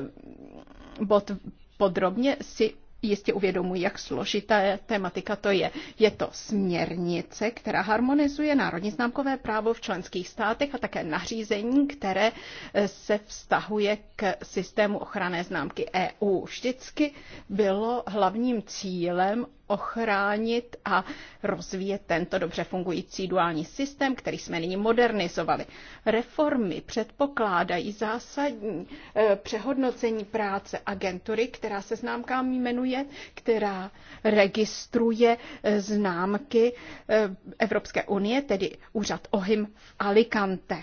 bod podrobně, si jistě uvědomují, jak složitá tematika to je. Je to směrnice, která harmonizuje národní známkové právo v členských státech a také nařízení, které eh, se vztahuje k systému ochranné známky EU. Vždycky bylo hlavním cílem ochránit a rozvíjet tento dobře fungující duální systém, který jsme nyní modernizovali. Reformy předpokládají zásadní eh, přehodnocení práce agentury, která se známkami jmenuje, která registruje eh, známky eh, Evropské unie, tedy úřad OHIM v Alicante.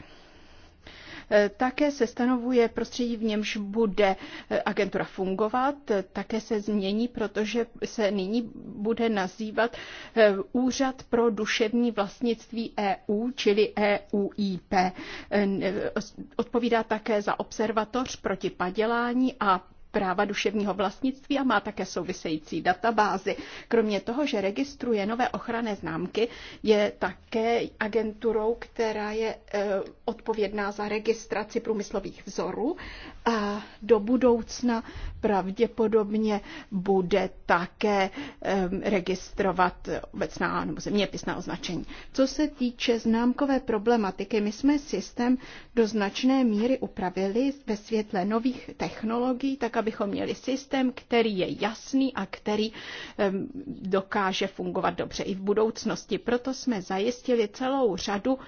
Eh, také se stanovuje prostředí, v němž bude eh, agentura fungovat, eh, také se změní, protože se nyní bude nazývat Úřad pro duševní vlastnictví EU, čili EUIP. Odpovídá také za observatoř proti padělání a práva duševního vlastnictví a má také související databázy. Kromě toho, že registruje nové ochranné známky, je také agenturou, která je e, odpovědná za registraci průmyslových vzorů a do budoucna pravděpodobně bude také e, registrovat obecná nebo zeměpisná označení. Co se týče známkové problematiky, my jsme systém do značné míry upravili ve světle nových technologií, tak abychom měli systém, který je jasný a který dokáže fungovat dobře i v budoucnosti. Proto jsme zajistili celou řadu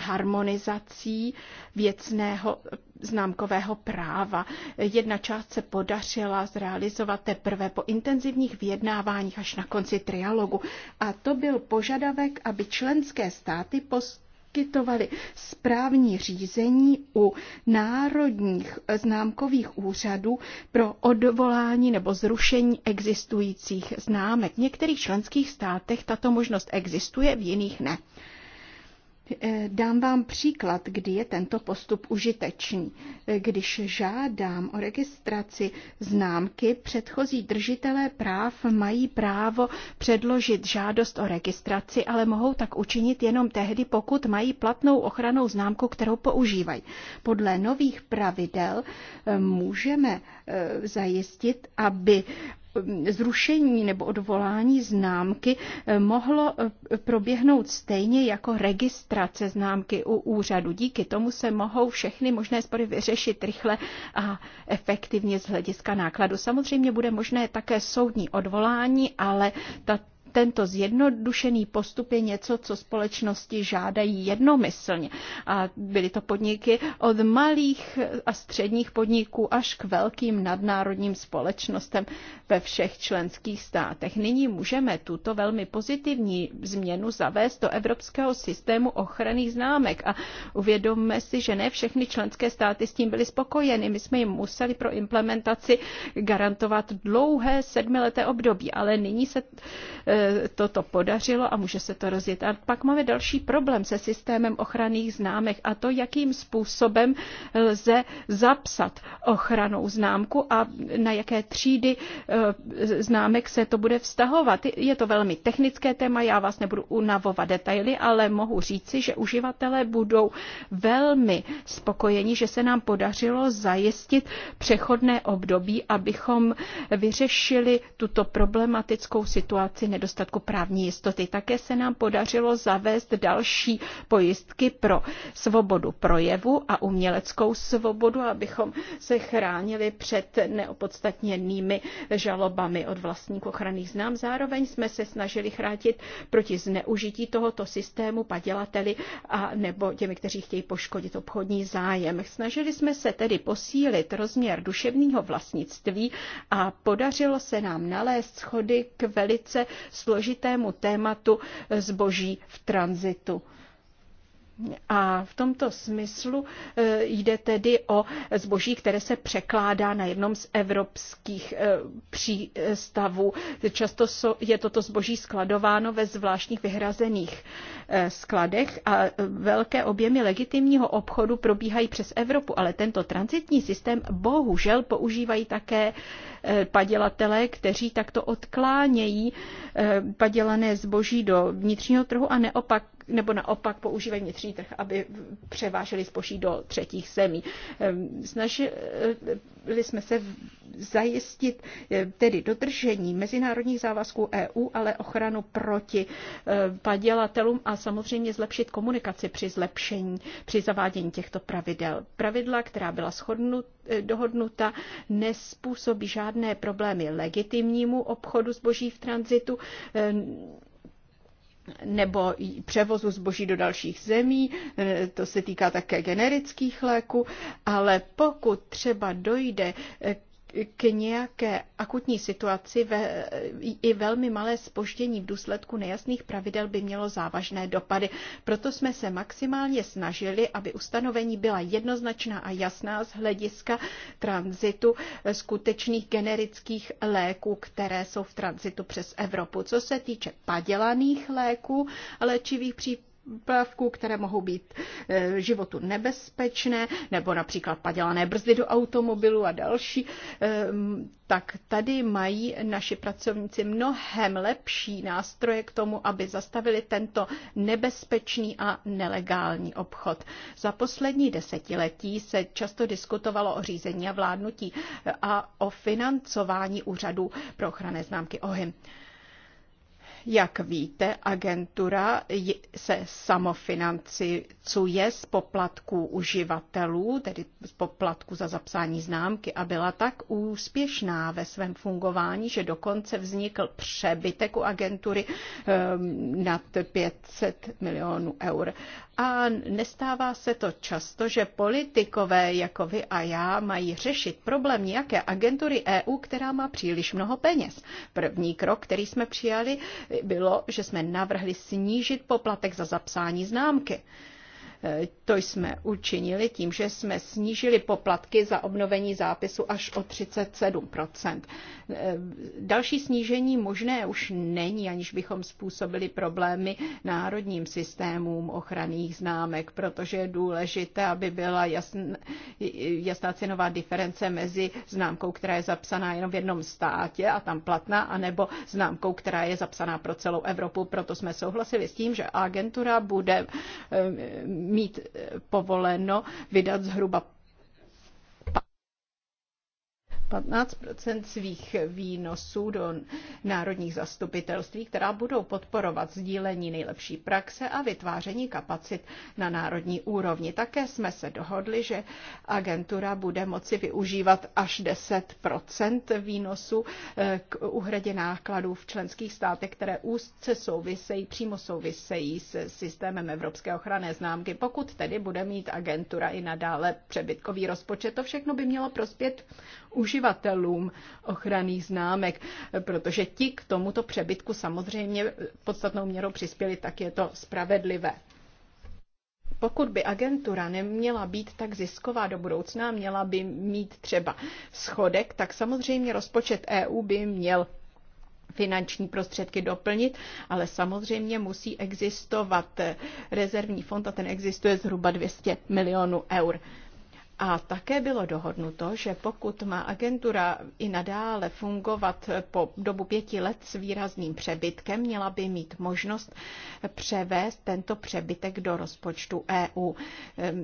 harmonizací věcného známkového práva. Jedna část se podařila zrealizovat teprve po intenzivních vyjednáváních až na konci trialogu. A to byl požadavek, aby členské státy post poskytovali správní řízení u národních známkových úřadů pro odvolání nebo zrušení existujících známek. V některých členských státech tato možnost existuje, v jiných ne. Eh, dám vám příklad, kdy je tento postup užitečný. Eh, když žádám o registraci známky, předchozí držitelé práv mají právo předložit žádost o registraci, ale mohou tak učinit jenom tehdy, pokud mají platnou ochranou známku, kterou používají. Podle nových pravidel eh, můžeme zajistit, aby zrušení nebo odvolání známky eh, mohlo eh, proběhnout stejně jako registrace známky u úřadu. Díky tomu se mohou všechny možné spory vyřešit rychle a efektivně z hlediska nákladu. Samozřejmě bude možné také soudní odvolání, ale tato tento zjednodušený postup je něco, co společnosti žádají jednomyslně. A byly to podniky od malých a středních podniků až k velkým nadnárodním společnostem ve všech členských státech. Nyní můžeme tuto velmi pozitivní změnu zavést do evropského systému ochranných známek a uvědomme si, že ne všechny členské státy s tím byly spokojeny. My jsme jim museli pro implementaci garantovat dlouhé sedmileté období, ale nyní se eh, toto podařilo a může se to rozjet. A pak máme další problém se systémem ochranných známek a to, jakým způsobem lze zapsat ochranou známku a na jaké třídy e, známek se to bude vztahovat. Je to velmi technické téma, já vás nebudu unavovat detaily, ale mohu říci, že uživatelé budou velmi spokojeni, že se nám podařilo zajistit přechodné období, abychom vyřešili tuto problematickou situaci nedostatku nedostatku právní jistoty. Také se nám podařilo zavést další pojistky pro svobodu projevu a uměleckou svobodu, abychom se chránili před neopodstatněnými žalobami od vlastníků ochranných znám. Zároveň jsme se snažili chránit proti zneužití tohoto systému padělateli a nebo těmi, kteří chtějí poškodit obchodní zájem. Snažili jsme se tedy posílit rozměr duševního vlastnictví a podařilo se nám nalézt schody k velice složitému tématu zboží v tranzitu. A v tomto smyslu eh, jde tedy o zboží, které se překládá na jednom z evropských eh, přístavů. Často je toto zboží skladováno ve zvláštních vyhrazených eh, skladech a velké objemy legitimního obchodu probíhají přes Evropu, ale tento transitní systém bohužel používají také padělatelé, kteří takto odklánějí padělané zboží do vnitřního trhu a neopak nebo naopak používají vnitřní trh, aby převáželi zboží do třetích zemí. Ehm, snažili jsme se zajistit eh, tedy dodržení mezinárodních závazků EU, ale ochranu proti eh, padělatelům a samozřejmě zlepšit komunikaci při zlepšení, při zavádění těchto pravidel. Pravidla, která byla shodnut, eh, dohodnuta, nespůsobí žádné problémy legitimnímu obchodu zboží v tranzitu, ehm, nebo převozu zboží do dalších zemí, eh, to se týká také generických léků, ale pokud třeba dojde k nějaké akutní situaci ve, i velmi malé spoždění v důsledku nejasných pravidel by mělo závažné dopady. Proto jsme se maximálně snažili, aby ustanovení byla jednoznačná a jasná z hlediska tranzitu skutečných generických léků, které jsou v tranzitu přes Evropu. Co se týče padělaných léků, léčivých přípravků, prvků, které mohou být eh, životu nebezpečné, nebo například padělané brzdy do automobilu a další, ehm, tak tady mají naši pracovníci mnohem lepší nástroje k tomu, aby zastavili tento nebezpečný a nelegální obchod. Za poslední desetiletí se často diskutovalo o řízení a vládnutí eh, a o financování úřadu pro ochranné známky OHIM. Jak víte, agentura se samofinancuje z poplatků uživatelů, tedy z poplatku za zapsání známky a byla tak úspěšná ve svém fungování, že dokonce vznikl přebytek u agentury ehm, nad 500 milionů eur. A nestává se to často, že politikové jako vy a já mají řešit problém nějaké agentury EU, která má příliš mnoho peněz. První krok, který jsme přijali, bylo, že jsme navrhli snížit poplatek za zapsání známky. E, to jsme učinili tím, že jsme snížili poplatky za obnovení zápisu až o 37 e, Další snížení možné už není, aniž bychom způsobili problémy národním systémům ochranných známek, protože je důležité, aby byla jasná cenová diference mezi známkou, která je zapsaná jenom v jednom státě a tam platná, anebo známkou, která je zapsaná pro celou Evropu. Proto jsme souhlasili s tím, že agentura bude mít eh, povoleno vydat zhruba 15 svých výnosů do národních zastupitelství, která budou podporovat sdílení nejlepší praxe a vytváření kapacit na národní úrovni. Také jsme se dohodli, že agentura bude moci využívat až 10 výnosů eh, k uhradě nákladů v členských státech, které úzce souvisejí, přímo souvisejí s systémem Evropské ochranné známky. Pokud tedy bude mít agentura i nadále přebytkový rozpočet, to všechno by mělo prospět uživatelům ochranných známek, protože ti k tomuto přebytku samozřejmě podstatnou měrou přispěli, tak je to spravedlivé. Pokud by agentura neměla být tak zisková do budoucna, měla by mít třeba schodek, tak samozřejmě rozpočet EU by měl finanční prostředky doplnit, ale samozřejmě musí existovat rezervní fond a ten existuje zhruba 200 milionů eur. A také bylo dohodnuto, že pokud má agentura i nadále fungovat po dobu pěti let s výrazným přebytkem, měla by mít možnost převést tento přebytek do rozpočtu EU. Ehm,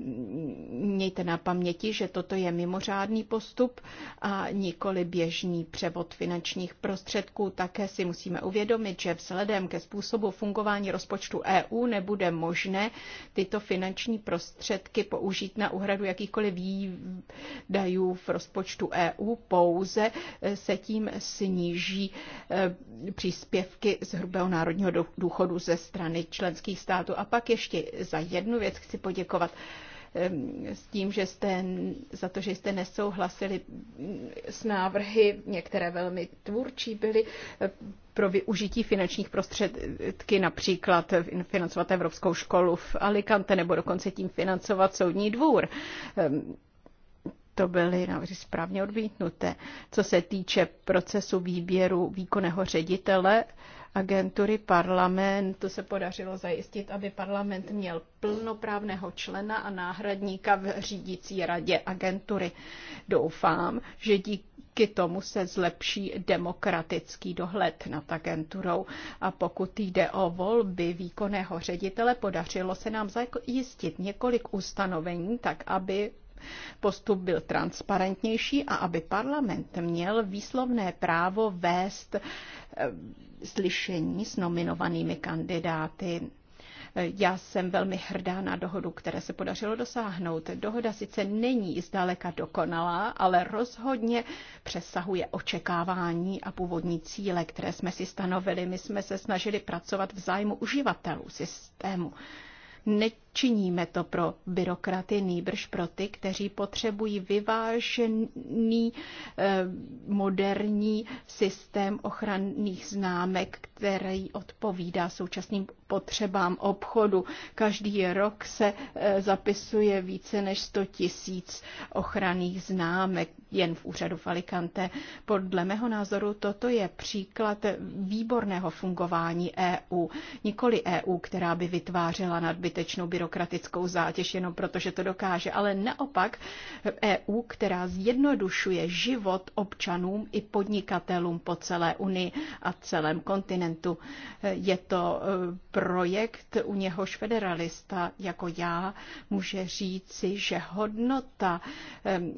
mějte na paměti, že toto je mimořádný postup a nikoli běžný převod finančních prostředků. Také si musíme uvědomit, že vzhledem ke způsobu fungování rozpočtu EU nebude možné tyto finanční prostředky použít na úhradu jakýchkoliv výdajů v rozpočtu EU, pouze eh, se tím sníží eh, příspěvky z hrubého národního důchodu ze strany členských států. A pak ještě za jednu věc chci poděkovat s tím, že jste, za to, že jste nesouhlasili s návrhy, některé velmi tvůrčí byly e, pro využití finančních prostředky například financovat Evropskou školu v Alicante nebo dokonce tím financovat soudní dvůr to byly návrhy správně odmítnuté. Co se týče procesu výběru výkonného ředitele, agentury parlamentu se podařilo zajistit, aby parlament měl plnoprávného člena a náhradníka v řídící radě agentury. Doufám, že díky tomu se zlepší demokratický dohled nad agenturou. A pokud jde o volby výkonného ředitele, podařilo se nám zajistit několik ustanovení, tak aby Postup byl transparentnější a aby parlament měl výslovné právo vést eh, slyšení s nominovanými kandidáty. Já jsem velmi hrdá na dohodu, které se podařilo dosáhnout. Dohoda sice není zdaleka dokonalá, ale rozhodně přesahuje očekávání a původní cíle, které jsme si stanovili. My jsme se snažili pracovat v zájmu uživatelů systému. Nečiníme to pro byrokraty, nýbrž pro ty, kteří potřebují vyvážený eh, moderní systém ochranných známek, který odpovídá současným potřebám obchodu. Každý rok se eh, zapisuje více než 100 tisíc ochranných známek jen v úřadu Falikante. Podle mého názoru toto je příklad výborného fungování EU. Nikoli EU, která by vytvářela nadbytečnou byrokratickou zátěž jenom proto, že to dokáže, ale naopak EU, která zjednodušuje život občanům i podnikatelům po celé Unii a celém kontinentu. Je to pro eh, projekt, u něhož federalista jako já může říci, že hodnota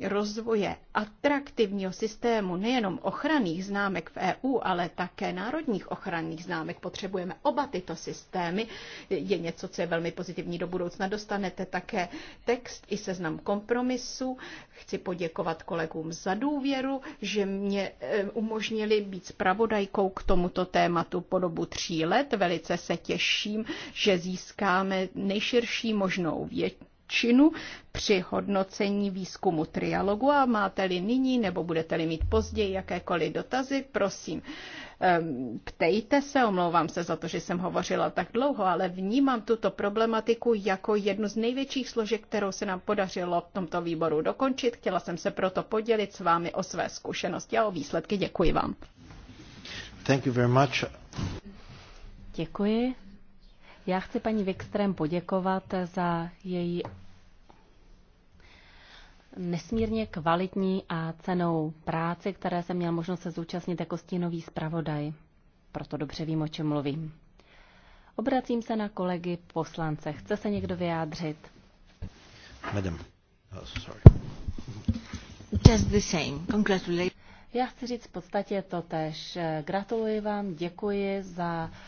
rozvoje atraktivního systému nejenom ochranných známek v EU, ale také národních ochranných známek. Potřebujeme oba tyto systémy. Je něco, co je velmi pozitivní do budoucna. Dostanete také text i seznam kompromisu. Chci poděkovat kolegům za důvěru, že mě umožnili být spravodajkou k tomuto tématu po dobu tří let. Velice se těším tuším, že získáme nejširší možnou většinu při hodnocení výzkumu trialogu a máte-li nyní nebo budete-li mít později jakékoliv dotazy, prosím, ehm, ptejte se, omlouvám se za to, že jsem hovořila tak dlouho, ale vnímám tuto problematiku jako jednu z největších složek, kterou se nám podařilo v tomto výboru dokončit. Chtěla jsem se proto podělit s vámi o své zkušenosti a o výsledky. Děkuji vám. Thank you very much. Děkuji. Já chci paní Wikström poděkovat za její nesmírně kvalitní a cenou práci, které jsem měl možnost se zúčastnit jako stínový zpravodaj. Proto dobře vím, o čem mluvím. Obracím se na kolegy poslance. Chce se někdo vyjádřit? Madam. Oh, sorry. Just the same. Congratulations. Já chci říct v podstatě to tež. Gratuluji vám, děkuji za uh,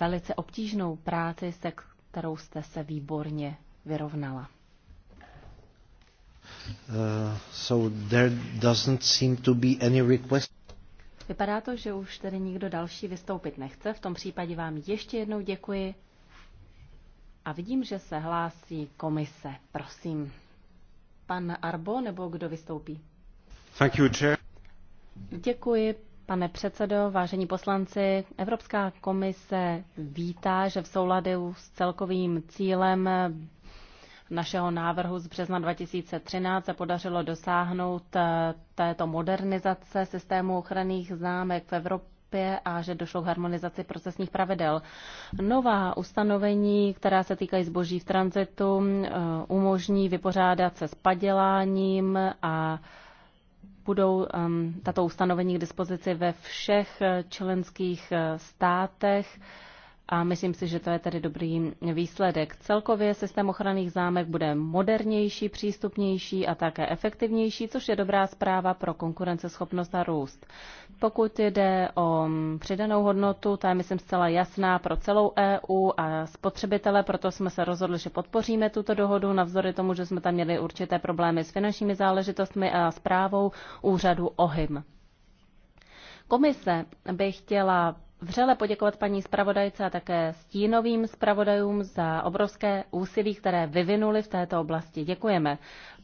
velice obtížnou práci, se kterou jste se výborně vyrovnala. Uh, so there doesn't seem to be any request. Vypadá to, že už tedy nikdo další vystoupit nechce. V tom případě vám ještě jednou děkuji. A vidím, že se hlásí komise. Prosím. Pan Arbo nebo kdo vystoupí? Thank you, chair. Děkuji, Pane předsedo, vážení poslanci, Evropská komise vítá, že v souladu s celkovým cílem našeho návrhu z března 2013 se podařilo dosáhnout eh, této modernizace systému ochranných známek v Evropě a že došlo k harmonizaci procesních pravidel. Nová ustanovení, která se týkají zboží v tranzitu, eh, umožní vypořádat se s paděláním a budou um, tato ustanovení k dispozici ve všech eh, členských eh, státech a myslím si, že to je tedy dobrý výsledek. Celkově systém ochranných zámek bude modernější, přístupnější a také efektivnější, což je dobrá zpráva pro konkurenceschopnost a růst. Pokud jde o přidanou hodnotu, ta je myslím zcela jasná pro celou EU a spotřebitele, proto jsme se rozhodli, že podpoříme tuto dohodu, navzory tomu, že jsme tam měli určité problémy s finančními záležitostmi a zprávou úřadu OHIM. Komise by chtěla vřele poděkovat paní zpravodajce a také stínovým zpravodajům za obrovské úsilí, které vyvinuli v této oblasti. Děkujeme.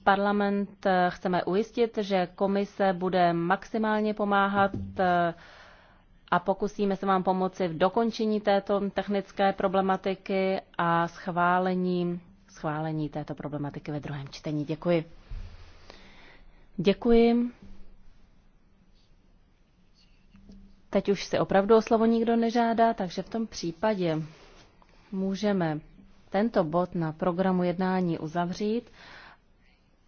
Parlament eh, chceme ujistit, že komise bude maximálně pomáhat eh, a pokusíme se vám pomoci v dokončení této technické problematiky a schválení, schválení této problematiky ve druhém čtení. Děkuji. Děkuji. Teď už se opravdu o slovo nikdo nežádá, takže v tom případě můžeme tento bod na programu jednání uzavřít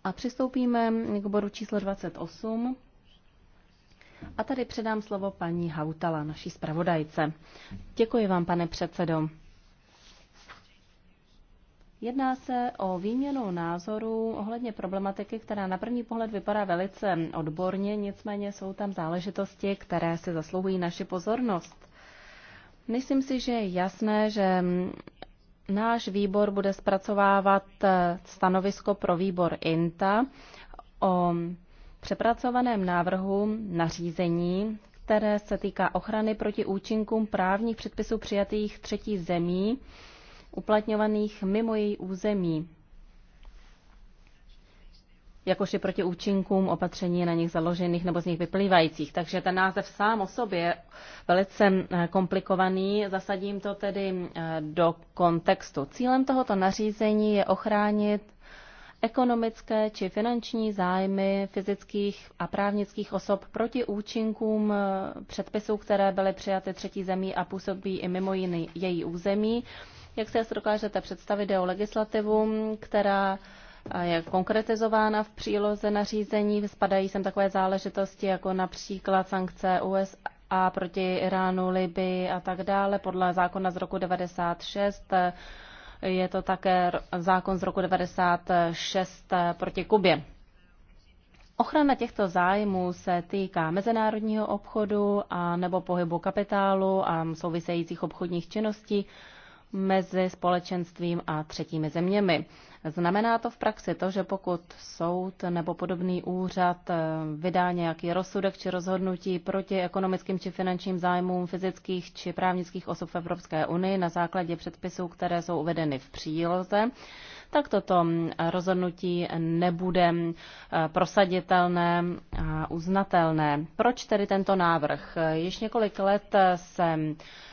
a přistoupíme k bodu číslo 28. A tady předám slovo paní Hautala, naší zpravodajce. Děkuji vám, pane předsedo. Jedná se o výměnu názorů ohledně problematiky, která na první pohled vypadá velice odborně, nicméně jsou tam záležitosti, které si zasluhují naši pozornost. Myslím si, že je jasné, že náš výbor bude zpracovávat stanovisko pro výbor INTA o přepracovaném návrhu nařízení, které se týká ochrany proti účinkům právních předpisů přijatých třetí zemí uplatňovaných mimo její území, jakož i proti účinkům opatření na nich založených nebo z nich vyplývajících. Takže ten název sám o sobě je velice eh, komplikovaný. Zasadím to tedy eh, do kontextu. Cílem tohoto nařízení je ochránit ekonomické či finanční zájmy fyzických a právnických osob proti účinkům eh, předpisů, které byly přijaty třetí zemí a působí i mimo jiný její území jak si asi dokážete představit, jde o legislativu, která je konkretizována v příloze nařízení. Spadají sem takové záležitosti, jako například sankce USA a proti Iránu, Libii a tak dále. Podle zákona z roku 96 e, je to také zákon z roku 96 e, proti Kubě. Ochrana těchto zájmů se týká mezinárodního obchodu a nebo pohybu kapitálu a souvisejících obchodních činností mezi společenstvím a třetími zeměmi. Znamená to v praxi to, že pokud soud nebo podobný úřad eh, vydá nějaký rozsudek či rozhodnutí proti ekonomickým či finančním zájmům fyzických či právnických osob v Evropské unii na základě předpisů, které jsou uvedeny v příloze, tak toto mm, rozhodnutí nebude mm, prosaditelné a uznatelné. Proč tedy tento návrh? Již několik let se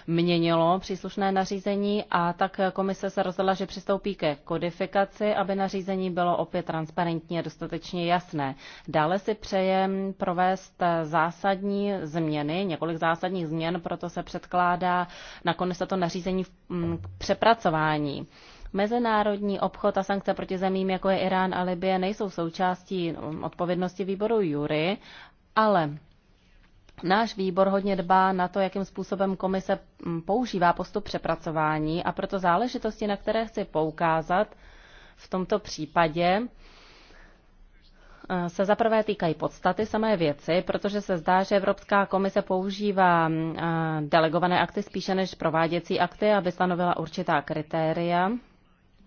měnilo příslušné nařízení a tak komise se rozhodla, že přistoupí ke kodifikaci, aby nařízení bylo opět transparentní a dostatečně jasné. Dále si přeje mm, provést zásadní změny, několik zásadních změn, proto se předkládá nakonec toto nařízení k přepracování. Mezinárodní obchod a sankce proti zemím, jako je Irán a Libie, nejsou součástí um, odpovědnosti výboru Jury, ale Náš výbor hodně dbá na to, jakým způsobem komise um, používá postup přepracování a proto záležitosti, na které chci poukázat v tomto případě, uh, se zaprvé týkají podstaty samé věci, protože se zdá, že Evropská komise používá um, uh, delegované akty spíše než prováděcí akty, aby stanovila určitá kritéria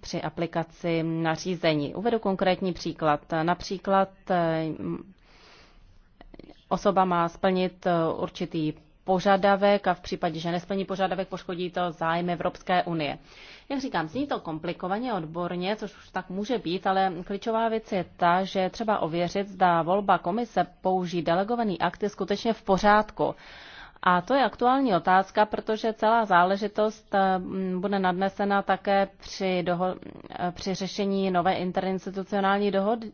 při aplikaci nařízení. Uvedu konkrétní příklad. Například eh, osoba má splnit eh, určitý požadavek a v případě, že nesplní požadavek, poškodí to zájmy Evropské unie. Jak říkám, zní to komplikovaně odborně, což už tak může být, ale klíčová věc je ta, že třeba ověřit, zda volba komise použít delegovaný akt je skutečně v pořádku. A to je aktuální otázka, protože celá záležitost eh, bude nadnesena také při, doho- eh, při řešení nové interinstitucionální dohody.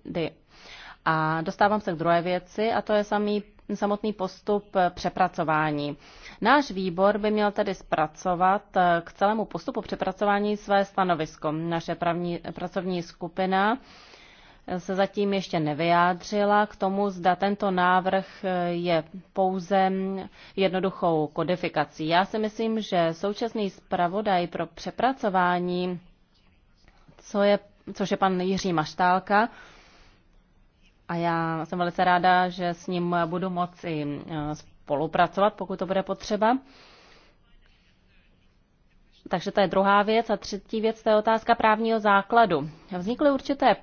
A dostávám se k druhé věci, a to je samý, samotný postup eh, přepracování. Náš výbor by měl tedy zpracovat k celému postupu přepracování své stanovisko. Naše pravní, pracovní skupina se zatím ještě nevyjádřila k tomu, zda tento návrh eh, je pouze jednoduchou kodifikací. Já si myslím, že současný zpravodaj pro přepracování, co je, což je pan Jiří Maštálka, a já jsem velice ráda, že s ním budu moci eh, spolupracovat, pokud to bude potřeba. Takže to je druhá věc. A třetí věc, to je otázka právního základu. Vznikly určité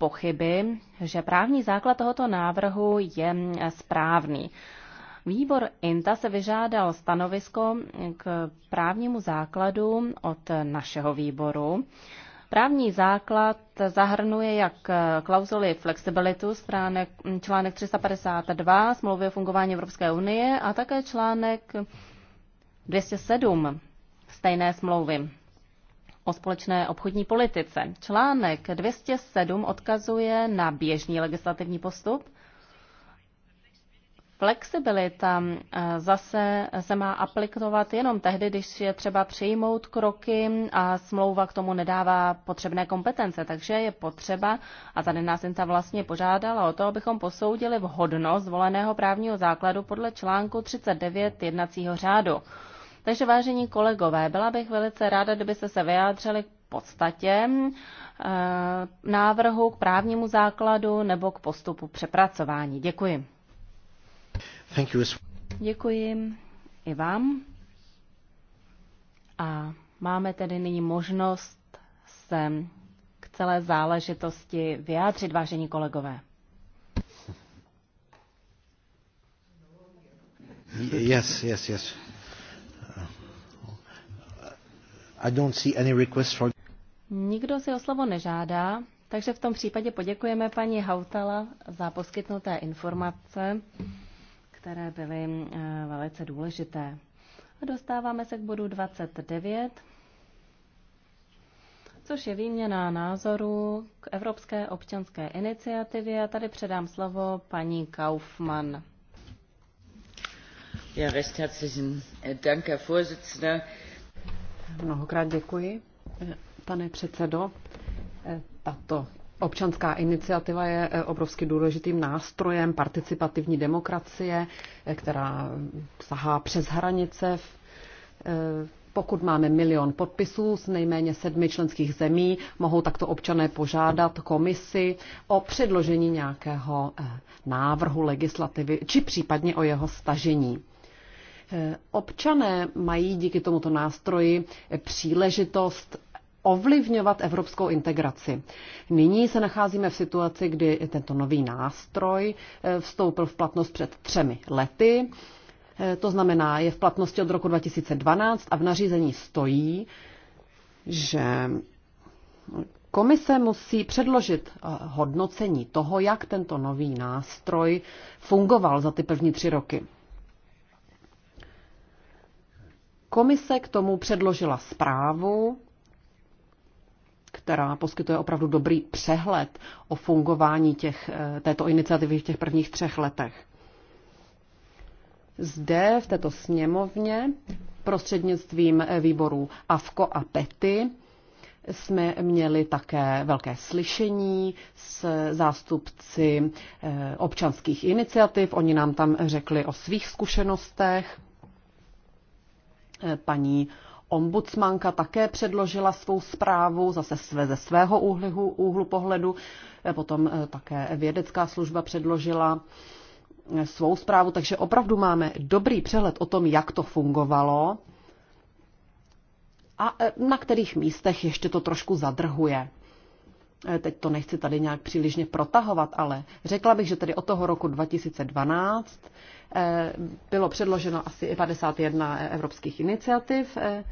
pochyby, že právní základ tohoto návrhu je správný. Výbor INTA se vyžádal stanovisko k právnímu základu od našeho výboru. Právní základ zahrnuje jak klauzuly flexibilitu, stránek, článek 352 smlouvy o fungování Evropské unie a také článek 207 stejné smlouvy o společné obchodní politice. Článek 207 odkazuje na běžný legislativní postup. Flexibilita eh, zase se má aplikovat jenom tehdy, když je třeba přijmout kroky a smlouva k tomu nedává potřebné kompetence. Takže je potřeba, a tady nás Inta vlastně požádala o to, abychom posoudili vhodnost zvoleného právního základu podle článku 39 jednacího řádu. Takže vážení kolegové, byla bych velice ráda, kdybyste se vyjádřili k podstatě eh, návrhu, k právnímu základu nebo k postupu přepracování. Děkuji. Thank you. Děkuji i vám. A máme tedy nyní možnost se k celé záležitosti vyjádřit, vážení kolegové. Yes, yes, yes. I don't see any request for... Nikdo si o slovo nežádá, takže v tom případě poděkujeme paní Hautala za poskytnuté informace, které byly eh, velice důležité. A dostáváme se k bodu 29, což je výměna názoru k Evropské občanské iniciativě. A tady předám slovo paní Kaufmann. Ja, recht herzlichen eh, Dank, Herr Vorsitzender. Mnohokrát děkuji, pane předsedo. Tato občanská iniciativa je obrovsky důležitým nástrojem participativní demokracie, která sahá přes hranice. Pokud máme milion podpisů z nejméně sedmi členských zemí, mohou takto občané požádat komisi o předložení nějakého návrhu legislativy či případně o jeho stažení. Eh, občané mají díky tomuto nástroji eh, příležitost ovlivňovat evropskou integraci. Nyní se nacházíme v situaci, kdy tento nový nástroj eh, vstoupil v platnost před třemi lety. To znamená, je v platnosti od roku 2012 a v nařízení stojí, že komise musí předložit hodnocení toho, jak tento nový nástroj fungoval za ty první tři roky. Komise k tomu předložila zprávu, která poskytuje opravdu dobrý přehled o fungování těch, eh, této iniciativy v těch prvních třech letech. Zde v této sněmovně prostřednictvím eh, výborů AVKO a PETY jsme měli také velké slyšení s zástupci eh, občanských iniciativ. Oni nám tam řekli o svých zkušenostech. Eh, paní ombudsmanka také předložila svou zprávu zase své, ze svého úhlu, úhlu pohledu. Eh, potom eh, také vědecká služba předložila svou zprávu, takže opravdu máme dobrý přehled o tom, jak to fungovalo a na kterých místech ještě to trošku zadrhuje. Teď to nechci tady nějak přílišně protahovat, ale řekla bych, že tedy od toho roku 2012 Eh, bylo předloženo asi 51 evropských iniciativ eh,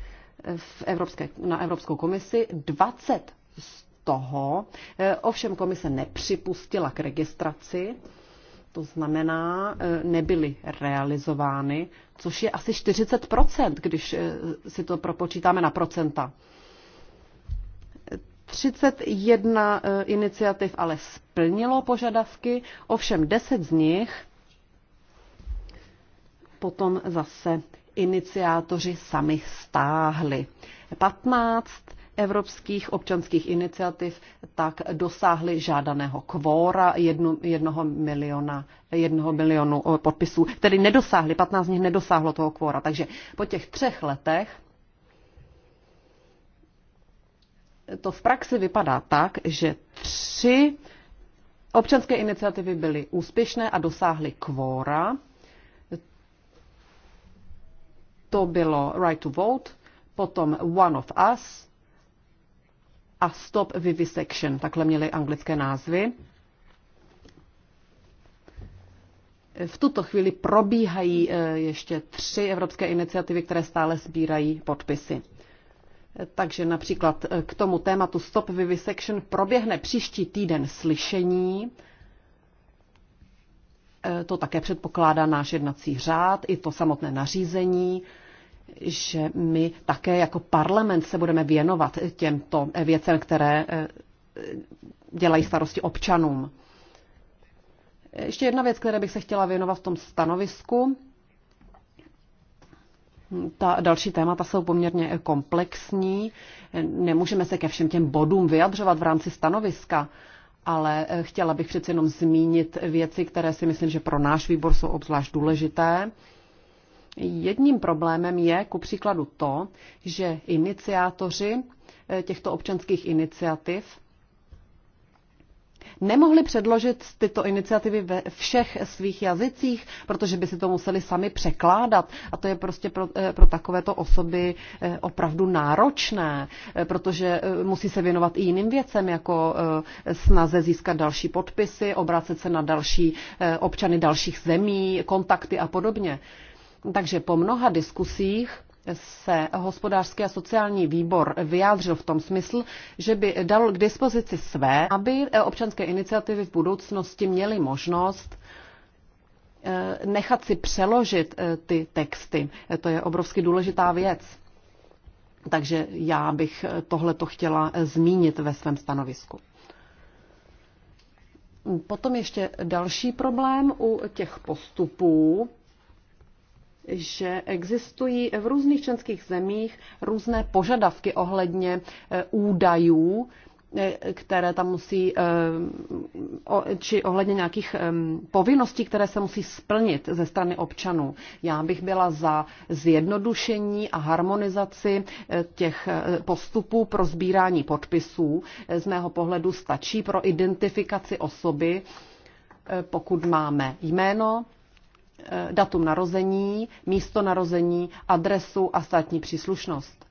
v Evropské, na Evropskou komisi. 20 z toho eh, ovšem komise nepřipustila k registraci, to znamená, nebyly realizovány, což je asi 40 když si to propočítáme na procenta. 31 iniciativ ale splnilo požadavky, ovšem 10 z nich potom zase iniciátoři sami stáhli. 15 evropských občanských iniciativ tak dosáhly žádaného kvóra jednu, jednoho, miliona, jednoho milionu eh, podpisů, tedy nedosáhly, 15 z nich nedosáhlo toho kvóra. Takže po těch třech letech to v praxi vypadá tak, že tři občanské iniciativy byly úspěšné a dosáhly kvóra, to bylo Right to Vote, potom One of Us a Stop Vivisection. Takhle měly anglické názvy. V tuto chvíli probíhají eh, ještě tři evropské iniciativy, které stále sbírají podpisy. Takže například eh, k tomu tématu Stop Vivisection proběhne příští týden slyšení Eh, to také předpokládá náš jednací řád, i to samotné nařízení, že my také jako parlament se budeme věnovat těmto věcem, které eh, dělají starosti občanům. Ještě jedna věc, které bych se chtěla věnovat v tom stanovisku. Ta další témata jsou poměrně komplexní. Nemůžeme se ke všem těm bodům vyjadřovat v rámci stanoviska ale eh, chtěla bych přece jenom zmínit věci, které si myslím, že pro náš výbor jsou obzvlášť důležité. Jedním problémem je ku příkladu to, že iniciátoři eh, těchto občanských iniciativ nemohli předložit tyto iniciativy ve všech svých jazycích, protože by si to museli sami překládat. A to je prostě pro, eh, pro takovéto osoby eh, opravdu náročné, eh, protože musí se věnovat i jiným věcem, jako snaze získat další podpisy, obracet se na další občany dalších zemí, kontakty a podobně. Takže po mnoha diskusích se hospodářský a sociální výbor vyjádřil v tom smyslu, že by dal k dispozici své, aby občanské iniciativy v budoucnosti měly možnost eh, nechat si přeložit eh, ty texty. Eh, to je obrovsky důležitá věc. Takže já bych tohle to chtěla zmínit ve svém stanovisku. Potom ještě další problém u těch postupů že existují v různých členských zemích různé požadavky ohledně eh, údajů, eh, které tam musí, eh, či ohledně nějakých povinností, které se musí splnit ze strany občanů. Já bych byla za zjednodušení a harmonizaci těch postupů pro sbírání podpisů. Z mého pohledu stačí pro identifikaci osoby, pokud máme jméno, Eh, datum narození, místo narození, adresu a státní příslušnost.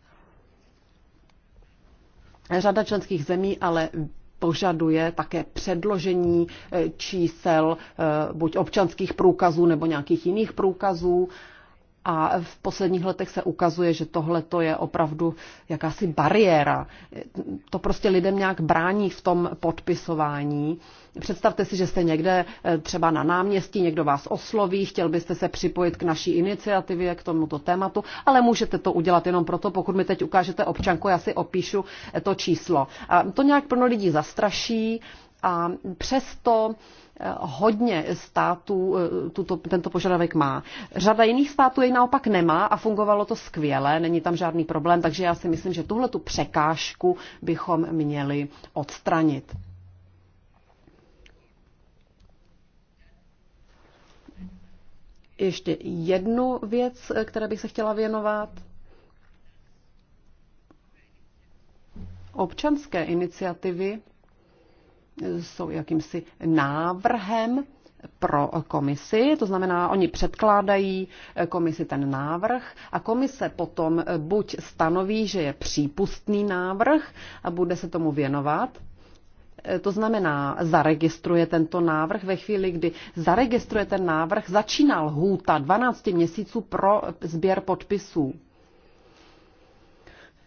Řada členských zemí ale požaduje také předložení eh, čísel eh, buď občanských průkazů nebo nějakých jiných průkazů a v posledních letech se ukazuje, že tohle to je opravdu jakási bariéra. To prostě lidem nějak brání v tom podpisování. Představte si, že jste někde eh, třeba na náměstí, někdo vás osloví, chtěl byste se připojit k naší iniciativě, k tomuto tématu, ale můžete to udělat jenom proto, pokud mi teď ukážete občanku, já si opíšu eh, to číslo. A to nějak plno lidí zastraší a přesto uh, hodně států eh, tuto, tento požadavek má. Řada jiných států jej naopak nemá a fungovalo to skvěle, není tam žádný problém, takže já si myslím, že tuhle tu překážku bychom měli odstranit. Ještě jednu věc, které bych se chtěla věnovat. Občanské iniciativy jsou jakýmsi návrhem pro komisi, to znamená, oni předkládají komisi ten návrh a komise potom buď stanoví, že je přípustný návrh a bude se tomu věnovat, to znamená, zaregistruje tento návrh. Ve chvíli, kdy zaregistruje ten návrh, začíná lhůta 12 měsíců pro sběr podpisů.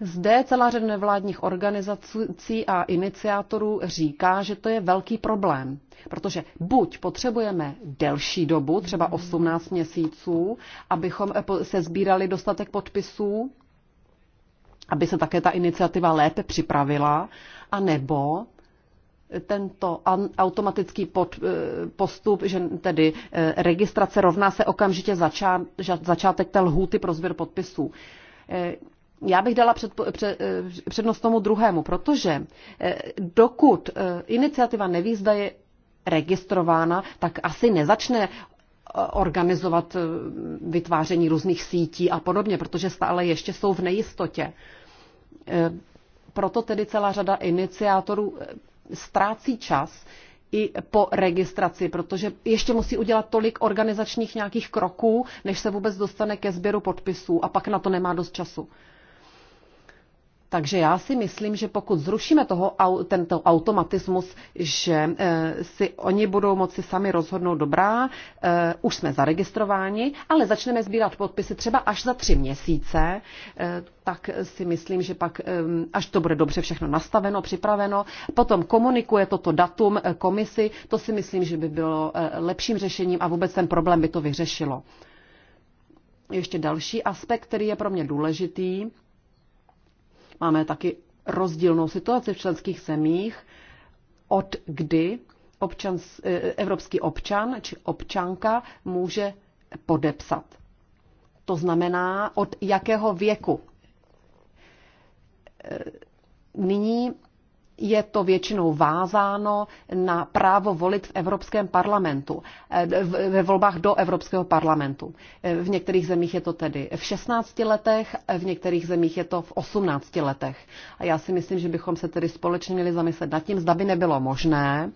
Zde celá řada nevládních organizací a iniciátorů říká, že to je velký problém, protože buď potřebujeme delší dobu, třeba 18 měsíců, abychom eh, se sbírali dostatek podpisů, aby se také ta iniciativa lépe připravila, anebo tento automatický pod, eh, postup, že tedy eh, registrace rovná se okamžitě začá, začátek té lhůty pro sběr podpisů já bych dala před, před, eh, přednost tomu druhému, protože eh, dokud eh, iniciativa Nevízda je registrována, tak asi nezačne organizovat vytváření různých sítí a podobně, protože stále ještě jsou v nejistotě. Proto tedy celá řada iniciátorů ztrácí čas i po registraci, protože ještě musí udělat tolik organizačních nějakých kroků, než se vůbec dostane ke sběru podpisů a pak na to nemá dost času. Takže já si myslím, že pokud zrušíme toho, tento automatismus, že eh, si oni budou moci sami rozhodnout dobrá, eh, už jsme zaregistrováni, ale začneme sbírat podpisy třeba až za tři měsíce, eh, tak si myslím, že pak, až to bude dobře všechno nastaveno, připraveno, potom komunikuje toto datum komisi, to si myslím, že by bylo lepším řešením a vůbec ten problém by to vyřešilo. Ještě další aspekt, který je pro mě důležitý, Máme taky rozdílnou situaci v členských zemích, od kdy občan, eh, evropský občan či občanka může podepsat. To znamená, od jakého věku. Eh, nyní je to většinou vázáno na právo volit v Evropském parlamentu, eh, ve volbách do Evropského parlamentu. Eh, v některých zemích je to tedy v 16 letech, eh, v některých zemích je to v 18 letech. A já si myslím, že bychom se tedy společně měli zamyslet nad tím, zda by nebylo možné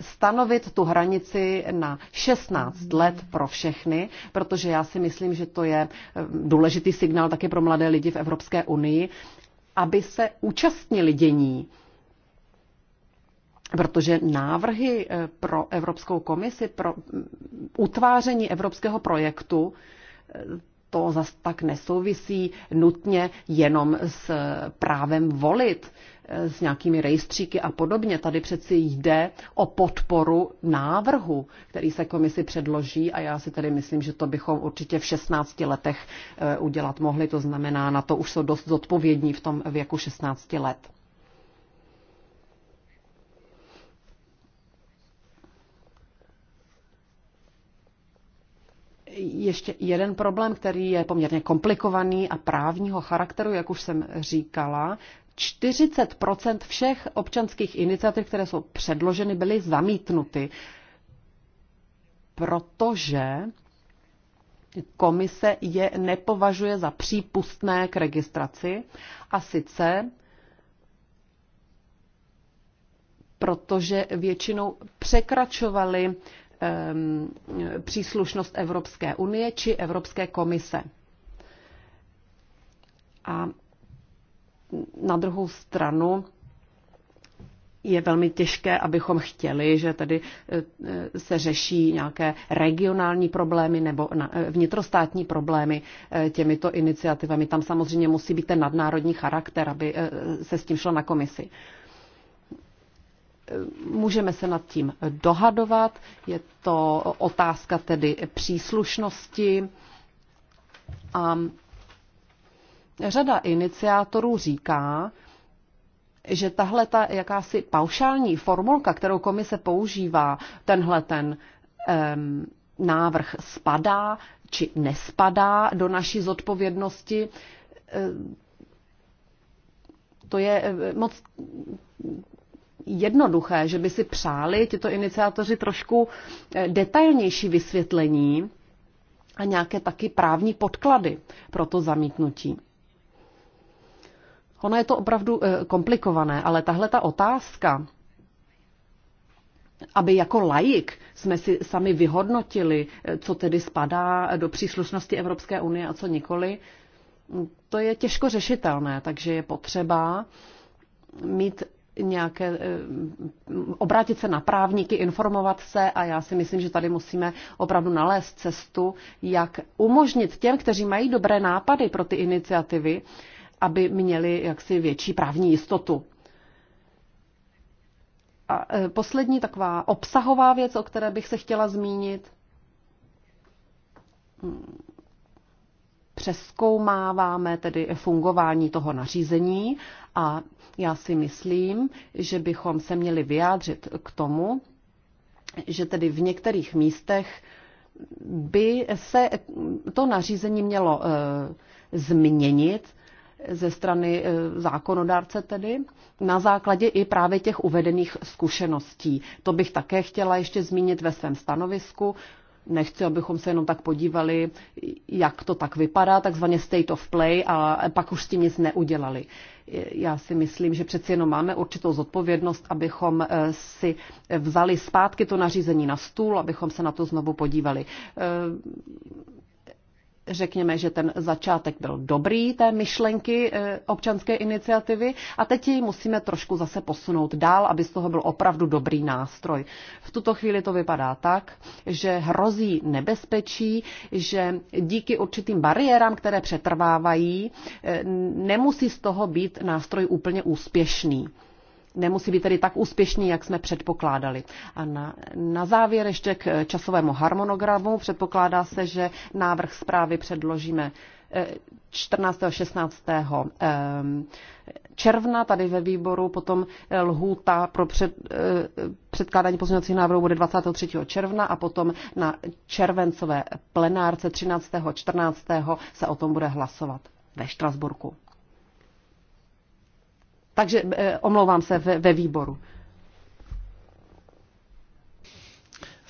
stanovit tu hranici na 16 let pro všechny, protože já si myslím, že to je důležitý signál také pro mladé lidi v Evropské unii, aby se účastnili dění protože návrhy eh, pro Evropskou komisi, pro utváření evropského projektu, eh, to zas tak nesouvisí nutně jenom s eh, právem volit, s nějakými rejstříky a podobně. Tady přeci jde o podporu návrhu, který se komisi předloží a já si tedy myslím, že to bychom určitě v 16 letech udělat mohli. To znamená, na to už jsou dost zodpovědní v tom věku 16 let. ještě jeden problém, který je poměrně komplikovaný a právního charakteru, jak už jsem říkala. 40 všech občanských iniciativ, které jsou předloženy, byly zamítnuty, protože komise je nepovažuje za přípustné k registraci a sice protože většinou překračovaly Ehm, příslušnost Evropské unie či Evropské komise. A na druhou stranu je velmi těžké, abychom chtěli, že tady eh, eh, se řeší nějaké regionální problémy nebo eh, vnitrostátní problémy těmito iniciativami. Tam samozřejmě musí být ten nadnárodní charakter, aby se s tím šlo na komisi můžeme se nad tím dohadovat. Je to otázka tedy příslušnosti. A řada iniciátorů říká, že tahle ta jakási paušální formulka, kterou komise používá, tenhle ten um, návrh spadá či nespadá do naší zodpovědnosti, to je moc jednoduché, že by si přáli tito iniciátoři trošku eh, detailnější vysvětlení a nějaké taky právní podklady pro to zamítnutí. Ono je to opravdu eh, komplikované, ale tahle ta otázka, aby jako laik jsme si sami vyhodnotili, eh, co tedy spadá do příslušnosti Evropské unie a co nikoli, to je těžko řešitelné, takže je potřeba mít nějaké, eh, obrátit se na právníky, informovat se a já si myslím, že tady musíme opravdu nalézt cestu, jak umožnit těm, kteří mají dobré nápady pro ty iniciativy, aby měli jaksi větší právní jistotu. A eh, poslední taková obsahová věc, o které bych se chtěla zmínit. Hmm. Přeskoumáváme tedy fungování toho nařízení a já si myslím, že bychom se měli vyjádřit k tomu, že tedy v některých místech by se to nařízení mělo e, změnit ze strany e, zákonodárce tedy na základě i právě těch uvedených zkušeností. To bych také chtěla ještě zmínit ve svém stanovisku. Nechci, abychom se jenom tak podívali, jak to tak vypadá, takzvaně state of play, a pak už s tím nic neudělali. Já si myslím, že přeci jenom máme určitou zodpovědnost, abychom eh, si vzali zpátky to nařízení na stůl, abychom se na to znovu podívali. Eh, řekněme, že ten začátek byl dobrý té myšlenky eh, občanské iniciativy a teď ji musíme trošku zase posunout dál, aby z toho byl opravdu dobrý nástroj. V tuto chvíli to vypadá tak, že hrozí nebezpečí, že díky určitým bariérám, které přetrvávají, eh, nemusí z toho být nástroj úplně úspěšný nemusí být tedy tak úspěšný, jak jsme předpokládali. A na, na závěr ještě k časovému harmonogramu. Předpokládá se, že návrh zprávy předložíme 14. Eh, a 16. Eh, června tady ve výboru, potom eh, lhůta pro před, předkládání pozměňovacích návrhů bude 23. června a potom na červencové plenárce 13. a 14. se o tom bude hlasovat ve Štrasburku. Takže eh, omlouvám se ve, ve výboru.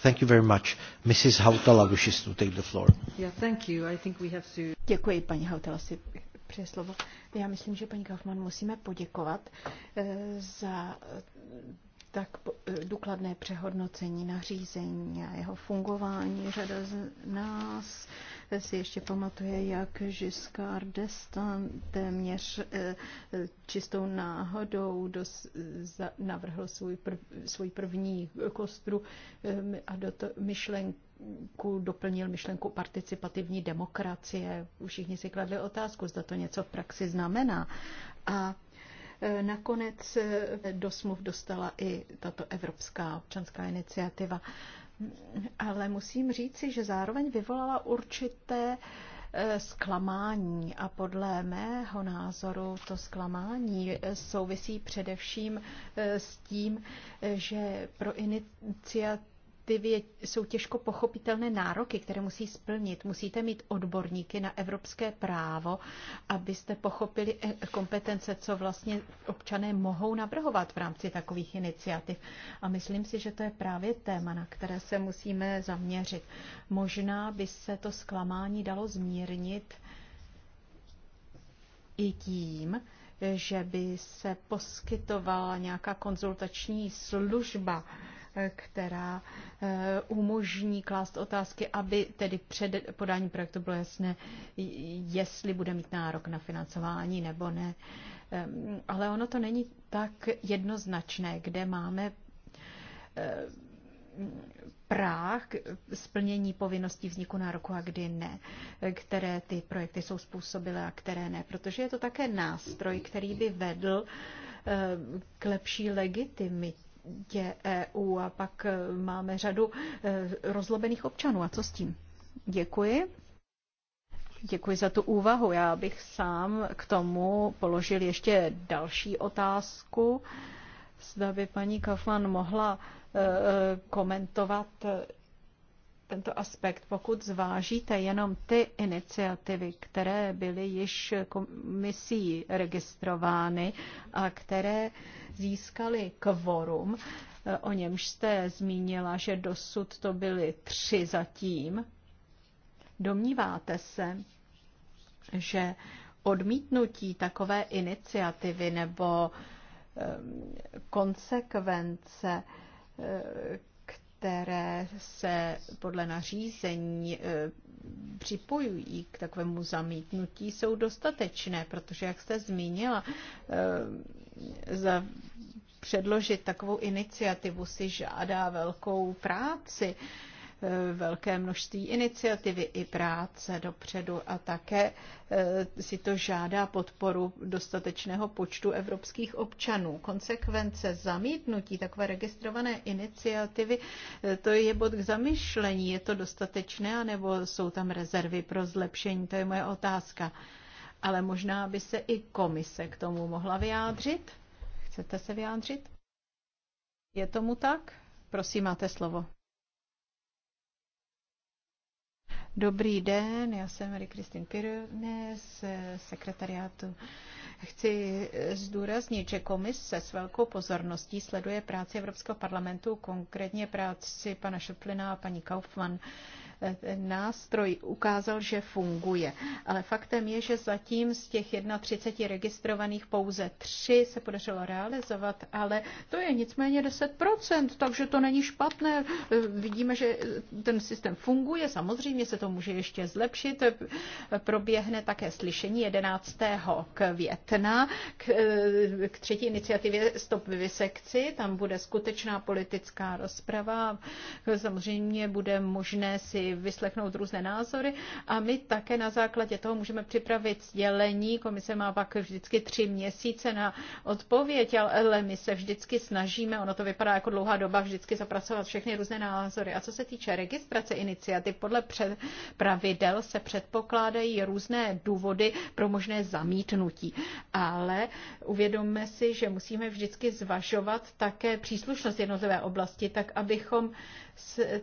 Thank you very much. Mrs. Hautala wishes to take the floor. Yeah, thank you. I think we have to... Děkuji, paní Hautala, si přeje slovo. Já myslím, že paní Kaufmann musíme poděkovat eh, za tak eh, důkladné přehodnocení nařízení a jeho fungování. Řada z nás si ještě pamatuje, jak Giscard d'Estaing téměř eh, čistou náhodou dos, navrhl svůj, prv, svůj první kostru eh, a do to, myšlenku doplnil myšlenku participativní demokracie. Všichni si kladli otázku, zda to něco v praxi znamená. A Eh, nakonec eh, do smluv dostala i tato Evropská občanská iniciativa. Ale musím říci, že zároveň vyvolala určité eh, zklamání a podle mého názoru to zklamání souvisí především s tím, že pro iniciativu vě- jsou těžko pochopitelné nároky, které musí splnit. Musíte mít odborníky na evropské právo, abyste pochopili eh, kompetence, co vlastně občané mohou navrhovat v rámci takových iniciativ. A myslím si, že to je právě téma, na které se musíme zaměřit. Možná by se to zklamání dalo zmírnit i tím, že by se poskytovala nějaká konzultační služba, která eh, umožní klást otázky, aby tedy před podání projektu bylo jasné, jestli bude mít nárok na financování nebo ne. Ehm, ale ono to není tak jednoznačné, kde máme eh, práh splnění povinností vzniku nároku a kdy ne, které ty projekty jsou způsobily a které ne, protože je to také nástroj, který by vedl eh, k lepší legitimitě je EU a pak e, máme řadu e, rozlobených občanů. A co s tím? Děkuji. Děkuji za tu úvahu. Já bych sám k tomu položil ještě další otázku. Zda by paní Kaufmann mohla e, komentovat tento aspekt. Pokud zvážíte jenom ty iniciativy, které byly již komisí registrovány a které získaly kvorum, eh, o němž jste zmínila, že dosud to byly tři zatím, domníváte se, že odmítnutí takové iniciativy nebo eh, konsekvence, eh, které se podle nařízení e, připojují k takovému zamítnutí, jsou dostatečné, protože, jak jste zmínila, e, za předložit takovou iniciativu si žádá velkou práci. E, Eh, velké množství iniciativy i práce dopředu a také eh, si to žádá podporu dostatečného počtu evropských občanů. Konsekvence zamítnutí takové registrované iniciativy, eh, to je bod k zamyšlení. Je to dostatečné, anebo jsou tam rezervy pro zlepšení? To je moje otázka. Ale možná by se i komise k tomu mohla vyjádřit. Chcete se vyjádřit? Je tomu tak? Prosím, máte slovo. Dobrý den, já jsem Marie Kristin Pirne z sekretariátu. Chci zdůraznit, že komise s velkou pozorností sleduje práci Evropského parlamentu, konkrétně práci pana Šuplina a paní Kaufmann nástroj ukázal, že funguje. Ale faktem je, že zatím z těch 31 registrovaných pouze 3 se podařilo realizovat, ale to je nicméně 10%, takže to není špatné. Vidíme, že ten systém funguje, samozřejmě se to může ještě zlepšit. Proběhne také slyšení 11. května k, k třetí iniciativě Stop Vysekci. Tam bude skutečná politická rozprava. Samozřejmě bude možné si vyslechnout různé názory a my také na základě toho můžeme připravit sdělení. Komise má pak vždycky tři měsíce na odpověď, ale my se vždycky snažíme, ono to vypadá jako dlouhá doba, vždycky zapracovat všechny různé názory. A co se týče registrace iniciativ, podle před pravidel se předpokládají různé důvody pro možné zamítnutí. Ale uvědomme si, že musíme vždycky zvažovat také příslušnost jednotlivé oblasti, tak abychom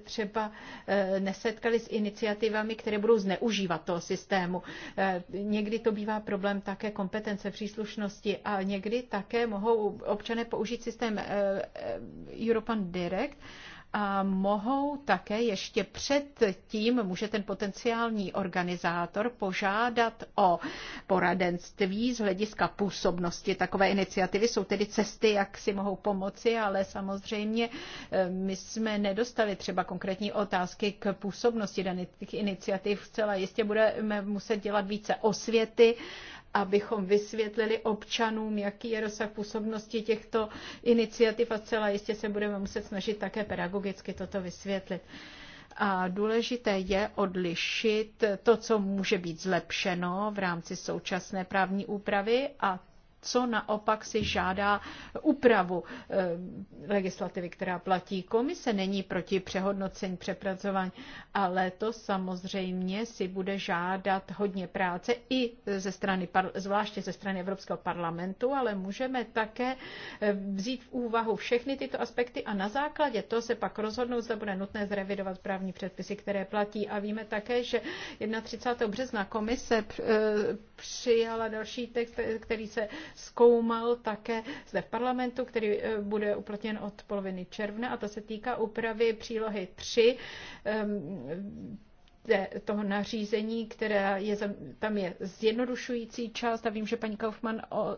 třeba eh, nesetkali s iniciativami, které budou zneužívat toho systému. Eh, někdy to bývá problém také kompetence příslušnosti a někdy také mohou občané použít systém eh, European Direct, a mohou také ještě před tím, může ten potenciální organizátor požádat o poradenství z hlediska působnosti. Takové iniciativy jsou tedy cesty, jak si mohou pomoci, ale samozřejmě eh, my jsme nedostali třeba konkrétní otázky k působnosti daných iniciativ. Zcela jistě budeme muset dělat více osvěty abychom vysvětlili občanům, jaký je rozsah působnosti těchto iniciativ a celá, jistě se budeme muset snažit také pedagogicky toto vysvětlit. A důležité je odlišit to, co může být zlepšeno v rámci současné právní úpravy a co naopak si žádá úpravu eh, legislativy, která platí. Komise není proti přehodnocení, přepracování, ale to samozřejmě si bude žádat hodně práce i ze strany, zvláště ze strany Evropského parlamentu, ale můžeme také eh, vzít v úvahu všechny tyto aspekty a na základě toho se pak rozhodnout, zda bude nutné zrevidovat právní předpisy, které platí. A víme také, že 31. března komise eh, přijala další text, který se zkoumal také zde v parlamentu, který eh, bude uplatněn od poloviny června a to se týká úpravy přílohy 3 toho nařízení, které je, tam je zjednodušující část a vím, že paní Kaufmann o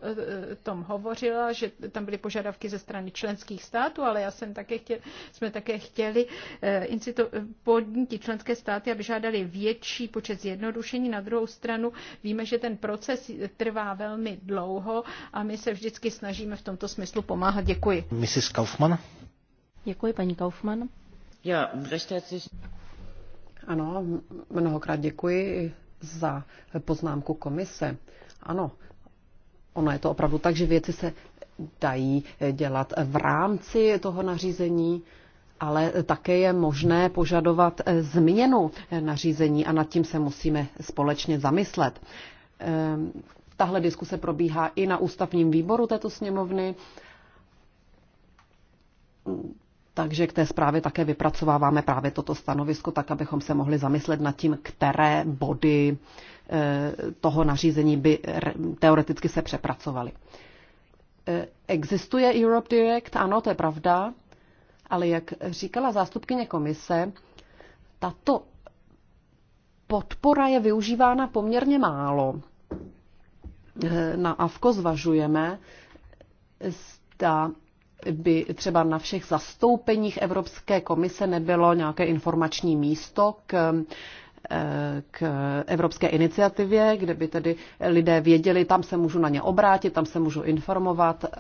e, tom hovořila, že tam byly požadavky ze strany členských států, ale já jsem také chtěl, jsme také chtěli e, podnítit členské státy, aby žádali větší počet zjednodušení. Na druhou stranu víme, že ten proces trvá velmi dlouho a my se vždycky snažíme v tomto smyslu pomáhat. Děkuji. Mrs. Kaufmann. Děkuji, paní Kaufmann. Ja, recht herzlich. Ano, mnohokrát děkuji za poznámku komise. Ano, ono je to opravdu tak, že věci se dají dělat v rámci toho nařízení, ale také je možné požadovat změnu nařízení a nad tím se musíme společně zamyslet. Ehm, tahle diskuse probíhá i na ústavním výboru této sněmovny takže k té zprávě také vypracováváme právě toto stanovisko, tak abychom se mohli zamyslet nad tím, které body e, toho nařízení by teoreticky se přepracovaly. E, existuje Europe Direct, ano, to je pravda, ale jak říkala zástupkyně komise, tato podpora je využívána poměrně málo. E, na AFKO zvažujeme, zda by třeba na všech zastoupeních Evropské komise nebylo nějaké informační místo k eh, k evropské iniciativě, kde by tedy lidé věděli, tam se můžu na ně obrátit, tam se můžu informovat eh,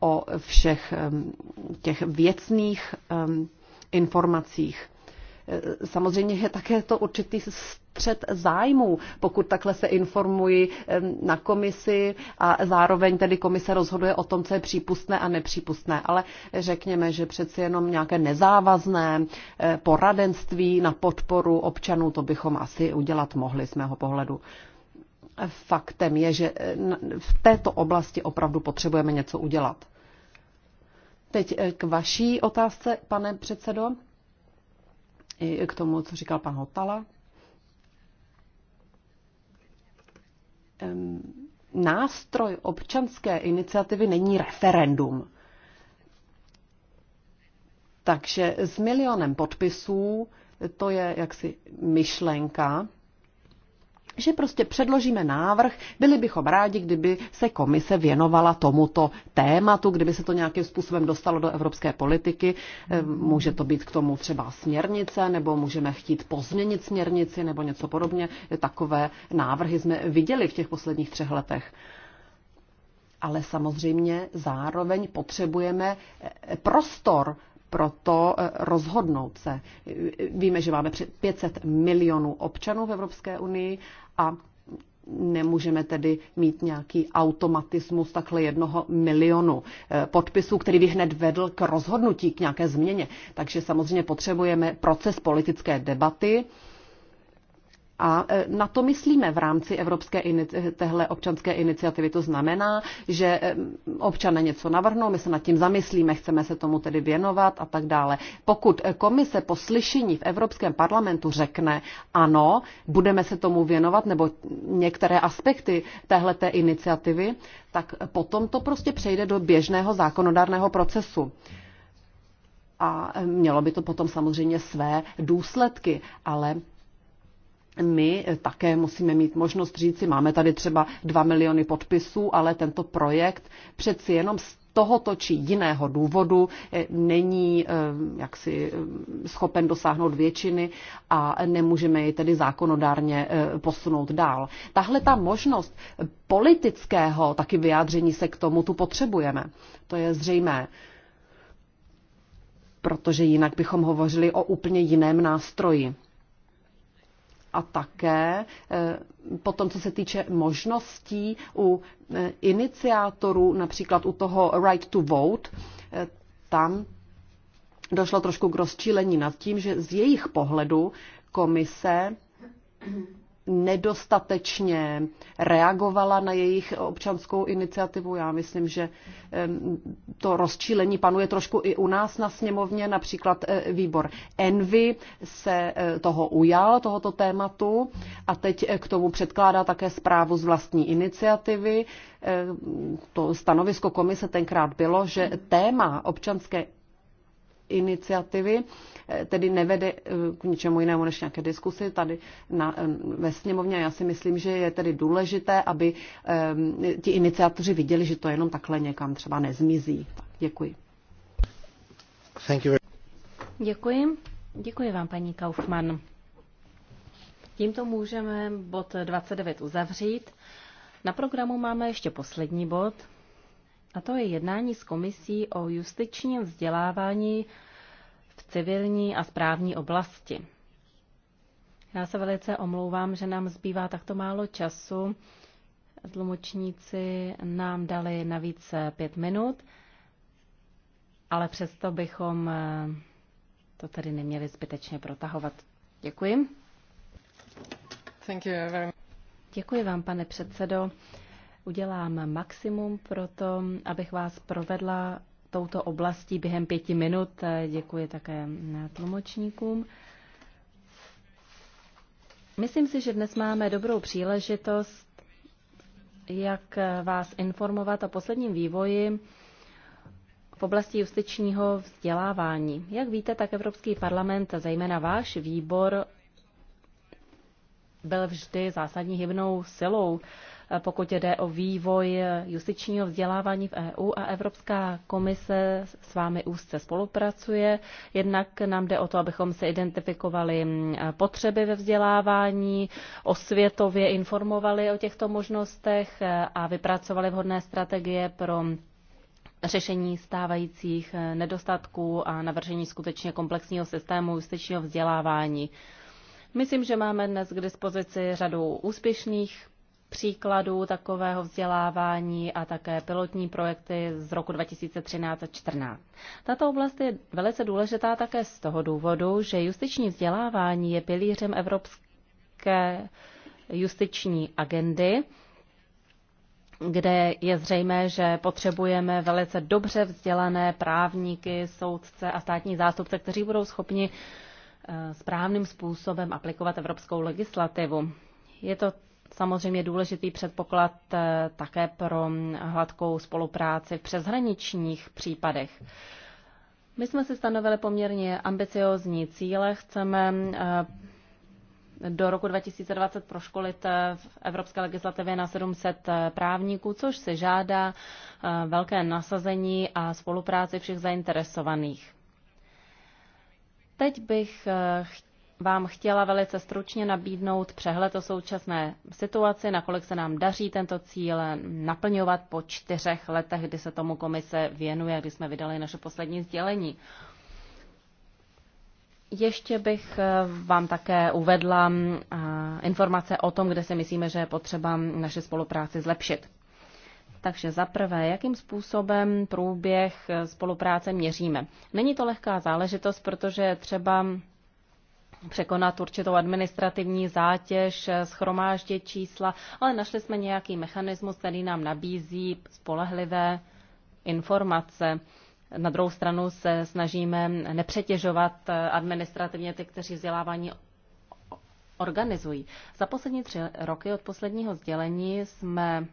o všech eh, těch věcných informacích samozřejmě je také to určitý střed zájmů, pokud takhle se informuji na komisi a zároveň tedy komise rozhoduje o tom, co je přípustné a nepřípustné. Ale řekněme, že přeci jenom nějaké nezávazné eh, poradenství na podporu občanů, to bychom asi udělat mohli z mého pohledu. Faktem je, že eh, v této oblasti opravdu potřebujeme něco udělat. Teď eh, k vaší otázce, pane předsedo i k tomu, co říkal pan Hotala. Nástroj občanské iniciativy není referendum. Takže s milionem podpisů to je jaksi myšlenka, že prostě předložíme návrh, byli bychom rádi, kdyby se komise věnovala tomuto tématu, kdyby se to nějakým způsobem dostalo do evropské politiky. E, může to být k tomu třeba směrnice, nebo můžeme chtít pozměnit směrnici, nebo něco podobně. Takové návrhy jsme viděli v těch posledních třech letech. Ale samozřejmě zároveň potřebujeme prostor proto eh, rozhodnout se. Víme, že máme 500 milionů občanů v Evropské unii a nemůžeme tedy mít nějaký automatismus takhle jednoho milionu eh, podpisů, který by hned vedl k rozhodnutí, k nějaké změně. Takže samozřejmě potřebujeme proces politické debaty, a e, na to myslíme v rámci Evropské téhle občanské iniciativy. To znamená, že e, občané něco navrhnou, my se nad tím zamyslíme, chceme se tomu tedy věnovat a tak dále. Pokud e, komise po slyšení v Evropském parlamentu řekne ano, budeme se tomu věnovat, nebo některé aspekty téhle iniciativy, tak potom to prostě přejde do běžného zákonodárného procesu a mělo by to potom samozřejmě své důsledky, ale my eh, také musíme mít možnost říci, máme tady třeba 2 miliony podpisů, ale tento projekt přeci jenom z tohoto či jiného důvodu eh, není eh, jaksi schopen dosáhnout většiny a nemůžeme ji tedy zákonodárně posunout dál. Tahle ta možnost politického taky vyjádření se k tomu tu potřebujeme. To je zřejmé protože jinak bychom hovořili o úplně jiném nástroji a také eh, potom, co se týče možností u eh, iniciátorů, například u toho right to vote, eh, tam došlo trošku k rozčílení nad tím, že z jejich pohledu komise nedostatečně reagovala na jejich občanskou iniciativu. Já myslím, že to rozčílení panuje trošku i u nás na sněmovně. Například e, výbor Envy se e, toho ujal, tohoto tématu, a teď e, k tomu předkládá také zprávu z vlastní iniciativy. To stanovisko komise tenkrát bylo, že téma občanské iniciativy eh, tedy nevede eh, k ničemu jinému než nějaké diskusy tady na, eh, ve sněmovně. Já si myslím, že je tedy důležité, aby um, ti iniciatoři viděli, že to jenom takhle někam třeba nezmizí. Tak, děkuji. Thank you. Děkuji. Děkuji vám, paní Kaufmann. Tímto můžeme bod 29 uzavřít. Na programu máme ještě poslední bod, a to je jednání s komisí o justičním vzdělávání v civilní a správní oblasti. Já se velice omlouvám, že nám zbývá takto málo času. Tlumočníci nám dali navíc pět minut, ale přesto bychom eh, to tady neměli zbytečně protahovat. Děkuji. Thank you very much. Děkuji vám, pane předsedo. Udělám maximum pro to, abych vás provedla touto oblastí během pěti minut. Děkuji také tlumočníkům. Myslím si, že dnes máme dobrou příležitost, jak vás informovat o posledním vývoji v oblasti justičního vzdělávání. Jak víte, tak Evropský parlament, zejména váš výbor, byl vždy zásadní hybnou silou pokud jde o vývoj justičního vzdělávání v EU a Evropská komise s vámi úzce spolupracuje. Jednak nám jde o to, abychom se identifikovali potřeby ve vzdělávání, osvětově informovali o těchto možnostech e, a vypracovali vhodné strategie pro řešení stávajících e, nedostatků a navržení skutečně komplexního systému justičního vzdělávání. Myslím, že máme dnes k dispozici řadu úspěšných příkladů takového vzdělávání a také pilotní projekty z roku 2013 a 2014. Tato oblast je velice důležitá také z toho důvodu, že justiční vzdělávání je pilířem evropské justiční agendy, kde je zřejmé, že potřebujeme velice dobře vzdělané právníky, soudce a státní zástupce, kteří budou schopni eh, správným způsobem aplikovat evropskou legislativu. Je to samozřejmě důležitý předpoklad eh, také pro hm, hladkou spolupráci v přeshraničních případech. My jsme si stanovili poměrně ambiciozní cíle. Chceme hm, eh, do roku 2020 proškolit eh, v evropské legislativě na 700 právníků, což se žádá velké nasazení a spolupráci všech zainteresovaných. Teď bych chtěla vám chtěla velice stručně nabídnout přehled o současné situaci, nakolik se nám daří tento cíl naplňovat po čtyřech letech, kdy se tomu komise věnuje, kdy jsme vydali naše poslední sdělení. Ještě bych eh, vám také uvedla mm, informace o tom, kde si myslíme, že je potřeba naše spolupráci zlepšit. Takže za prvé, jakým způsobem průběh eh, spolupráce měříme? Není to lehká záležitost, protože třeba překonat určitou administrativní zátěž, eh, schromáždět čísla, ale našli jsme nějaký mechanismus, který nám nabízí spolehlivé informace. Na druhou stranu se snažíme nepřetěžovat eh, administrativně ty, kteří vzdělávání organizují. Za poslední tři roky od posledního sdělení jsme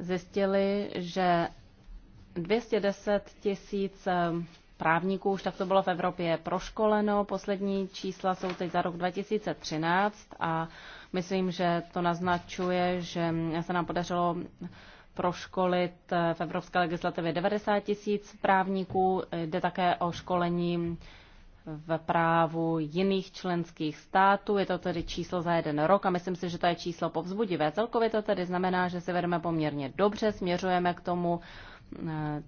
zjistili, že 210 tisíc 000 eh, právníků, už tak to bylo v Evropě proškoleno. Poslední čísla jsou teď za rok 2013 a myslím, že to naznačuje, že se nám podařilo proškolit v evropské legislativě 90 tisíc právníků. Jde také o školení v právu jiných členských států. Je to tedy číslo za jeden rok a myslím si, že to je číslo povzbudivé. Celkově to tedy znamená, že se vedeme poměrně dobře, směřujeme k tomu eh,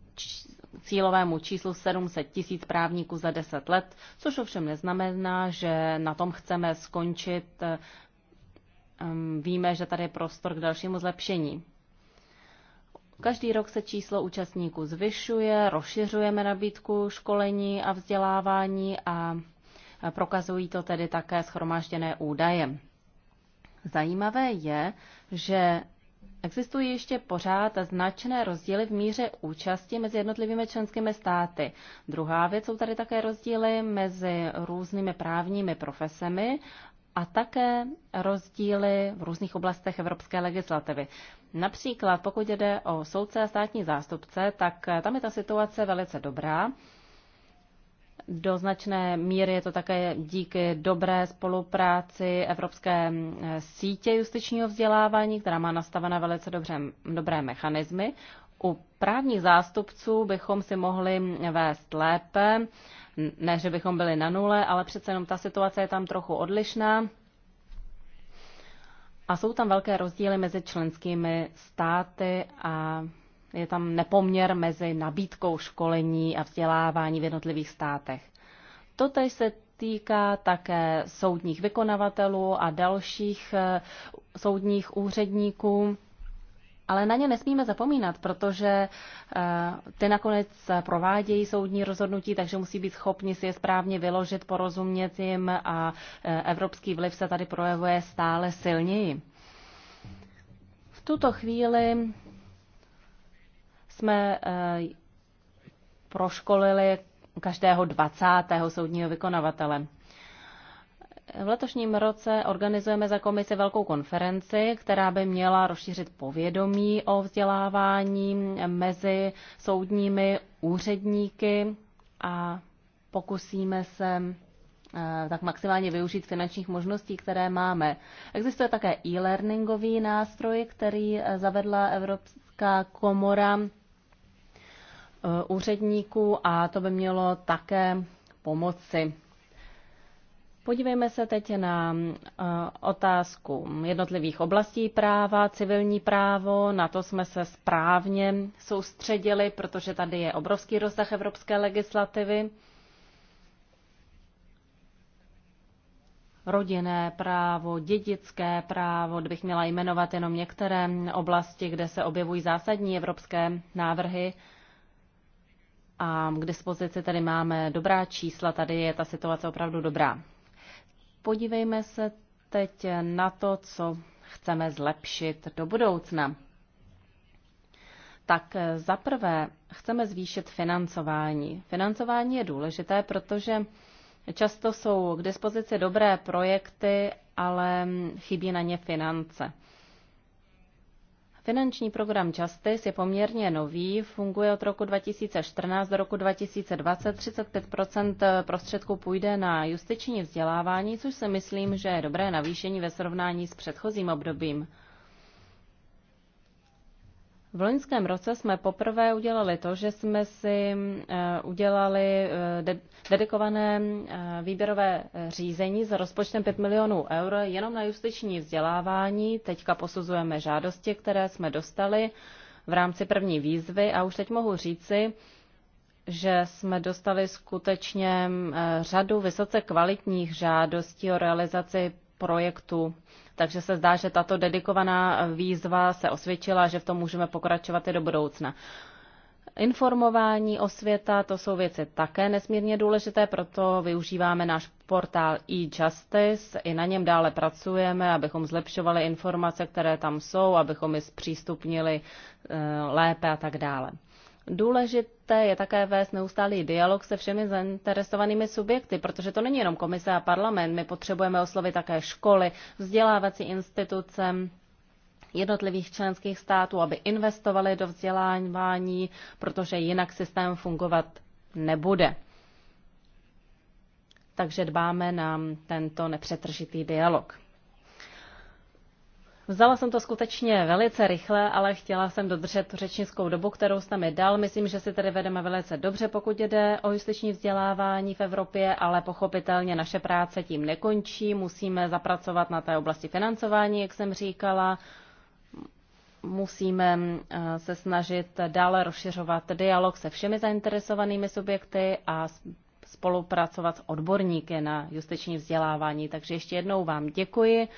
cílovému číslu 700 tisíc právníků za 10 let, což ovšem neznamená, že na tom chceme skončit. Ehm, víme, že tady je prostor k dalšímu zlepšení. Každý rok se číslo účastníků zvyšuje, rozšiřujeme nabídku školení a vzdělávání a prokazují to tedy také schromážděné údaje. Zajímavé je, že Existují ještě pořád značné rozdíly v míře účasti mezi jednotlivými členskými státy. Druhá věc jsou tady také rozdíly mezi různými právními profesemi a také rozdíly v různých oblastech evropské legislativy. Například pokud jde o soudce a státní zástupce, tak tam je ta situace velice dobrá. Do značné míry je to také díky dobré spolupráci Evropské sítě justičního vzdělávání, která má nastavené velice dobře, dobré mechanismy. U právních zástupců bychom si mohli vést lépe, ne, že bychom byli na nule, ale přece jenom ta situace je tam trochu odlišná. A jsou tam velké rozdíly mezi členskými státy a je tam nepoměr mezi nabídkou školení a vzdělávání v jednotlivých státech. Toto se týká také soudních vykonavatelů a dalších eh, soudních úředníků. Ale na ně nesmíme zapomínat, protože eh, ty nakonec provádějí soudní rozhodnutí, takže musí být schopni si je správně vyložit, porozumět jim a eh, evropský vliv se tady projevuje stále silněji. V tuto chvíli jsme eh, proškolili každého 20. soudního vykonavatele. V letošním roce organizujeme za komisi velkou konferenci, která by měla rozšířit povědomí o vzdělávání mezi soudními úředníky a pokusíme se eh, tak maximálně využít finančních možností, které máme. Existuje také e-learningový nástroj, který eh, zavedla Evropská komora Eh, úředníků a to by mělo také pomoci. Podívejme se teď na eh, otázku jednotlivých oblastí práva, civilní právo. Na to jsme se správně soustředili, protože tady je obrovský rozsah evropské legislativy. rodinné právo, dědické právo, kdybych měla jmenovat jenom některé oblasti, kde se objevují zásadní evropské návrhy, a k dispozici tady máme dobrá čísla, tady je ta situace opravdu dobrá. Podívejme se teď na to, co chceme zlepšit do budoucna. Tak zaprvé chceme zvýšit financování. Financování je důležité, protože často jsou k dispozici dobré projekty, ale chybí na ně finance. Finanční program Justice je poměrně nový, funguje od roku 2014 do roku 2020. 35 prostředků půjde na justiční vzdělávání, což si myslím, že je dobré navýšení ve srovnání s předchozím obdobím. V loňském roce jsme poprvé udělali to, že jsme si eh, udělali eh, dedikované eh, výběrové řízení s rozpočtem 5 milionů eur jenom na justiční vzdělávání. Teďka posuzujeme žádosti, které jsme dostali v rámci první výzvy a už teď mohu říci, že jsme dostali skutečně řadu vysoce kvalitních žádostí o realizaci projektu takže se zdá, že tato dedikovaná výzva se osvědčila, že v tom můžeme pokračovat i do budoucna. Informování, o světa, to jsou věci také nesmírně důležité, proto využíváme náš portál e-justice, i na něm dále pracujeme, abychom zlepšovali informace, které tam jsou, abychom je zpřístupnili eh, lépe a tak dále. Důležité je také vést neustálý dialog se všemi zainteresovanými subjekty, protože to není jenom komise a parlament. My potřebujeme oslovit také školy, vzdělávací instituce, jednotlivých členských států, aby investovali do vzdělávání, protože jinak systém fungovat nebude. Takže dbáme na tento nepřetržitý dialog. Vzala jsem to skutečně velice rychle, ale chtěla jsem dodržet tu řečnickou dobu, kterou jste mi dal. Myslím, že si tady vedeme velice dobře, pokud jde o justiční vzdělávání v Evropě, ale pochopitelně naše práce tím nekončí. Musíme zapracovat na té oblasti financování, jak jsem říkala. Musíme eh, se snažit dále rozšiřovat dialog se všemi zainteresovanými subjekty a spolupracovat s odborníky na justiční vzdělávání. Takže ještě jednou vám děkuji.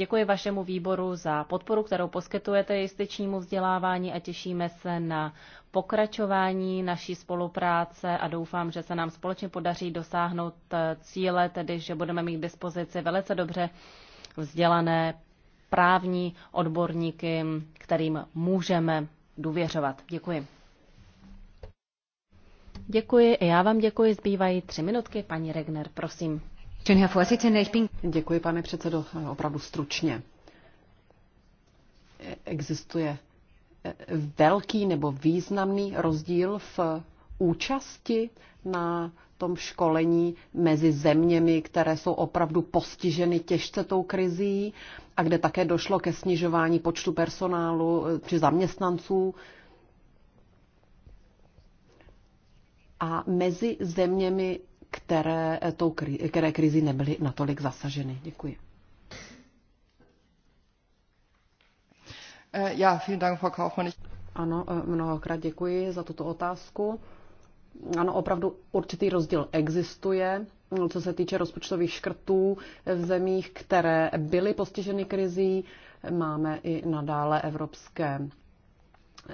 Děkuji vašemu výboru za podporu, kterou poskytujete justičnímu vzdělávání a těšíme se na pokračování naší spolupráce a doufám, že se nám společně podaří dosáhnout eh, cíle, tedy že budeme mít k dispozici velice dobře vzdělané právní odborníky, kterým můžeme důvěřovat. Děkuji. Děkuji, já vám děkuji. Zbývají tři minutky. Paní Regner, prosím. Děkuji, pane předsedo, opravdu stručně. Existuje eh, velký nebo významný rozdíl v účasti na tom školení mezi zeměmi, které jsou opravdu postiženy těžce tou krizí a kde také došlo ke snižování počtu personálu eh, či zaměstnanců. A mezi zeměmi které, tou které krizi nebyly natolik zasaženy. Děkuji. Eh, já, vielen Dank, Frau Kaufmann. Ano, eh, mnohokrát děkuji za tuto otázku. Ano, opravdu určitý rozdíl existuje, co se týče rozpočtových škrtů v zemích, které byly postiženy krizí. Máme i nadále evropské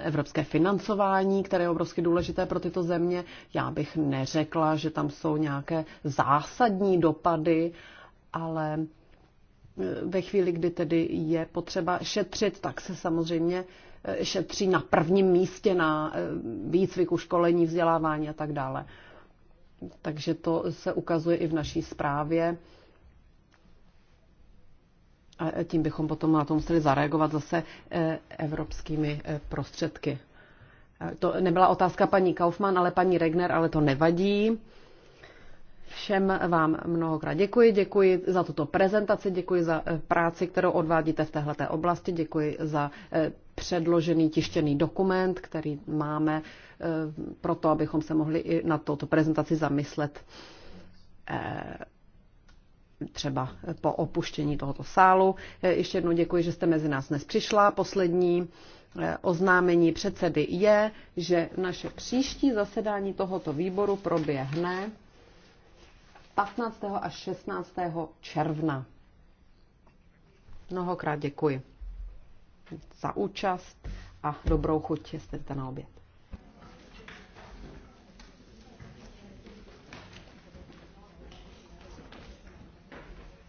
evropské financování, které je obrovsky důležité pro tyto země. Já bych neřekla, že tam jsou nějaké zásadní dopady, ale e, ve chvíli, kdy tedy je potřeba šetřit, tak se samozřejmě e, šetří na prvním místě na e, výcviku, školení, vzdělávání a tak dále. Takže to se ukazuje i v naší zprávě. A tím bychom potom na to museli zareagovat zase eh, evropskými eh, prostředky. Eh, to nebyla otázka paní Kaufmann, ale paní Regner, ale to nevadí. Všem vám mnohokrát děkuji, děkuji za tuto prezentaci, děkuji za práci, kterou odvádíte v této oblasti, děkuji za předložený tištěný dokument, který máme proto, abychom se mohli i na toto prezentaci zamyslet třeba po opuštění tohoto sálu. Eh, ještě jednou děkuji, že jste mezi nás dnes přišla. Poslední eh, oznámení předsedy je, že naše příští zasedání tohoto výboru proběhne 15. až 16. června. Mnohokrát děkuji za účast a dobrou chuť, jestli jste na oběd.